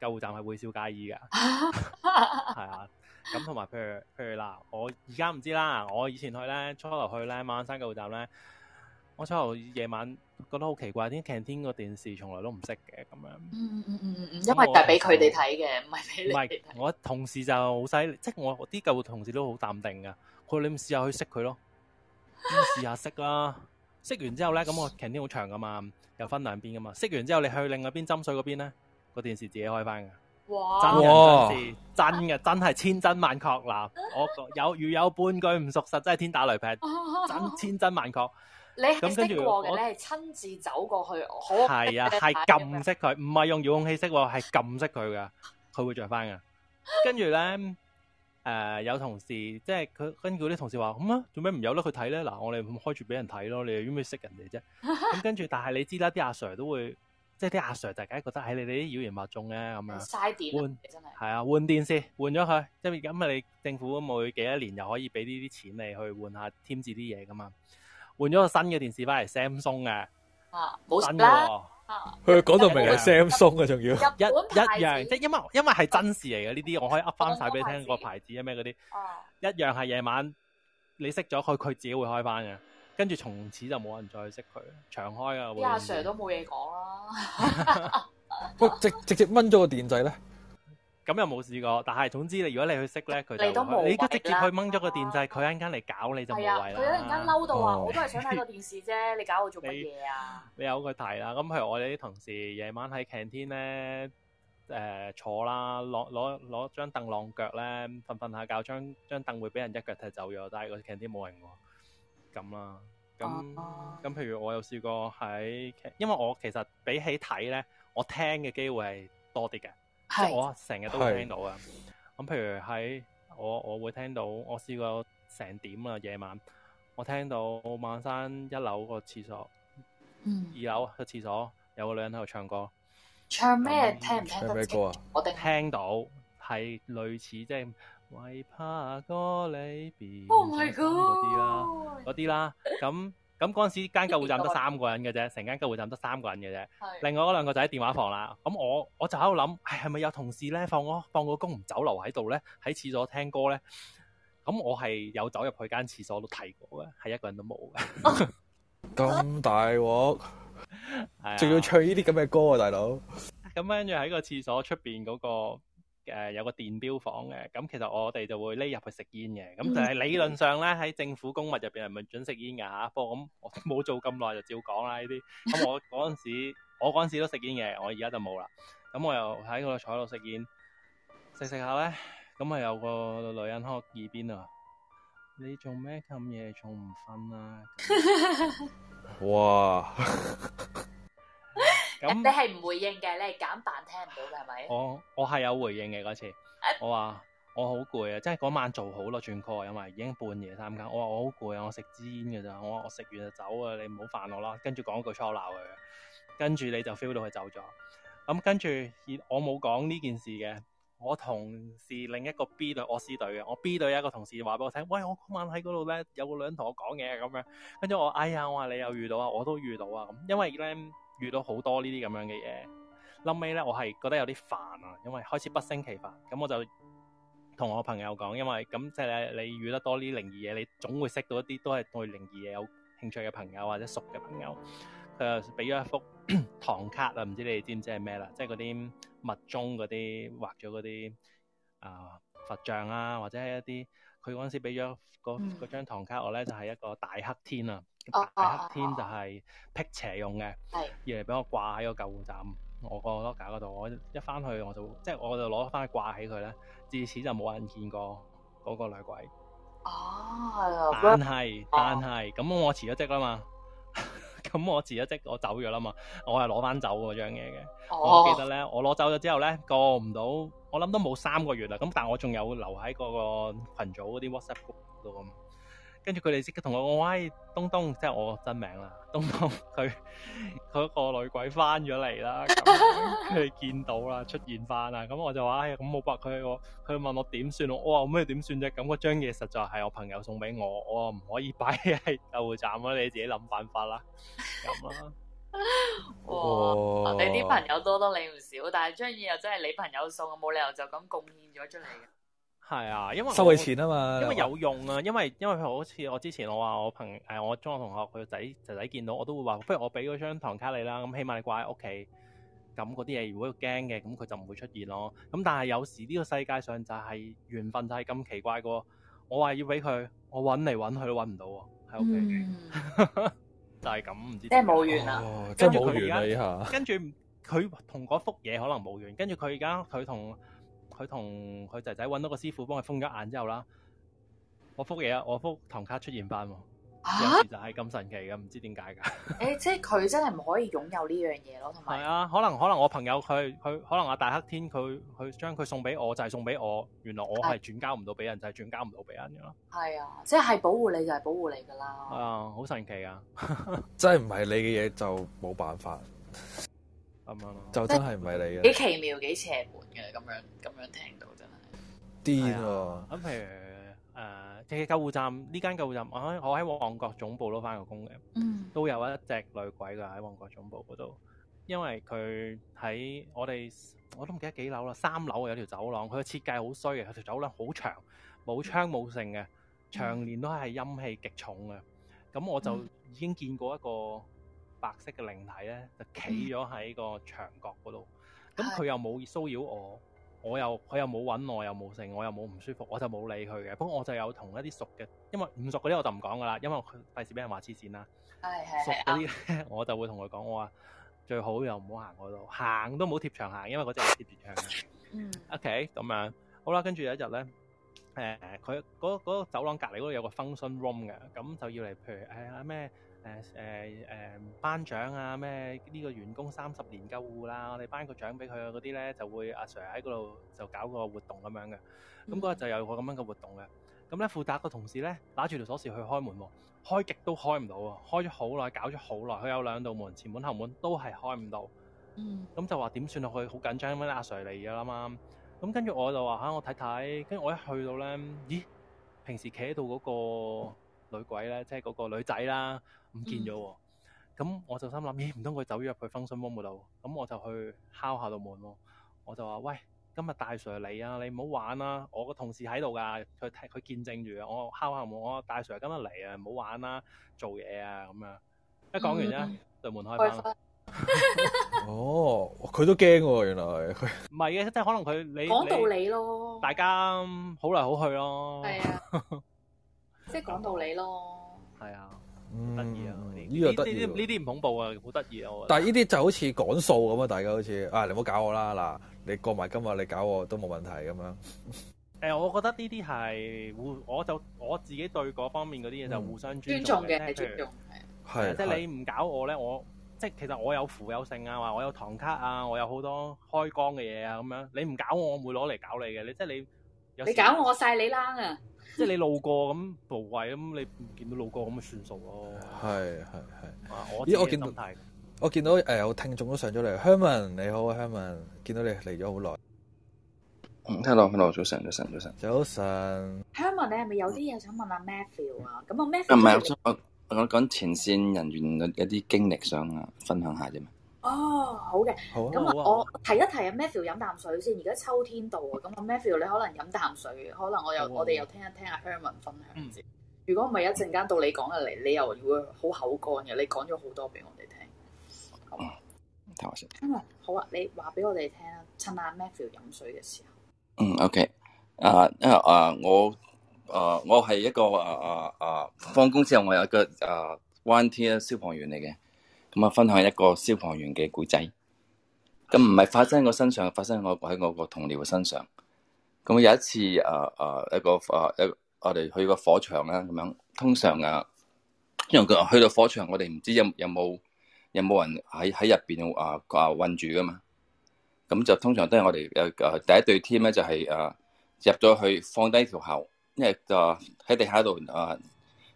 救護站係會燒街衣㗎，係啊。咁同埋，譬如譬如嗱，我而家唔知啦。我以前去咧，初頭去咧，馬鞍山舊站咧，我初頭夜晚覺得好奇怪，點解 canteen 個電視從來都唔識嘅，咁樣。嗯嗯嗯嗯，因為係俾佢哋睇嘅，唔係俾你。唔係，我同事就好犀利，即係我啲舊同事都好淡定噶。佢你唔試下去識佢咯，咁試下識啦。 [laughs] 識完之後咧，咁我 canteen 好長噶嘛，又分兩邊噶嘛。識完之後，你去另外邊針水嗰邊咧，個電視自己開翻噶。真真嘅哇，真係千真萬確嗱。我有如有半句唔熟實，真係天打雷劈，真千真萬確。你熄過嘅，你係親自走過去，我係啊，係撳熄佢，唔係用遙控器熄喎，係撳熄佢嘅，佢會着翻嘅。跟住咧，誒、呃，有同事即係佢跟住啲同事話，咁啊，做咩唔有得佢睇咧？嗱，我哋開住俾人睇咯，你又點會熄人哋啫？咁跟住，但係你知啦，啲、啊、阿 sir 都會。即係啲阿 sir，、嗯、大家覺得，哎，你哋啲妖言惑眾嘅咁啊，嘥電，真係係啊，換電視，換咗佢，因為咁啊，你政府每幾多年又可以俾呢啲錢你去換下添置啲嘢噶嘛，換咗個新嘅電視翻嚟，Samsung 嘅，啊，冇錯啦，啊，佢講到明啊，Samsung 啊，仲要一一樣，即係因為因為係真事嚟嘅呢啲，我可以噏翻晒俾你聽個牌子啊咩嗰啲，一樣係夜晚你熄咗佢，佢自己會開翻嘅。跟住從此就冇人再去識佢，長開、哎、啊！亞 sir 都冇嘢講啦。喂， [laughs] [laughs] 直直接掹咗個電掣咧，咁又冇試過。但係總之你如果你去識咧，佢你都直接去掹咗個電掣，佢、啊、一陣間嚟搞你就冇位啦。佢一陣間嬲到話，哦、我都係想睇個電視啫，你搞我做乜嘢啊？你有佢提啦，咁譬如我哋啲同事夜晚喺 canteen 咧，誒、呃、坐啦，攞攞攞張凳晾腳咧瞓瞓下覺，張張凳會俾人一腳踢走咗，但係個 canteen 冇人喎。咁啦，咁咁、嗯，譬如我有試過喺，因為我其實比起睇咧，我聽嘅機會係多啲嘅，係是我成日都會聽到噶。咁是譬如喺我我會聽到，我試過成點啊夜晚我聽到鞍山一樓個廁所，嗯、二樓個廁所有個女人喺度唱歌，唱咩？聽唔聽到咩歌啊？我哋、啊、聽到係類似即係。就是為怕哥你變嗰啲啦，嗰啲啦。咁咁嗰陣時間救護站得三個人嘅啫，成間救護站得三個人嘅啫。另外嗰兩個就喺電話房啦。咁我我就喺度諗，係咪有同事咧放個放個工唔走留喺度咧？喺廁所聽歌咧？咁我係有走入去間廁所都睇過嘅，係一個人都冇嘅。咁大鑊，仲要唱呢啲咁嘅歌啊，大佬。咁跟住喺個廁所出邊嗰個。誒、呃，有個電表房嘅，咁其實我哋就會匿入去食煙嘅，咁就係理論上咧，喺政府公物入邊係唔準食煙噶吓，不過咁我冇、嗯、做咁耐就照講啦呢啲。咁我嗰陣時，我陣時都食煙嘅，我而家就冇啦。咁我又喺度坐度食煙，食食下咧，咁啊有個女人喺我耳邊啊，你做咩咁夜仲唔瞓？啊，哇！ [laughs] 咁、嗯、你係唔回應嘅，你係假扮聽唔到嘅係咪？我我係有回應嘅嗰次，我話我好攰啊，即係嗰晚做好咯轉 call，因為已經半夜三更，我話我好攰啊，我食支煙㗎咋，我我食完就走啊，你唔好煩我啦。跟住講一句粗口鬧佢，跟住你就 feel 到佢走咗。咁跟住我冇講呢件事嘅，我同事另一個 B 隊我 C 隊嘅，我 B 隊有一個同事話俾我聽，喂，我嗰晚喺嗰度咧，有個女人同我講嘢。」咁樣。跟住我，哎呀，我話你又遇到啊，我都遇到啊，咁因為咧。遇到好多這這呢啲咁樣嘅嘢，後尾咧我係覺得有啲煩啊，因為開始不勝其煩，咁我就同我朋友講，因為咁即係你遇得多啲靈異嘢，你總會識到一啲都係對靈異嘢有興趣嘅朋友或者熟嘅朋友。佢誒，俾咗一幅唐 [coughs] 卡啦，唔知你哋知唔知係咩啦？即係嗰啲密宗嗰啲畫咗嗰啲啊佛像啊，或者係一啲佢嗰陣時俾咗嗰張唐卡我呢，我咧就係、是、一個大黑天啊。大黑天就係辟邪用嘅，二嚟俾我掛喺個救護站，我個 locker 嗰度，我一翻去我就即係我就攞翻去掛起佢咧，自此就冇人見過嗰個女鬼。哦、啊，但係是、啊、但係咁我辭咗職啦嘛，咁 [laughs] 我辭咗職我走咗啦嘛，我係攞翻走嗰張嘢嘅，啊、我記得咧，我攞走咗之後咧過唔到，我諗都冇三個月啦，咁但係我仲有留喺嗰個群組嗰啲 WhatsApp 度啊。跟住佢哋即刻同我講，喂、哎，東東即係我真名啦，東東佢佢一個女鬼翻咗嚟啦，佢哋 [laughs] 見到啦，出現翻啦，咁我就話，哎，咁、嗯、冇辦法，我佢問我點算，我我話我咩點算啫？咁個張嘢實在係我朋友送俾我，我唔可以擺喺救護站啦，你自己諗辦法啦，咁啦。哇、 [laughs] 哦哦，你啲朋友多多你唔少，但係張嘢又真係你朋友送，我冇理由就咁貢獻咗出嚟係啊，因為我收費錢啊嘛，因為有用啊，因為因為好似我之前我話我朋誒我中學同學佢個仔仔仔見到，我都會話不如我俾嗰張唐卡你啦，咁起碼你掛喺屋企，咁嗰啲嘢如果驚嘅，咁佢就唔會出現咯。咁但係有時呢個世界上就係緣分就係咁奇怪個，我話要俾佢，我搵嚟搵去都搵唔到喎，喺屋企就係咁唔知點解，即係冇緣啊，跟住佢而家跟住佢同嗰幅嘢可能冇緣，跟住佢而家佢同。佢同佢仔仔揾到個師傅幫佢封咗眼之後啦，我幅嘢啊，我幅唐卡出現翻，啊、有時就係咁神奇嘅，唔知點解噶。誒、欸，即係佢真係唔可以擁有呢樣嘢咯，同埋係啊，可能可能我朋友佢佢可能啊大黑天佢佢將佢送俾我就係、是、送俾我，原來我係轉交唔到俾人就係、是、轉交唔到俾人噶咯。係啊，即係係保護你就係保護你噶啦。啊，好神奇啊， [laughs] 真係唔係你嘅嘢就冇辦法。啱啱咯，就真係唔係你嘅。幾奇妙幾邪門嘅，咁樣咁樣聽到真係癲喎，咁譬如誒誒，啲救護站呢間救護站，我我喺旺角總部都翻過工嘅，嗯，都有一隻女鬼㗎喺旺角總部嗰度，因為佢喺我哋我都唔記得幾樓啦，三樓啊有條走廊，佢嘅設計好衰嘅，佢條走廊好長，冇窗冇縫嘅，長年都係陰氣極重嘅，咁我就已經見過一個。白色嘅靈體咧，就企咗喺個牆角嗰度。咁、嗯、佢又冇騷擾我，我又佢又冇搵我，又冇剩，我又冇唔舒服，我就冇理佢嘅。不過我就有同一啲熟嘅，因為唔熟嗰啲我就唔講噶啦，因為佢費事俾人話黐線啦。係係、嗯、熟嗰啲咧我就會同佢講，我話最好又唔好行嗰度，行都唔好貼牆行，因為嗰隻係貼住牆。嗯。OK，咁樣好啦，跟住有一日咧，誒佢嗰個走廊隔離嗰度有個 function room 嘅，咁就要嚟，譬如誒咩？哎哎誒誒誒，頒獎、呃呃、啊咩呢個員工三十年救護啦，我哋頒個獎俾佢嗰啲咧，就會阿 sir 喺嗰度就搞個活動咁樣嘅。咁嗰日就有個咁樣嘅活動嘅。咁咧，負責個同事咧，拿住條鎖匙去開門、啊，開極都開唔到、啊，開咗好耐，搞咗好耐，佢有兩道門，前門後門都係開唔到。嗯。咁就話點算落去？好緊張，阿 sir 嚟嘅啦嘛。咁跟住我就話吓、啊，我睇睇。跟住我一去到咧，咦？平時企喺度嗰個女鬼咧，即係嗰個女仔啦。唔見咗喎，咁我就心諗，咦，唔通佢走咗入去 function room 度？咁我就去敲下度門咯。我就話：喂，今日大 Sir 嚟啊，你唔好玩啦，我個同事喺度噶，佢睇佢見證住啊。我，我敲下門，我大 Sir 今日嚟啊，唔好玩啦、啊，做嘢啊咁樣。一講完啫，度、嗯、門開翻。哦開分，佢都驚喎，原來佢唔係嘅，即係可能佢你講道理咯，大家好來好去咯，係 [laughs] 啊，即係講道理咯，係 [laughs] 嗯、啊。得意啊！呢啲呢啲呢啲唔恐怖啊，好得意啊！但係呢啲就好似講數咁啊，大家好似啊，你唔好搞我啦嗱，你過埋今日你搞我都冇問題咁樣。誒，我覺得呢啲係我就我自己對嗰方面嗰啲嘢就互相尊重嘅係尊重，係即係你唔搞我咧，我即係其實我有符有性啊，話我有唐卡啊，我有好多開光嘅嘢啊，咁樣你唔搞我，我唔會攞嚟搞你嘅，你即係你你搞我晒你啦。啊！即係你路過咁部位咁，你見到路過咁咪算數咯。係係係，我咦我見到我見到誒，有聽眾都上咗嚟。h e 香文你好，h e 香文見到你嚟咗好耐。嗯，e l l o 早晨早晨早晨。早晨，h e 香文你係咪有啲嘢想問下、啊、Matthew, Matthew [noise] 啊？咁我 Matthew 唔係，我我講前線人員嘅一啲經歷想分享下啫嘛。哦，好嘅，咁、啊嗯、我提一提啊，Matthew 飲啖水先。而家秋天到啊，咁 Matthew 你可能飲啖水，可能我又、嗯、我哋又聽一聽阿 Herman 分享先。嗯、如果唔係一陣間到你講嘅嚟，你又會好口乾嘅。你講咗好多俾我哋聽，咁聽我先。好啊，你話俾我哋聽啊。趁阿 Matthew 飲水嘅時候。嗯，OK，啊，因為啊，我啊，我係一個啊啊啊，uh, uh, uh, 放工之後我有一個啊、uh, one tier 消防員嚟嘅。咁啊，分享一個消防員嘅故仔，咁唔係發生喺我身上，發生喺我喺我個同僚嘅身上。咁有一次，誒誒一個誒，我哋去個火場啦，咁樣通常啊，因為佢去到火場，我哋唔知有有冇有冇人喺喺入邊啊啊困住㗎嘛。咁就通常都係我哋誒誒第一隊 team 咧，就係誒入咗去放低條喉，因為就喺地下度誒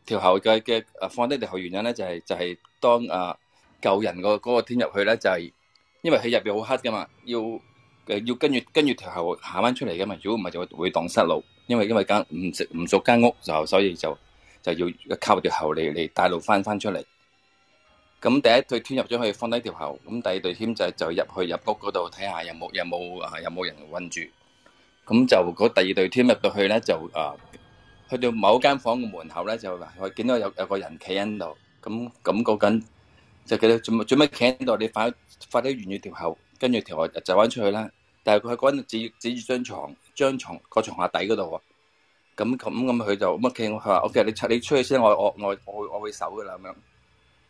條喉嘅嘅誒放低條喉原因咧，就係就係當誒。救人個嗰個天入去咧，就係因為喺入邊好黑噶嘛，要誒要跟住跟住條喉行翻出嚟噶嘛，如果唔係就會會盪失路，因為因為間唔唔熟間屋就所以就就要靠條喉嚟嚟帶路翻翻出嚟。咁第一隊天入咗去，放低條喉；咁第二隊 team 就就入去入屋嗰度睇下有冇有冇啊有冇人困住。咁就嗰第二隊 team 入到去咧，就啊去到某間房嘅門口咧，就話我見到有有個人企喺度，咁感覺就記得做做咩企喺度？你發發啲軟軟條喉，跟住條喉就走出去啦。但係佢喺嗰度指指住張床，張床個床下底嗰度啊。咁咁咁，佢就乜樣佢話，O K，你出你出去先，我我我我，我，我會我會守噶啦。咁樣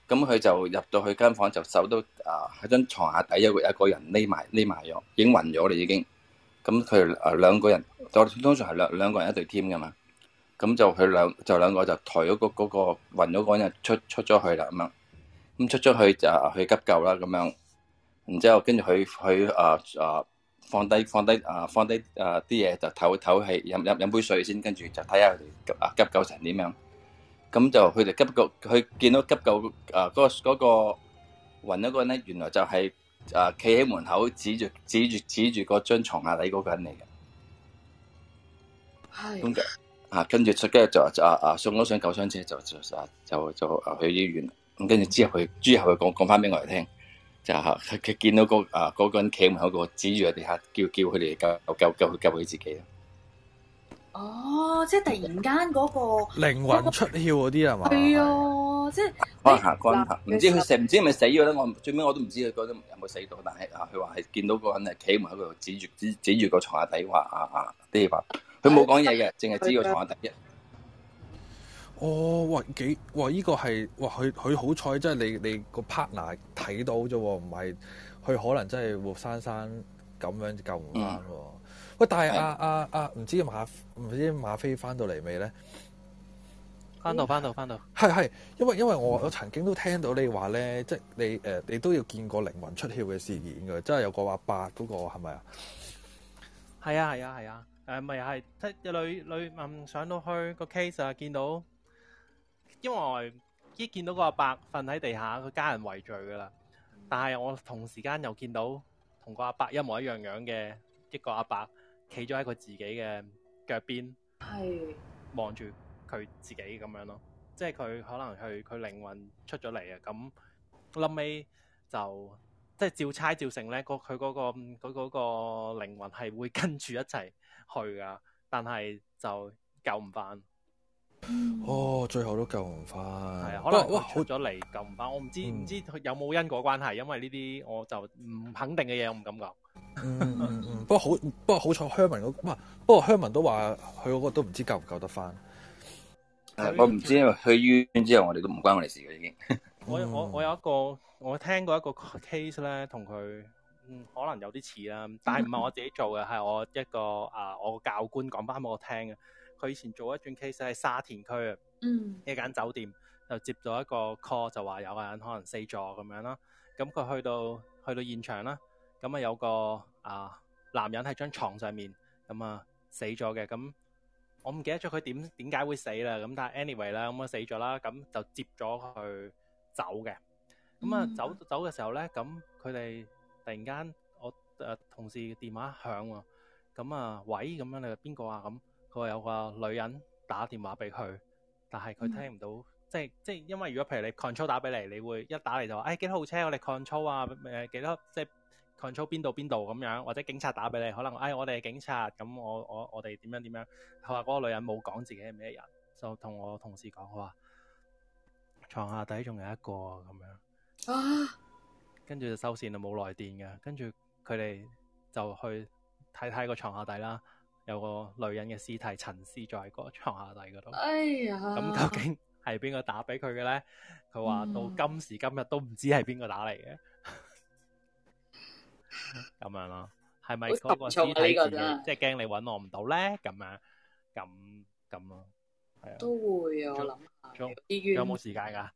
咁佢就入到去間房就守到啊，喺張床下底有有一個人匿埋匿埋咗，已經暈咗啦已經。咁佢啊兩個人，通常係兩兩個人一隊 team 噶嘛。咁就佢兩就兩個就抬咗嗰嗰個、嗰個、暈咗嗰人出出咗去啦。咁啊。咁出咗去就、啊、去急救啦，咁樣，然之後跟住佢佢啊放放放放啊放低、啊、放低啊放低啊啲嘢，就唞唞氣，飲飲飲杯水先，跟住就睇下佢哋急啊急救成點樣。咁就佢哋急救，佢見到急救啊嗰嗰、嗰個暈咗、嗰個咧，原來就係啊企喺門口指住指住指住嗰張床下底嗰個人嚟嘅。係。咁啊，跟住出街就就啊送咗上救傷車，就就就就，就，就啊去醫院。跟住之後佢，之後佢講講翻俾我哋聽，就佢見到、那個啊嗰、那個人企埋喺度，指住個地下，叫叫佢哋救救救佢救佢自己。哦，即係突然間嗰、那個、那個、靈魂出竅嗰啲係嘛？係、那個、啊，即係光頭光頭，唔其實 知佢死唔知係咪死咗咧？我最尾我都唔知佢嗰啲有冇死到，但係啊，佢話係見到個人係企埋喺度，指住指指住個床下底話啊啊啲嘢話，佢冇講嘢嘅，淨係指個床下底。的的哦，哇，幾哇！依個係哇，佢佢好彩，即係你你個 partner 睇到啫，唔係佢可能真係活生生咁樣救唔返。喂、嗯，但係阿阿阿，唔的、啊啊、知馬唔知馬菲返到嚟未咧？返到返到返到，係係，因為因為我我曾經都聽到你話咧，即係你誒、呃，你都要見過靈魂出竅嘅事件嘅，即係有個阿伯嗰、那個係咪啊？係啊係啊係啊，誒咪係，即係女女問上到去個 case 啊，見到。因為一見到個阿伯瞓喺地下，佢家人圍聚噶啦。但係我同時間又見到同個阿伯，伯一模一樣樣嘅一個阿伯，企咗喺佢自己嘅腳邊，望住佢自己咁樣咯。即係佢可能佢佢靈魂出咗嚟啊。咁後尾就即係照差照成呢，佢嗰、嗰個佢嗰、嗰個靈魂係會跟住一齊去噶，但係就救唔翻。哦，oh, 最後都救唔翻，係啊，可能出咗嚟救唔翻，我唔知唔知有冇因果關係，嗯、因為呢啲我就唔肯定嘅嘢，我唔敢講。 [laughs] [laughs] 不過好、那個、不過好彩，香文嗰，不不過香文都話佢嗰個都唔知救唔救得翻。去我唔知，因為去醫院之後，我哋都唔關我哋事嘅已經。我我我有一個，我聽過一個 case 咧，同佢可能有啲似啦，但係唔係我自己做嘅，係我一個啊、呃，我教官講翻俾我聽嘅。佢以前做一轉 case 喺沙田區啊，一間酒店就接咗一個 call，就話有個人可能死咗咁樣啦。咁佢去到去到現場啦，咁啊有個啊、呃、男人喺張床上面咁啊死咗嘅。咁我唔記得咗佢點點解會死啦。咁但係 anyway 啦，咁啊死咗啦，咁就接咗佢走嘅。咁啊、嗯、走走嘅時候咧，咁佢哋突然間我誒、啊、同事電話響喎，咁啊喂咁、啊、樣你係邊個啊咁？佢話有個女人打電話俾佢，但係佢聽唔到，嗯、即係即係因為如果譬如你 control 打俾你，你會一打嚟就話：誒、哎、幾多號車我哋 control 啊，誒、呃、幾多即係 control 邊度邊度咁樣，或者警察打俾你，可能誒、哎、我哋係警察，咁我我我哋點樣點樣。佢話嗰個女人冇講自己係咩人，就同我同事講：佢話床下底仲有一個咁樣。跟住、啊、就收線就冇來電嘅，跟住佢哋就去睇睇個床下底啦。有個女人嘅屍體沉屍在個床下底嗰度，哎呀，咁究竟係邊個打俾佢嘅咧？佢話到今時今日都唔知係邊個打嚟嘅，咁樣咯，係咪嗰個屍體自己即係驚你搵我唔到咧？咁樣咁咁咯，都會啊，我諗下，有冇時間噶？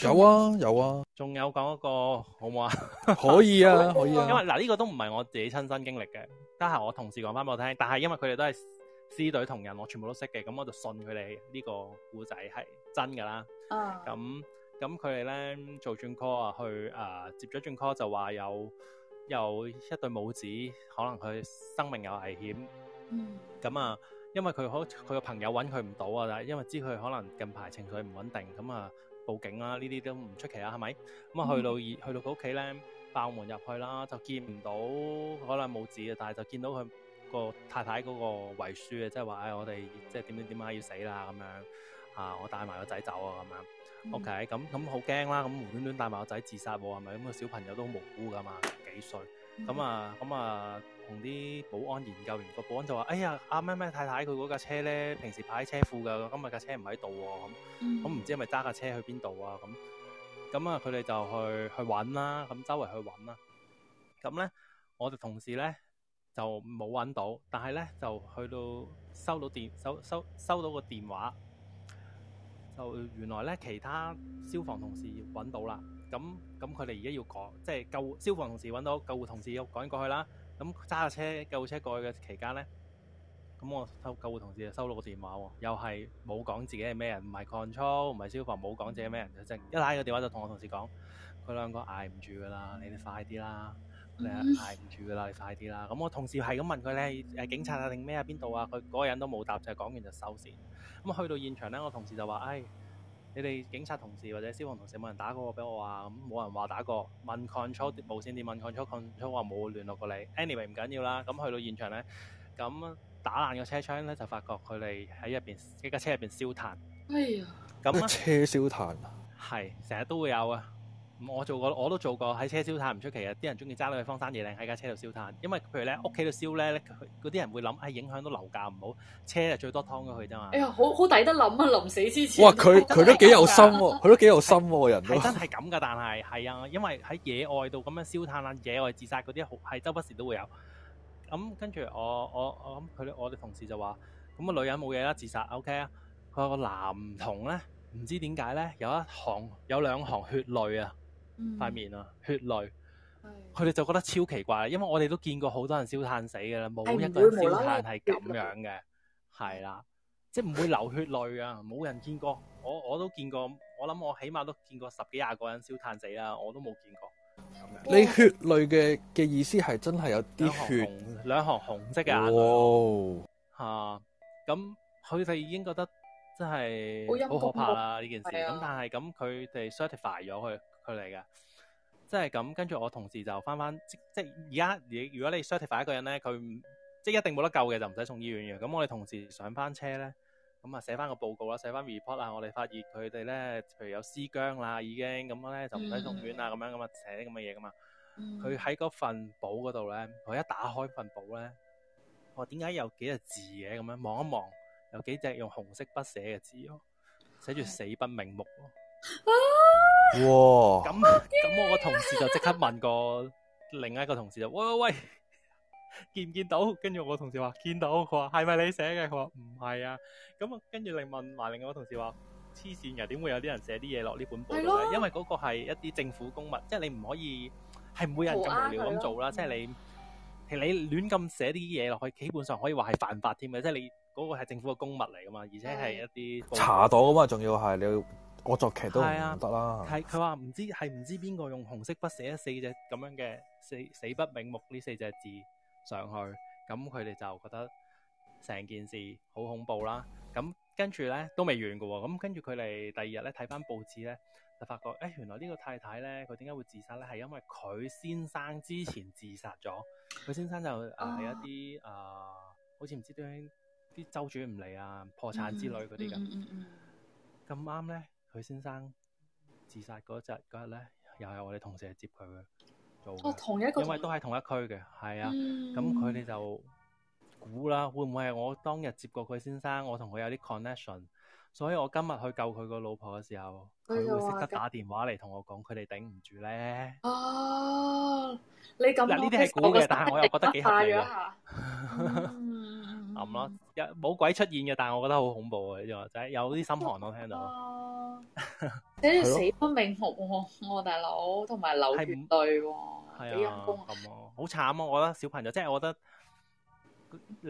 有啊有啊，仲有講一個好唔好啊？可以啊可以啊，因為嗱呢個都唔係我自己親身經歷嘅。家下我同事講翻俾我聽，但係因為佢哋都係師隊同人，我全部都識嘅，咁我就信佢哋呢個故仔係真㗎啦。啊，咁咁佢哋咧做轉 call 啊，去誒、呃、接咗轉 call 就話有有一對母子，可能佢生命有危險。嗯，咁啊、嗯，因為佢可佢個朋友揾佢唔到啊，但係因為知佢可能近排情緒唔穩定，咁、嗯、啊報警啦，呢啲都唔出奇啊，係咪？咁啊、嗯嗯、去到去到佢屋企咧。爆門入去啦，就見唔到，可能冇紙啊，但係就見到佢個太太嗰個遺書啊，即係話：，唉、哎，我哋即係點點點啊，要死啦咁樣啊！我帶埋個仔走啊咁樣。嗯、OK，咁咁好驚啦！咁無端端帶埋個仔自殺喎，係咪咁個小朋友都好無辜噶嘛？幾歲？咁、嗯、啊，咁啊，同啲保安研究完，個保安就話：，哎呀，阿咩咩太太佢嗰架車咧，平時擺喺車庫㗎，今日架車唔喺度喎。咁唔、嗯嗯、知係咪揸架車去邊度啊？咁咁啊，佢哋就去去揾啦，咁周圍去揾啦。咁咧，我哋同事咧就冇揾到，但係咧就去到收到電收收收到個電話，就原來咧其他消防同事揾到啦。咁咁佢哋而家要趕，即係救消防同事揾到，救護同事要趕過去啦。咁揸架車救護車過去嘅期間咧。咁我收救護同事就收到個電話喎，又係冇講自己係咩人，唔係 control，唔係消防，冇講自己咩人就即係一拉個電話就同我同事講，佢兩個捱唔住噶啦，你哋快啲啦，你捱唔住噶啦，你快啲啦。咁我同事係咁問佢，你係誒警察啊定咩啊邊度啊？佢嗰個人都冇答，就講完就收線。咁去到現場咧，我同事就話，誒，你哋警察同事或者消防同事有冇人打過我俾我啊，咁冇人話打過，問 control 無線電問 control control 話冇聯絡過你。anyway 唔緊要啦，咁去到現場咧，咁。打爛個車窗咧，就發覺佢哋喺入邊，喺架車入邊燒炭。哎呀！咁啊樣，車燒炭啊，係成日都會有啊。我做過，我都做過喺車燒炭，唔出奇啊。啲人中意揸到去荒山野嶺喺架車度燒炭，因為譬如咧屋企度燒咧，嗰啲人會諗係、啊、影響到樓價唔好，車啊最多劏佢啫嘛。哎呀，好好抵得諗啊，臨死之前。哇！佢佢都幾有心喎、啊，佢 [laughs] 都幾有心喎、啊，人是。係 [laughs] 真係咁噶，但係係啊，因為喺野外度咁樣燒炭啦，野外自殺嗰啲係周不時都會有。咁、嗯、跟住我我我諗佢哋我哋同事就話：咁、嗯、個女人冇嘢啦，自殺，OK 啊。佢話個男童咧，唔知點解咧，有一行有兩行血淚啊，塊、嗯、面啊，血淚。佢哋是就覺得超奇怪，因為我哋都見過好多人燒炭死㗎啦，冇一個人燒炭係咁樣嘅，係啦，即係唔會流血淚啊，冇 [laughs] 人見過。我我都見過，我諗我起碼都見過十幾廿個人燒炭死啦，我都冇見過。你血淚嘅，嘅意思係真係有啲血，兩行紅色嘅眼淚。吓、oh. 啊，咁佢哋已經覺得真係好可怕啦呢、oh. 件事。咁、oh. 但係咁佢哋 certify 咗佢佢嚟嘅，即係咁。跟住我同事就翻翻即即係而家，如果你 certify 一個人咧，佢即係一定冇得救嘅，就唔使送醫院嘅。咁我哋同事上翻車咧。咁啊，寫翻個報告啦，寫翻 report 啊，我哋發現佢哋咧，譬如有屍僵啦，已經咁樣咧就唔使送院啊，咁樣咁啊寫啲咁嘅嘢噶嘛。佢喺嗰份簿嗰度咧，佢一打開份簿咧，我點解有幾隻字嘅咁樣望一望，有幾隻用紅色筆寫嘅字咯，寫住死不瞑目喎。嗎 [laughs] 哇！咁咁那、啊、 [laughs] 我個同事就即刻問過另一個同事就，喂喂喂！喂見唔見到？跟住我同事話見到，佢話，係咪你寫嘅？佢話唔係啊。咁啊，跟住佢問埋另外個同事話黐線嘅，點會有啲人寫啲嘢落呢本簿嘅？的因為嗰個係一啲政府公物，即係你唔可以，係唔會有人咁無聊咁做啦。的即係你係你亂咁寫啲嘢落去，基本上可以話係犯法添嘅。即係你嗰、那個係政府嘅公物嚟噶嘛，而且係一啲查到啊嘛，仲要係你惡作劇都唔得啦。係佢話唔知係唔知邊個用紅色筆寫四隻咁樣嘅四死不瞑目呢四隻字。上去咁，佢哋就覺得成件事好恐怖啦。咁跟住咧都未完㗎喎。咁跟住佢哋第二日咧睇翻報紙咧，就發覺誒、欸，原來呢個太太咧，佢點解會自殺咧？係因為佢先生之前自殺咗。佢先生就誒係一啲誒、啊啊，好似唔知點樣啲週轉唔嚟啊，破產之類嗰啲㗎。咁啱咧，佢、嗯嗯嗯、先生自殺嗰日嗰日咧，又係我哋同事去接佢嘅。啊，同一個，因為都喺同一區嘅，係啊、嗯，咁佢哋就估啦，會唔會係我當日接過佢先生，我同佢有啲 connection，所以我今日去救佢個老婆嘅時候，佢、哎、呀會識得打電話嚟同我講，佢哋頂唔住咧。哦，你咁，嗱，呢啲係估嘅，但係我又覺得幾合理。啊啊 [laughs] 咁咯，有冇、嗯、鬼出現嘅？但係我覺得好恐怖啊！呢種就有啲心寒我聽到。跟住死不瞑目我大佬同埋劉月對喎了，啊的！咁好慘啊！我覺得小朋友，即係我覺得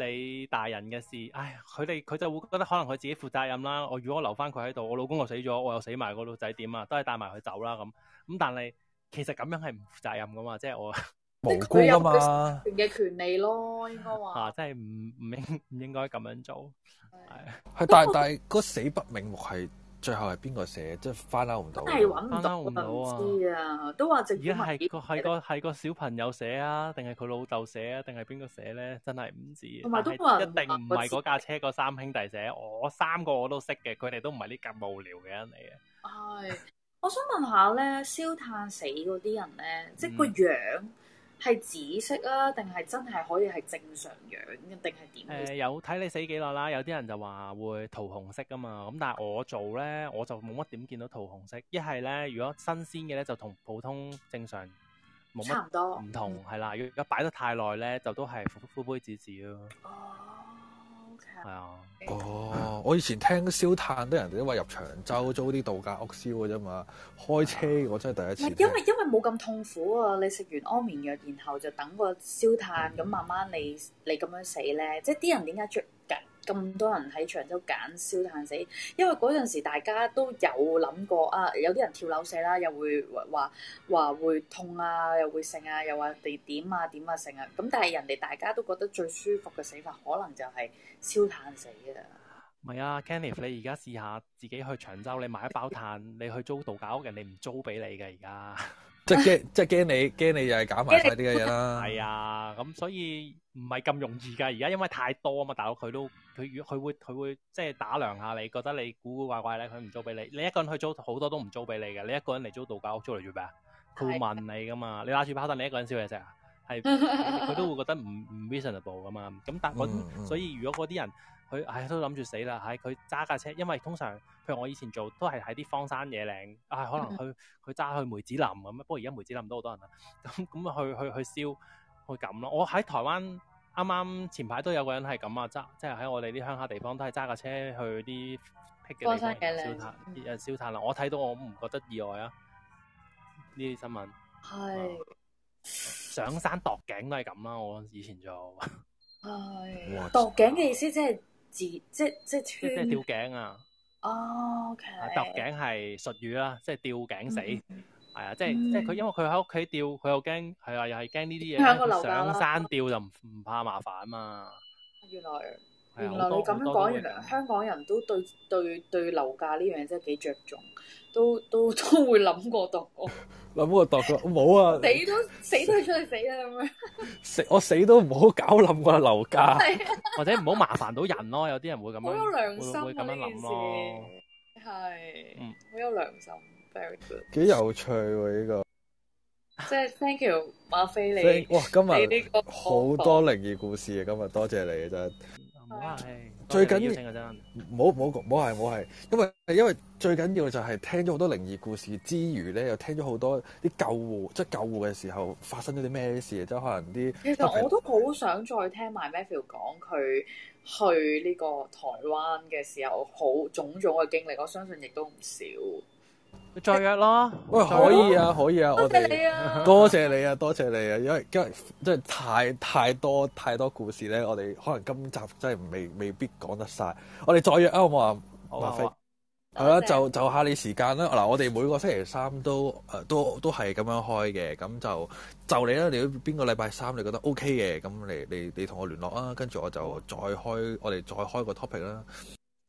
你大人嘅事，唉，佢哋佢就會覺得可能佢自己負責任啦。我如果留翻佢喺度，我老公又死咗，我又死埋，個老仔點啊？都係帶埋佢走啦咁。咁但係其實咁樣係唔負責任噶嘛，即、就、係、是、我 [laughs] 無辜噶嘛？嘅權利咯，應該話吓，真係唔唔應唔應該咁樣做。係，係但但係嗰死不瞑目係最後係邊個寫？即係翻撈唔到，真係搵唔到啊！都話直經係個係個係個小朋友寫啊，定係佢老豆寫啊，定係邊個寫咧？真係唔知。同埋都一定唔係嗰架車個三兄弟寫，我三個我都識嘅，佢哋都唔係呢咁無聊嘅人嚟嘅。係，我想問下咧，燒炭死嗰啲人咧，即係個樣。係紫色啊？定係真係可以係正常樣嘅？定係點？誒、呃、有睇你死幾耐啦。有啲人就話會桃紅色㗎嘛。咁但係我做咧，我就冇乜點見到桃紅色。一係咧，如果新鮮嘅咧，就同普通正常冇乜唔同係啦。如果擺得太耐咧，就都係灰灰灰紫紫咯。係啊，哦，Yeah . okay. oh, 我以前聽燒炭都人哋因為入長洲租啲度假屋燒嘅啫嘛，開車我真係第一次因。因為因為冇咁痛苦啊，你食完安眠藥然後就等個燒炭咁、嗯、慢慢你你咁樣死咧，即係啲人點解着緊？咁多人喺長洲揀燒炭死，因為嗰陣時大家都有諗過啊，有啲人跳樓死啦，又會話話會痛啊，又會剩啊，又話地點啊點啊剩啊，咁但係人哋大家都覺得最舒服嘅死法，可能就係燒炭死㗎喇。唔係啊，Kenny，你而家試下自己去長洲，你買一包炭，你去租度假屋，人哋唔租俾你㗎而家。即係驚，即係驚你，驚你又係搞埋晒啲嘅嘢啦。係 [laughs] 啊，咁所以唔係咁容易噶。而家因為太多啊嘛，大佬佢都佢越佢會佢會即係、就是、打量下你覺得你古古怪怪咧，佢唔租俾你。你一個人去租好多都唔租俾你嘅。你一個人嚟租度假屋租嚟做咩啊？佢會問你噶嘛？的你攞住包單，你一個人燒嘢食，係佢 [laughs] 都會覺得唔唔 reasonable 噶嘛。咁但我所以如果嗰啲人。佢唉，哎、都諗住死啦，嚇、哎！佢揸架車，因為通常譬如我以前做都係喺啲荒山野嶺啊、哎，可能去佢揸 [laughs] 去，去梅子林咁啊。不過而家梅子林都好多人啦，咁、嗯、咁去去去燒去咁咯。我喺台灣啱啱前排都有個人係咁啊，即係喺我哋啲鄉下地方都係揸架車去啲荒山野嶺燒炭，燒炭啦！我睇到我唔覺得意外啊，呢啲新聞係是、呃、上山度頸都係咁啦。我以前做係度頸嘅意思即係。即即即吊頸啊！哦、oh，OK，揼頸係術語啦、啊，即係吊頸死，係、mm hmm. 啊，即係、mm hmm. 即係佢因為佢喺屋企吊，佢又驚係啊，又係驚呢啲嘢。上山吊就唔唔怕麻煩啊嘛。原來。原來你咁樣講，原來香港人都對對對樓價呢樣嘢真係幾着重，都都都會諗過度，諗過度，唔好啊！死都死都出去死啦咁樣，死我死都唔好搞冧個樓價，或者唔好麻煩到人咯。有啲人會咁，好有良心咁呢件事，係，好有良心。Very good，幾有趣喎呢個，即係 Thank you 馬菲你，哇！今日呢個好多靈異故事啊，今日多謝你啊真。最緊要嘅真，冇冇冇，係冇係，因為因為最緊要就係聽咗好多靈異故事之餘咧，又聽咗好多啲救護，即係救護嘅時候發生咗啲咩事，即係可能啲。其實我都好想再聽埋 Matthew 講佢去呢個台灣嘅時候好種種嘅經歷，我相信亦都唔少。再約咯喂，可以啊，可以啊，我哋們多謝你啊， [laughs] 多謝你啊，多謝你啊，因為今日真係太太多太多故事咧，我哋可能今集真係未未必講得晒，我哋再約啊，好唔好啊？馬菲，係啦，就就下你時間啦。嗱，我哋每個星期三都誒都都係咁樣開嘅，咁就就你啦。你邊個禮拜三你覺得 OK 嘅？咁你你你同我聯絡啊，跟住我就再開我哋再開個 topic 啦。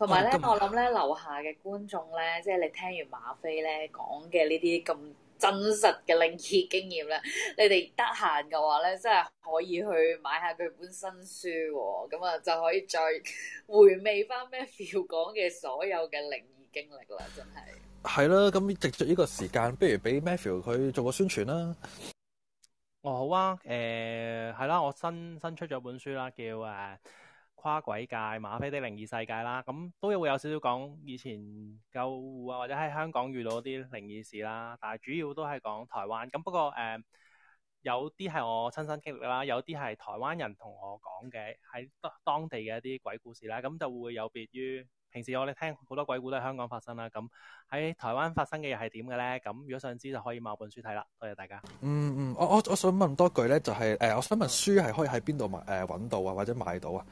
同埋咧，呢，嗯、我諗咧樓下嘅觀眾咧，即係你聽完馬菲咧講嘅呢啲咁真實嘅靈異經驗咧，你哋得閒嘅話咧，真係可以去買下佢本新書。哦、咁、嗯、啊，就可以再回味翻 Matthew 講嘅所有嘅靈異經歷啦，真係。係啦，咁藉着呢個時間，不如俾 Matthew 佢做個宣傳啦。 [laughs] 哦，好啊，誒、呃，係啦，我新新出咗本書啦，叫誒。跨鬼界、馬菲的靈異世界啦，咁都會有少少講以前救護啊，或者喺香港遇到啲靈異事啦。但係主要都係講台灣咁。不過誒、呃，有啲係我親身經歷啦，有啲係台灣人同我講嘅喺當地嘅一啲鬼故事啦。咁就會有別於平時我哋聽好多鬼故都喺香港發生啦。咁喺台灣發生嘅又係點嘅呢？咁如果想知就可以買本書睇啦。多謝大家。嗯嗯，我我我想問多句呢，就係、是、誒、呃，我想問書係可以喺邊度買誒，呃、搵到啊，或者買到啊？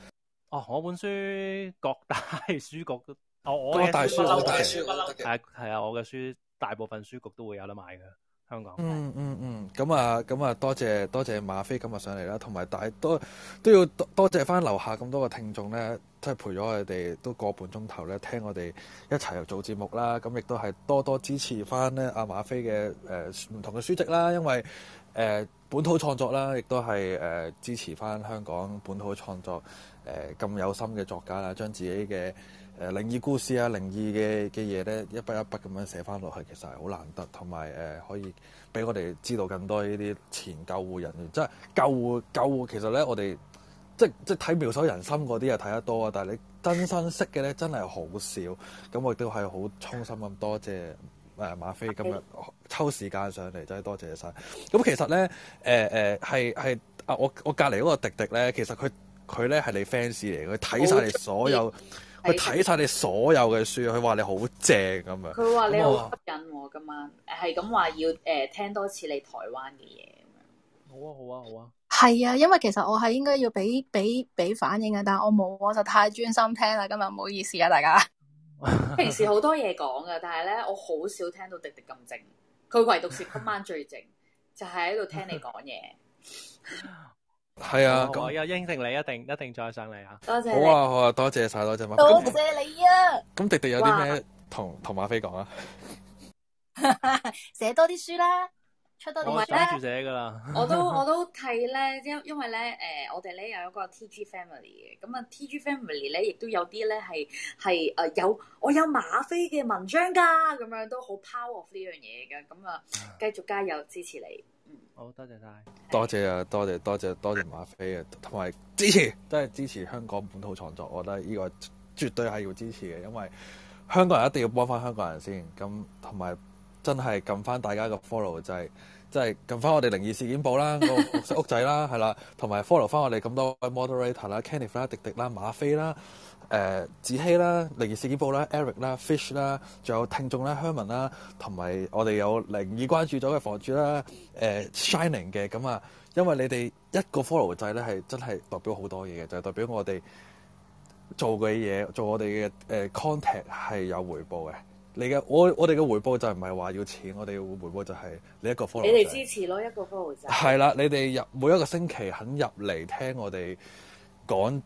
哦，我本書各大書局都、哦，我我大書樓大書嘅係啊，我嘅書大部分書局都會有得賣㗎香港。嗯嗯嗯，咁、嗯、啊，咁、嗯、啊，多謝多謝馬菲今日上嚟啦，同埋大都都要多謝多謝翻樓下咁多個聽眾咧，即係陪咗佢哋都個半鐘頭咧，聽我哋一齊又做節目啦。咁亦都係多多支持翻咧阿馬菲嘅誒唔同嘅書籍啦，因為誒、呃、本土創作啦，亦都係誒支持翻香港本土嘅創作。誒咁、呃、有心嘅作家啦，將自己嘅誒、呃、靈異故事啊、靈異嘅嘅嘢咧一筆一筆咁樣寫翻落去，其實係好難得，同埋誒可以俾我哋知道更多呢啲前救護人員，即係救護救護。其實咧，我哋即係即係睇描寫人心妙手仁心嗰啲又睇得多啊，但係你真身識嘅咧，真係好少。咁我亦都係好衷心咁多謝誒馬菲今日抽時間上嚟，真係多謝晒。咁其實咧，誒誒係係啊，我我隔籬嗰個迪迪咧，其實佢。佢咧係你 fans 嚟，佢睇晒你所有，佢睇曬你所有嘅書，佢話你好正咁樣！佢話你好吸引喎，今晚係咁話要誒、呃、聽多次你台灣嘅嘢。好啊，好啊，好啊！係啊，因為其實我係應該要俾俾俾反應啊，但係我冇，我就太專心聽啦。今日唔好意思啊，大家。 [laughs] 平時好多嘢講㗎，但係咧我好少聽到滴滴咁靜。佢唯獨是今晚最靜， [laughs] 就係喺度聽你講嘢。 [laughs] 係啊！我有、啊、那應承你，一定一定再上嚟啊！多謝，好啊好啊，多、啊、謝晒多謝馬飛，多謝，謝，謝，謝你啊！咁迪迪有啲咩同同馬飛講啊？ [laughs] 寫多啲書啦，出多啲書啦！ [laughs] 我都我都睇咧，因因為咧誒、呃，我哋咧有一個 T G family 嘅，咁啊 T G family 咧亦都有啲咧係係誒有我有馬飛嘅文章噶，咁樣都好 power of 呢樣嘢嘅，咁啊繼續加油支持你！好多謝晒，多謝啊，多謝多謝多謝馬飛啊，同埋支持，真係支持香港本土創作，我覺得呢個絕對係要支持嘅，因為香港人一定要幫翻香港人先，咁同埋真係撳返大家個 follow 就係、是，即係撳返我哋靈異事件簿啦，那個綠色屋仔啦，係 [laughs] 啦，同埋 follow 翻我哋咁多 moderator 啦，Canny 啦，迪迪啦，啦，馬飛啦。誒子、呃、希啦，靈異事件簿啦，Eric 啦，Fish 啦，仲有聽眾啦，Herman 啦，同埋我哋有靈異關注咗嘅房主啦，誒、呃、Shining 嘅咁啊，因為你哋一個 follow 制咧係真係代表好多嘢嘅，就係、是、代表我哋做嘅嘢，做我哋嘅誒 contact 係有回報嘅。你嘅，我我哋嘅回報就唔係話要錢，我哋嘅回報就係你一個 follow 制。你哋支持囉，一個 follow 制。係啦，你哋入每一個星期肯入嚟聽我哋講。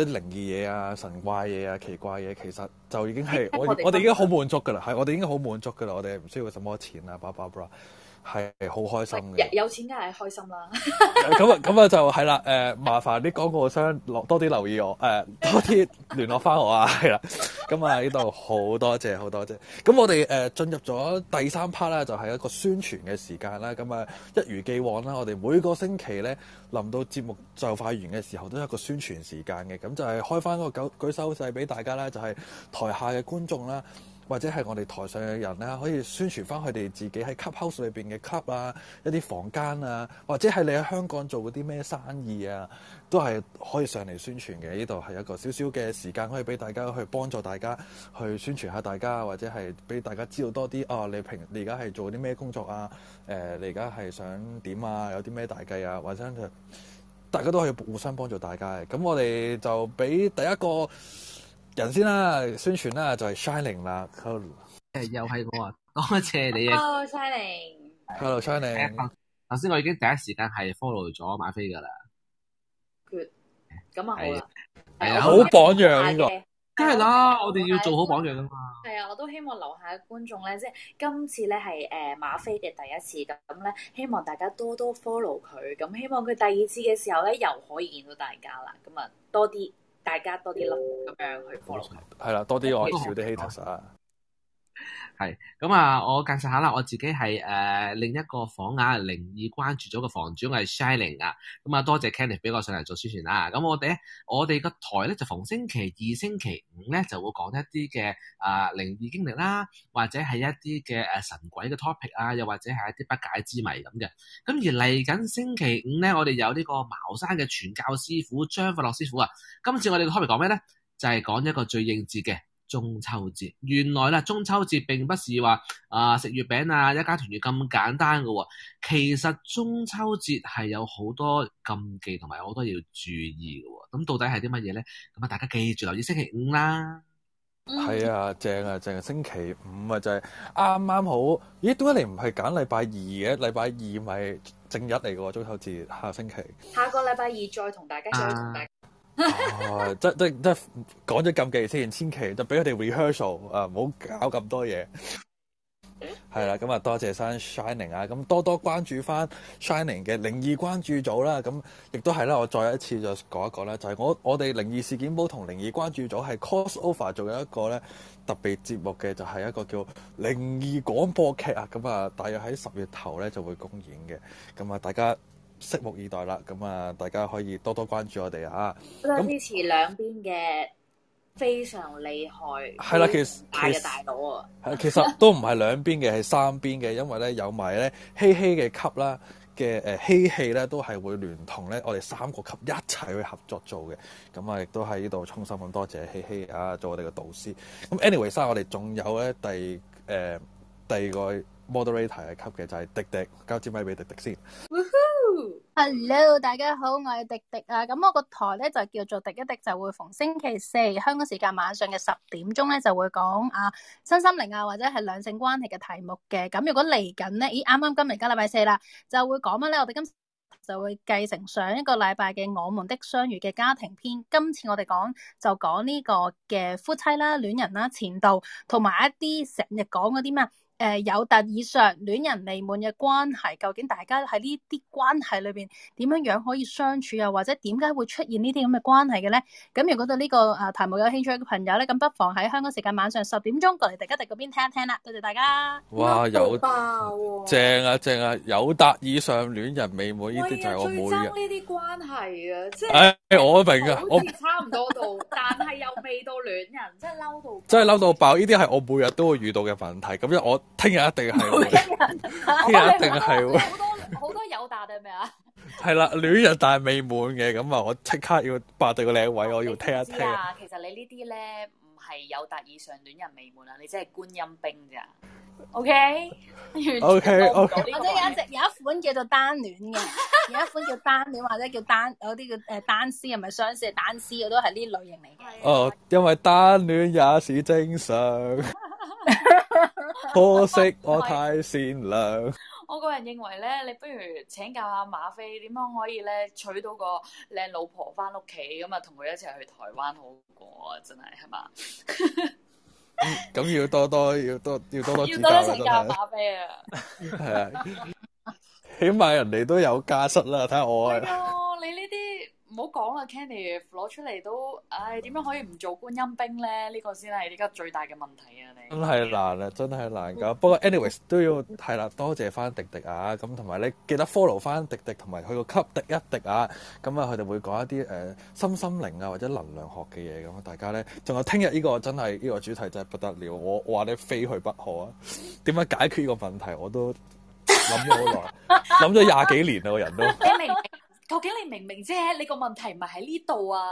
一啲靈異嘢啊、神怪嘢啊、奇怪嘢，其實就已經係我我哋已經好滿足㗎啦，係我哋已經好滿足㗎啦，我哋唔需要什麼錢啊，blah blah blah，係好開心嘅。有錢梗係開心啦。咁啊咁啊就係啦，誒、嗯、麻煩啲廣告商落多啲留意我，誒、嗯、多啲聯絡返我啊，係、嗯、啦。 [laughs] 咁啊！呢度好多謝，好多謝。咁我哋誒進入咗第三 part 咧，就係一個宣傳嘅時間啦。咁啊，一如既往啦，我哋每個星期咧，臨到節目就快完嘅時候，都有一個宣傳時間嘅。咁就係開翻個舉舉手勢俾大家啦，就係台下嘅觀眾啦。或者係我哋台上嘅人咧，可以宣傳翻佢哋自己喺 club house 裏邊嘅 club 啊，一啲房間啊，或者係你喺香港做啲咩生意啊，都係可以上嚟宣傳嘅。呢度係一個少少嘅時間，可以俾大家去幫助大家去宣傳下大家，或者係俾大家知道多啲。啊。你平你而家係做啲咩工作啊？誒、呃，你而家係想點啊？有啲咩大計啊？或者大家都可以互相幫助大家嘅。咁我哋就俾第一個。人先啦、啊，宣傳啦、啊、就係、是、Shining 啦，即係又係我啊，多謝你。啊。Hello Shining，Hello Shining。頭先我已經第一時間係 follow 咗馬菲㗎啦，咁啊好啦，係啊，好、啊啊、榜樣呢個，梗係啦，我哋要做好榜樣啊嘛。係啊，我都希望樓下嘅觀眾咧，即係今次咧係誒馬菲嘅第一次，咁咧希望大家多多 follow 佢，咁希望佢第二次嘅時候咧又可以見到大家啦，咁啊多啲。大家多啲諗咁樣去幫，係啦，多啲愛少啲 haters [noise] 係咁啊！我介紹下啦，我自己係誒、呃、另一個房啊靈異關注咗個房主，我係 Shining 啊、嗯。咁啊，多謝 Kenny 俾我上嚟做宣傳啊。咁、嗯、我哋我哋個台咧就逢星期二、星期五咧就會講一啲嘅啊靈異經歷啦，或者係一啲嘅誒神鬼嘅 topic 啊，又或者係一啲不解之謎咁嘅。咁、嗯、而嚟緊星期五咧，我哋有呢個茅山嘅傳教師傅張佛樂師傅啊。今次我哋嘅 topic 講咩咧？就係、是、講一個最應節嘅。中秋節原來咧，中秋節並不是話、呃、啊食月餅啊，一家團圓咁簡單噶、哦，其實中秋節係有好多禁忌同埋好多要注意噶、哦。咁到底係啲乜嘢咧？咁啊，大家記住留意星期五啦。係、嗯哎、啊，正啊，正係星期五啊，就係啱啱好。咦，點解你唔係揀禮拜二嘅、啊？禮拜二咪正日嚟噶？中秋節下星期。下個禮拜二再同大家再同大。啊 [laughs] 哦，即即即講咗咁幾四然千祈就俾佢哋 rehearsal 啊，唔好搞咁多嘢。係啦， [laughs] 咁啊，多謝曬 Shining 啊，咁多多關注翻 Shining 嘅靈異關注組啦。咁、啊、亦都係啦，我再一次就講一講啦，就係、是、我我哋靈異事件簿同靈異關注組係 cross over，做一個咧特別節目嘅，就係、是、一個叫靈異廣播劇啊。咁啊，大約喺十月頭咧就會公演嘅。咁啊，大家。拭目以待啦，咁啊，大家可以多多關注我哋啊！咁支持兩邊嘅非常厲害，係啦，其實大嘅大佬啊，係其實都唔係兩邊嘅，係三邊嘅，因為咧有埋咧希希嘅級啦嘅誒希希咧都係會聯同咧我哋三個級一齊去合作做嘅，咁啊亦都喺呢度衷心咁多謝希希啊，做我哋嘅導師。咁 anyway，三我哋仲有咧第誒第二個。Moderator 係級嘅就係迪迪，交支咪俾迪迪先。Hello，大家好，我係迪迪啊。咁我個台咧就叫做迪一迪，就會逢星期四香港時間晚上嘅十點鐘咧就會講啊身心靈啊或者係兩性關係嘅題目嘅。咁如果嚟緊咧，咦啱啱今日今日禮拜四啦，就會講乜咧？我哋今就會繼承上一個禮拜嘅我們的相遇嘅家庭篇。今次我哋講就講呢個嘅夫妻啦、戀人啦、前度同埋一啲成日講嗰啲咩。誒、哎，有達以上戀人未滿嘅關係，究竟大家喺呢啲關係裏邊點樣樣可以相處啊？或者點解會出現呢啲咁嘅關係嘅咧？咁如果對呢個誒題目有興趣嘅朋友咧，咁不妨喺香港時間晚上十點鐘過嚟，大家迪嗰邊聽一聽啦。多謝大家。哇，有爆啊正啊正啊，有達以上戀人未滿呢啲就係我每日。呢啲、啊、最憎關係啊，即係、哎哎。我明噶，我差唔多到，但係又未到戀人，即係嬲到即係嬲到爆，呢啲係我每日都會遇到嘅問題。咁樣我，我。聽日一定係，聽日一定係喎。好 [laughs] [laughs] 多好多友達定未啊？係啦，戀人但係未滿嘅，咁啊，我即刻要霸定個靚位，嗯、我要聽一聽。啊，其實你呢啲咧唔係友達以上戀人未滿啊，你即係觀音兵咋？OK，OK，OK。我都有一隻有一款叫做單戀嘅，有一款叫單戀 [laughs] 或,或者叫單，有啲叫誒單思又唔係雙思，單思我都係呢類型嚟嘅。哦， [laughs] oh, 因為單戀也是正常。 [laughs] [music] 可惜我太善良。 [laughs] 我個人認為咧，你不如請教下馬菲，點樣可以咧娶到個靚老婆返屋企，咁啊同佢一齊去台灣好過啊！真係係嘛？咁、 [laughs] [music] 嗯、要多多要多要多多指教啊！係啊，起碼人哋都有家室啦。睇下我啊， [laughs] 你呢啲。唔好講啦，Candy 攞出嚟都，唉、哎，點樣可以唔做觀音兵咧？呢、這個先係而家最大嘅問題啊！你真係難啊，真係難㗎。不過，anyways 都要係啦，多謝返迪迪啊，咁同埋你記得 follow 返迪迪同埋佢個吸滴一滴啊。咁、呃、啊，佢哋會講一啲誒身心靈啊或者能量學嘅嘢咁啊。大家咧，仲有聽日呢個真係呢、這個主題真係不得了，我我話你非去不可啊。點樣解決呢個問題我都諗咗好耐，諗咗廿幾年啦，個人都。 [laughs] 究竟你明唔明啫，你個問題唔係喺呢度啊，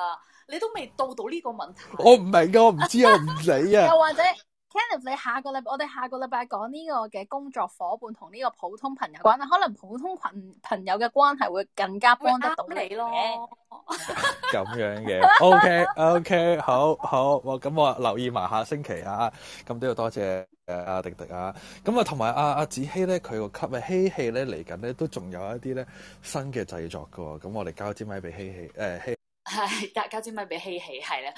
你都未到到呢個問題。我唔明我 [laughs] 我啊，我唔知啊，唔理啊。又或者。Kenneth 你下個禮拜，我哋下個禮拜講呢個嘅工作伙伴同呢個普通朋友關係，可能普通羣朋友嘅關係會更加幫得到你咯。咁 [laughs] 樣嘅，OK，OK，okay, okay, 好好，咁我留意埋下，下星期啊。咁都要多謝阿迪迪啊。咁啊，同埋阿阿子希咧，佢個吸氣，希希咧嚟緊咧都仲有一啲咧新嘅製作嘅喎、哦。咁我哋交支咪俾希希，誒、哎、希。希希 [laughs] 交支咪俾希希，係啦。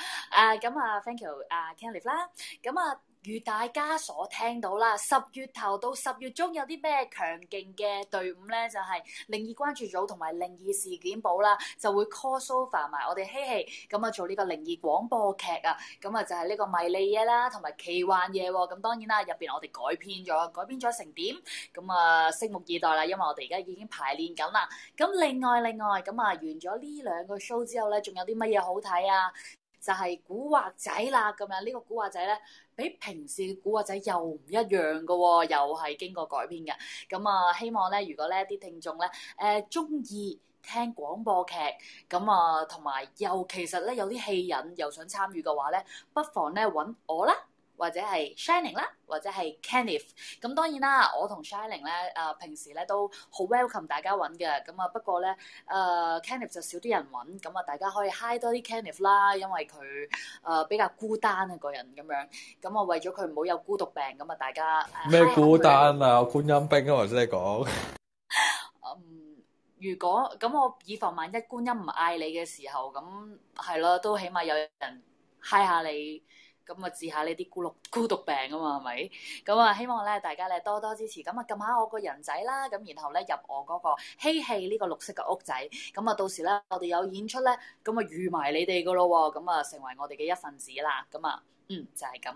誒咁啊，啊，thank you，阿 Kenneth 啦。咁啊。啊如大家所聽到啦，十月頭到十月中有啲咩強勁嘅隊伍咧，就係、是、靈異關注組同埋靈異事件簿啦，就會 call sofa 埋我哋嬉戲，咁啊做呢個靈異廣播劇啊，咁啊就係呢個迷你嘢啦，同埋奇幻嘢喎、啊，咁當然啦，入邊我哋改編咗，改編咗成點，咁啊拭目以待啦，因為我哋而家已經排練緊啦。咁另外另外，咁啊完咗呢兩個 show 之後咧，仲有啲乜嘢好睇啊？就係古惑仔啦，咁樣呢個古惑仔咧，比平時古惑仔又唔一樣嘅喎、哦，又係經過改編嘅。咁、嗯、啊，希望咧，如果咧啲聽眾咧，誒中意聽廣播劇，咁、嗯、啊，同埋又其實咧有啲戲癮，又想參與嘅話咧，不妨咧揾我啦。或者係 Shining 啦，或者係 Kenneth。咁、嗯、當然啦，我同 Shining 咧，誒、呃、平時咧都好 welcome 大家揾嘅。咁、嗯、啊，不過咧，誒、呃、Kenneth 就少啲人揾。咁、嗯、啊，大家可以 high 多啲 Kenneth 啦，因為佢誒、呃、比較孤單一個人咁樣。咁、嗯、啊，為咗佢唔好有孤獨病，咁啊，大家咩孤單啊？觀音兵啊，或者講，嗯，如果咁我、嗯、以防萬一觀音唔嗌你嘅時候，咁係咯，都起碼有人 high 下你。咁啊治下呢啲孤獨孤獨病啊嘛，係咪？咁啊希望咧大家咧多多支持，咁啊撳下我個人仔啦，咁然後咧入我嗰、那個嬉戲呢個綠色嘅屋仔，咁啊到時咧我哋有演出咧，咁啊預埋你哋噶咯喎，咁啊成為我哋嘅一份子啦，咁啊嗯就係、是、咁。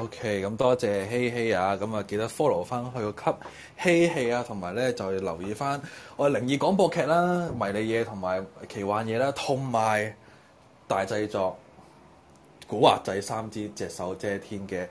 OK，咁多謝嬉戲啊，咁啊記得 follow 翻佢個級嬉戲啊，同埋咧就留意翻我哋靈異廣播劇啦、迷你嘢同埋奇幻嘢啦，同埋大製作。古惑仔三之隻手遮天嘅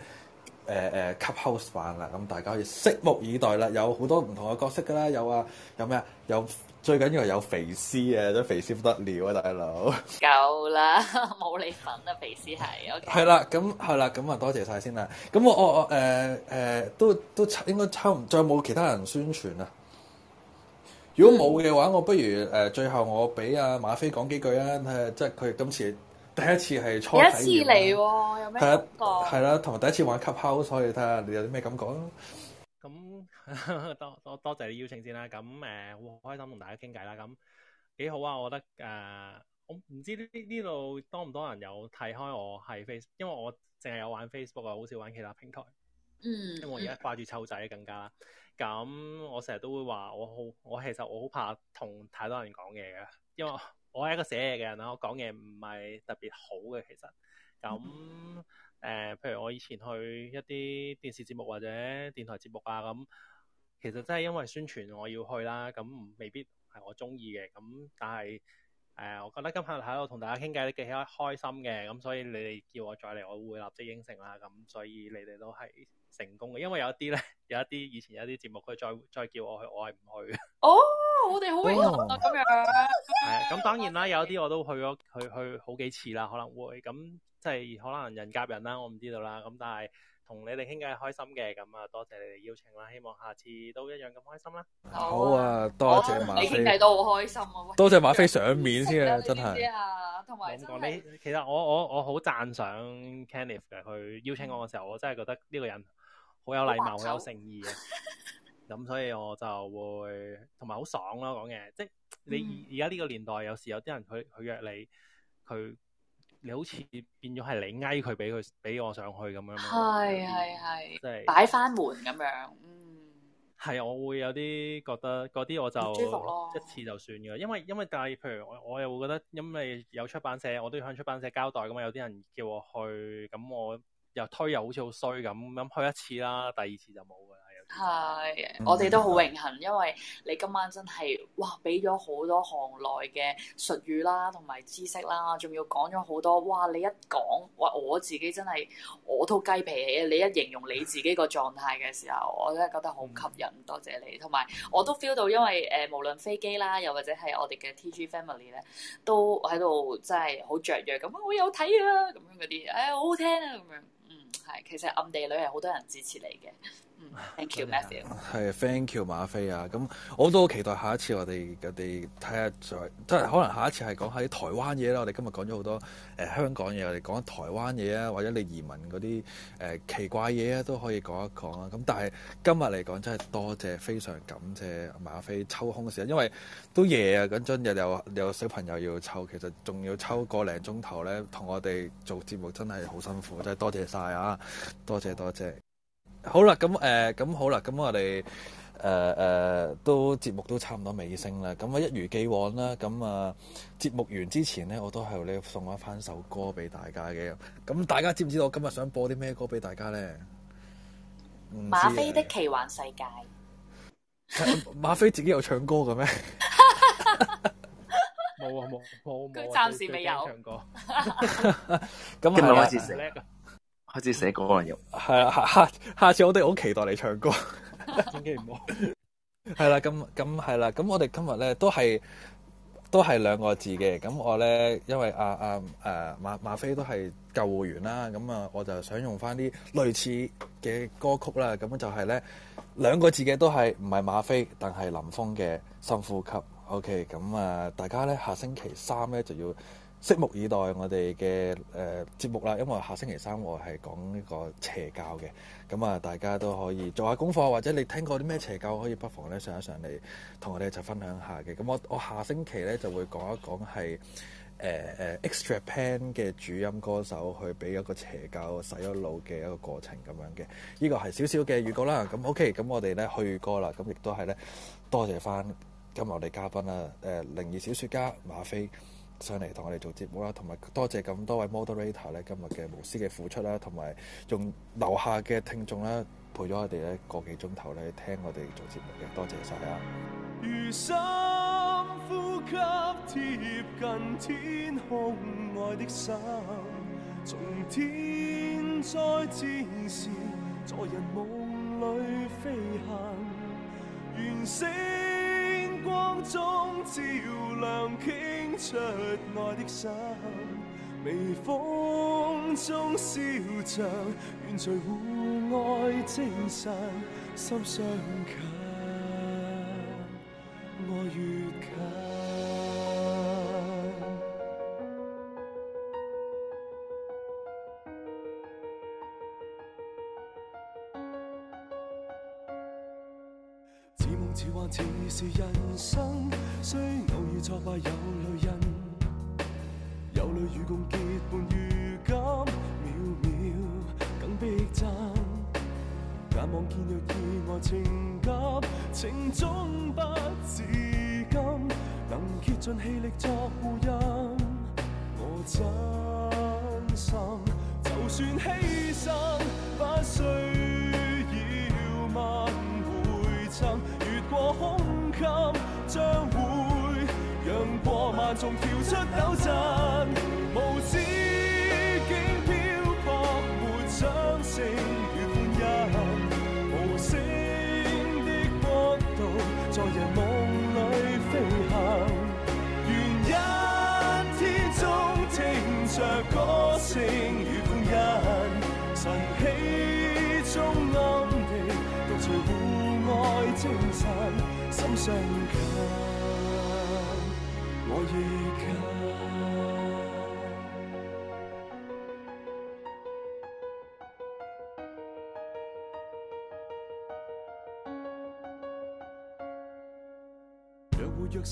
誒誒吸 House 飯啦，咁大家可以拭目以待啦。有好多唔同嘅角色噶啦，有啊，有咩啊？有最緊要係有肥絲啊！都肥絲不得了啊，大佬！夠啦，冇你份啊！肥絲係，我、okay。係啦，咁係啦，咁啊，多謝晒先啦。咁我我誒誒、呃呃、都都應該差唔多，再冇其他人宣傳啦。如果冇嘅話，嗯、我不如誒、呃、最後我俾阿、啊、馬菲講幾句啊、呃！即係佢今次。第一次係初體驗，第一次嚟喎、哦，有咩講？係啦，同埋第一次玩 Clubhouse，所以睇下你有啲咩感覺咯。咁多多謝你邀請先啦。咁誒，好開心同大家傾偈啦。咁幾好啊，我覺得誒、呃，我唔知呢呢度多唔多人有睇開我喺 Face，因為我淨係有玩 Facebook 啊，好少玩其他平台。嗯、mm。Hmm. 因為我而家掛住湊仔更加啦。咁我成日都會話我好，我其實我好怕同太多人講嘢嘅，因為。我係一個寫嘢嘅人啦，我講嘢唔係特別好嘅，其實咁誒、呃，譬如我以前去一啲電視節目或者電台節目啊，咁其實真係因為宣傳我要去啦，咁未必係我中意嘅，咁，但係誒、呃，我覺得今日喺度同大家傾偈都幾開開心嘅，咁，所以你哋叫我再嚟，我會立即應承啦。咁所以你哋都係。成功嘅，因為有一啲咧，有一啲以前有一啲節目，佢再再叫我去，我係唔去。哦，我哋好幸運啊，咁、哦、樣。係咁 [laughs] 當然啦， [laughs] 有一啲我都去咗，去去，去好幾次啦，可能會咁，即係、就是、可能人夾人啦，我唔知道啦。咁但係同你哋傾偈開心嘅，咁啊，多謝你哋邀請啦，希望下次都一樣咁開心啦。好啊，多謝馬菲。你傾偈都好開心啊。多謝馬菲上面先啊，真係的。同埋真係。其實我我我好讚賞 Kenneth 嘅，佢邀請我嘅時候，我真係覺得呢個人，好有禮貌，好有誠意嘅，咁 [laughs] 所以我就會同埋好爽咯、啊，講嘢，即係你而家呢個年代，有時有啲人佢佢約你，佢你好似變咗係你拉佢俾佢俾我上去咁樣，是樣，係係係，即係擺翻門咁樣，嗯，係我會有啲覺得嗰啲我就舒服、啊、一次就算嘅，因為因為但係譬如我我又會覺得，因為有出版社，我都要向出版社交代噶嘛，有啲人叫我去，咁我，我。又推又好似好衰咁，咁開一次啦，第二次就冇㗎喇。係，我哋都好榮幸，因為你今晚真係哇，俾咗好多行內嘅術語啦，同埋知識啦，仲要講咗好多哇！你一講，哇，我自己真係我都雞皮啊！你一形容你自己個狀態嘅時候，我真係覺得好吸引。多謝你，同埋我都 feel 到，因為誒、呃，無論飛機啦，又或者係我哋嘅 TG family 咧，都喺度真係、嗯、好雀躍咁，我有睇啊，咁樣嗰啲，哎呀，好好聽啊，咁樣。好好其實暗地裏係好多人支持你嘅。Thank you，Matthew。係，thank you 馬菲啊！咁我都好期待下一次我哋我哋睇下再，即係可能下一次係講喺台灣嘢啦。我哋今日講咗好多誒、呃、香港嘢，我哋講台灣嘢啊，或者你移民嗰啲誒奇怪嘢啊，都可以說一說講一講啊。咁但係今日嚟講真係多謝，非常感謝馬菲抽空時間，因為都夜啊，緊張又又小朋友要抽，其實仲要抽個零鐘頭咧，同我哋做節目真係好辛苦，真係多謝晒啊！多謝多謝。好啦，咁、嗯、誒，咁好啦，咁我哋誒誒，都、嗯嗯、節目都差唔多尾聲啦。咁、嗯、啊，一如既往啦，咁、嗯、啊，節目完之前咧，我都係咧送一翻首歌俾大家嘅。咁、嗯、大家知唔知道我今日想播啲咩歌俾大家咧？馬菲的奇幻世界。 [laughs] 馬菲自己有唱歌嘅咩？冇啊冇冇冇。佢暫時未有唱歌。咁啊，叻啊！開始寫歌可能要係啦，下下次我哋好期待你唱歌。千祈唔好係啦，咁咁係啦，咁我哋今日咧都係都係兩個字嘅。咁我咧因為阿阿誒馬馬菲都係救護員啦，咁啊我就想用翻啲類似嘅歌曲啦。咁就係咧兩個字嘅都係唔係馬菲，但係林峰嘅深呼吸。OK，咁啊大家咧下星期三咧就要拭目以待我哋嘅誒節目啦，因為下星期三我係講呢個邪教嘅，咁啊大家都可以做下功課，或者你聽過啲咩邪教，可以不妨咧上一上嚟同我哋一齊分享下嘅。咁我我下星期咧就會講一講係誒誒 X Japan 嘅主音歌手去俾一個邪教洗咗腦嘅一個過程咁樣嘅。呢個係少少嘅預告啦。咁 OK，咁我哋咧去歌啦，咁亦都係咧多謝翻今日我哋嘉賓啦，誒靈異小説家馬菲。上嚟同我哋做節目啦，同埋多謝咁多位 moderator 咧今日嘅無私嘅付出啦，同埋仲留下嘅聽眾咧陪咗我哋咧個幾鐘頭咧聽我哋做節目嘅，多謝晒啊！光中照亮傾出愛的心，微風中笑着，願隨互愛精神心相近，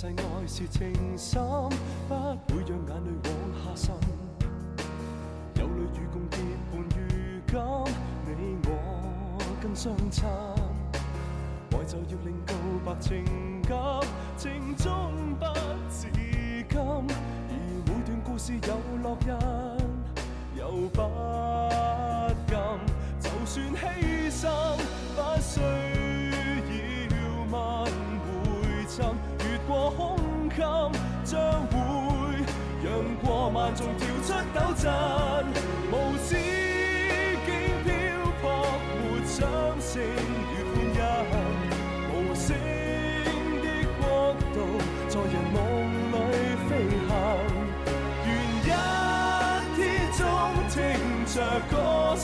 世愛是情深，不會讓眼淚往下滲。有淚與共結伴如今，你我更相襯。愛就要令告白情感，情終不自禁。而每段故事有。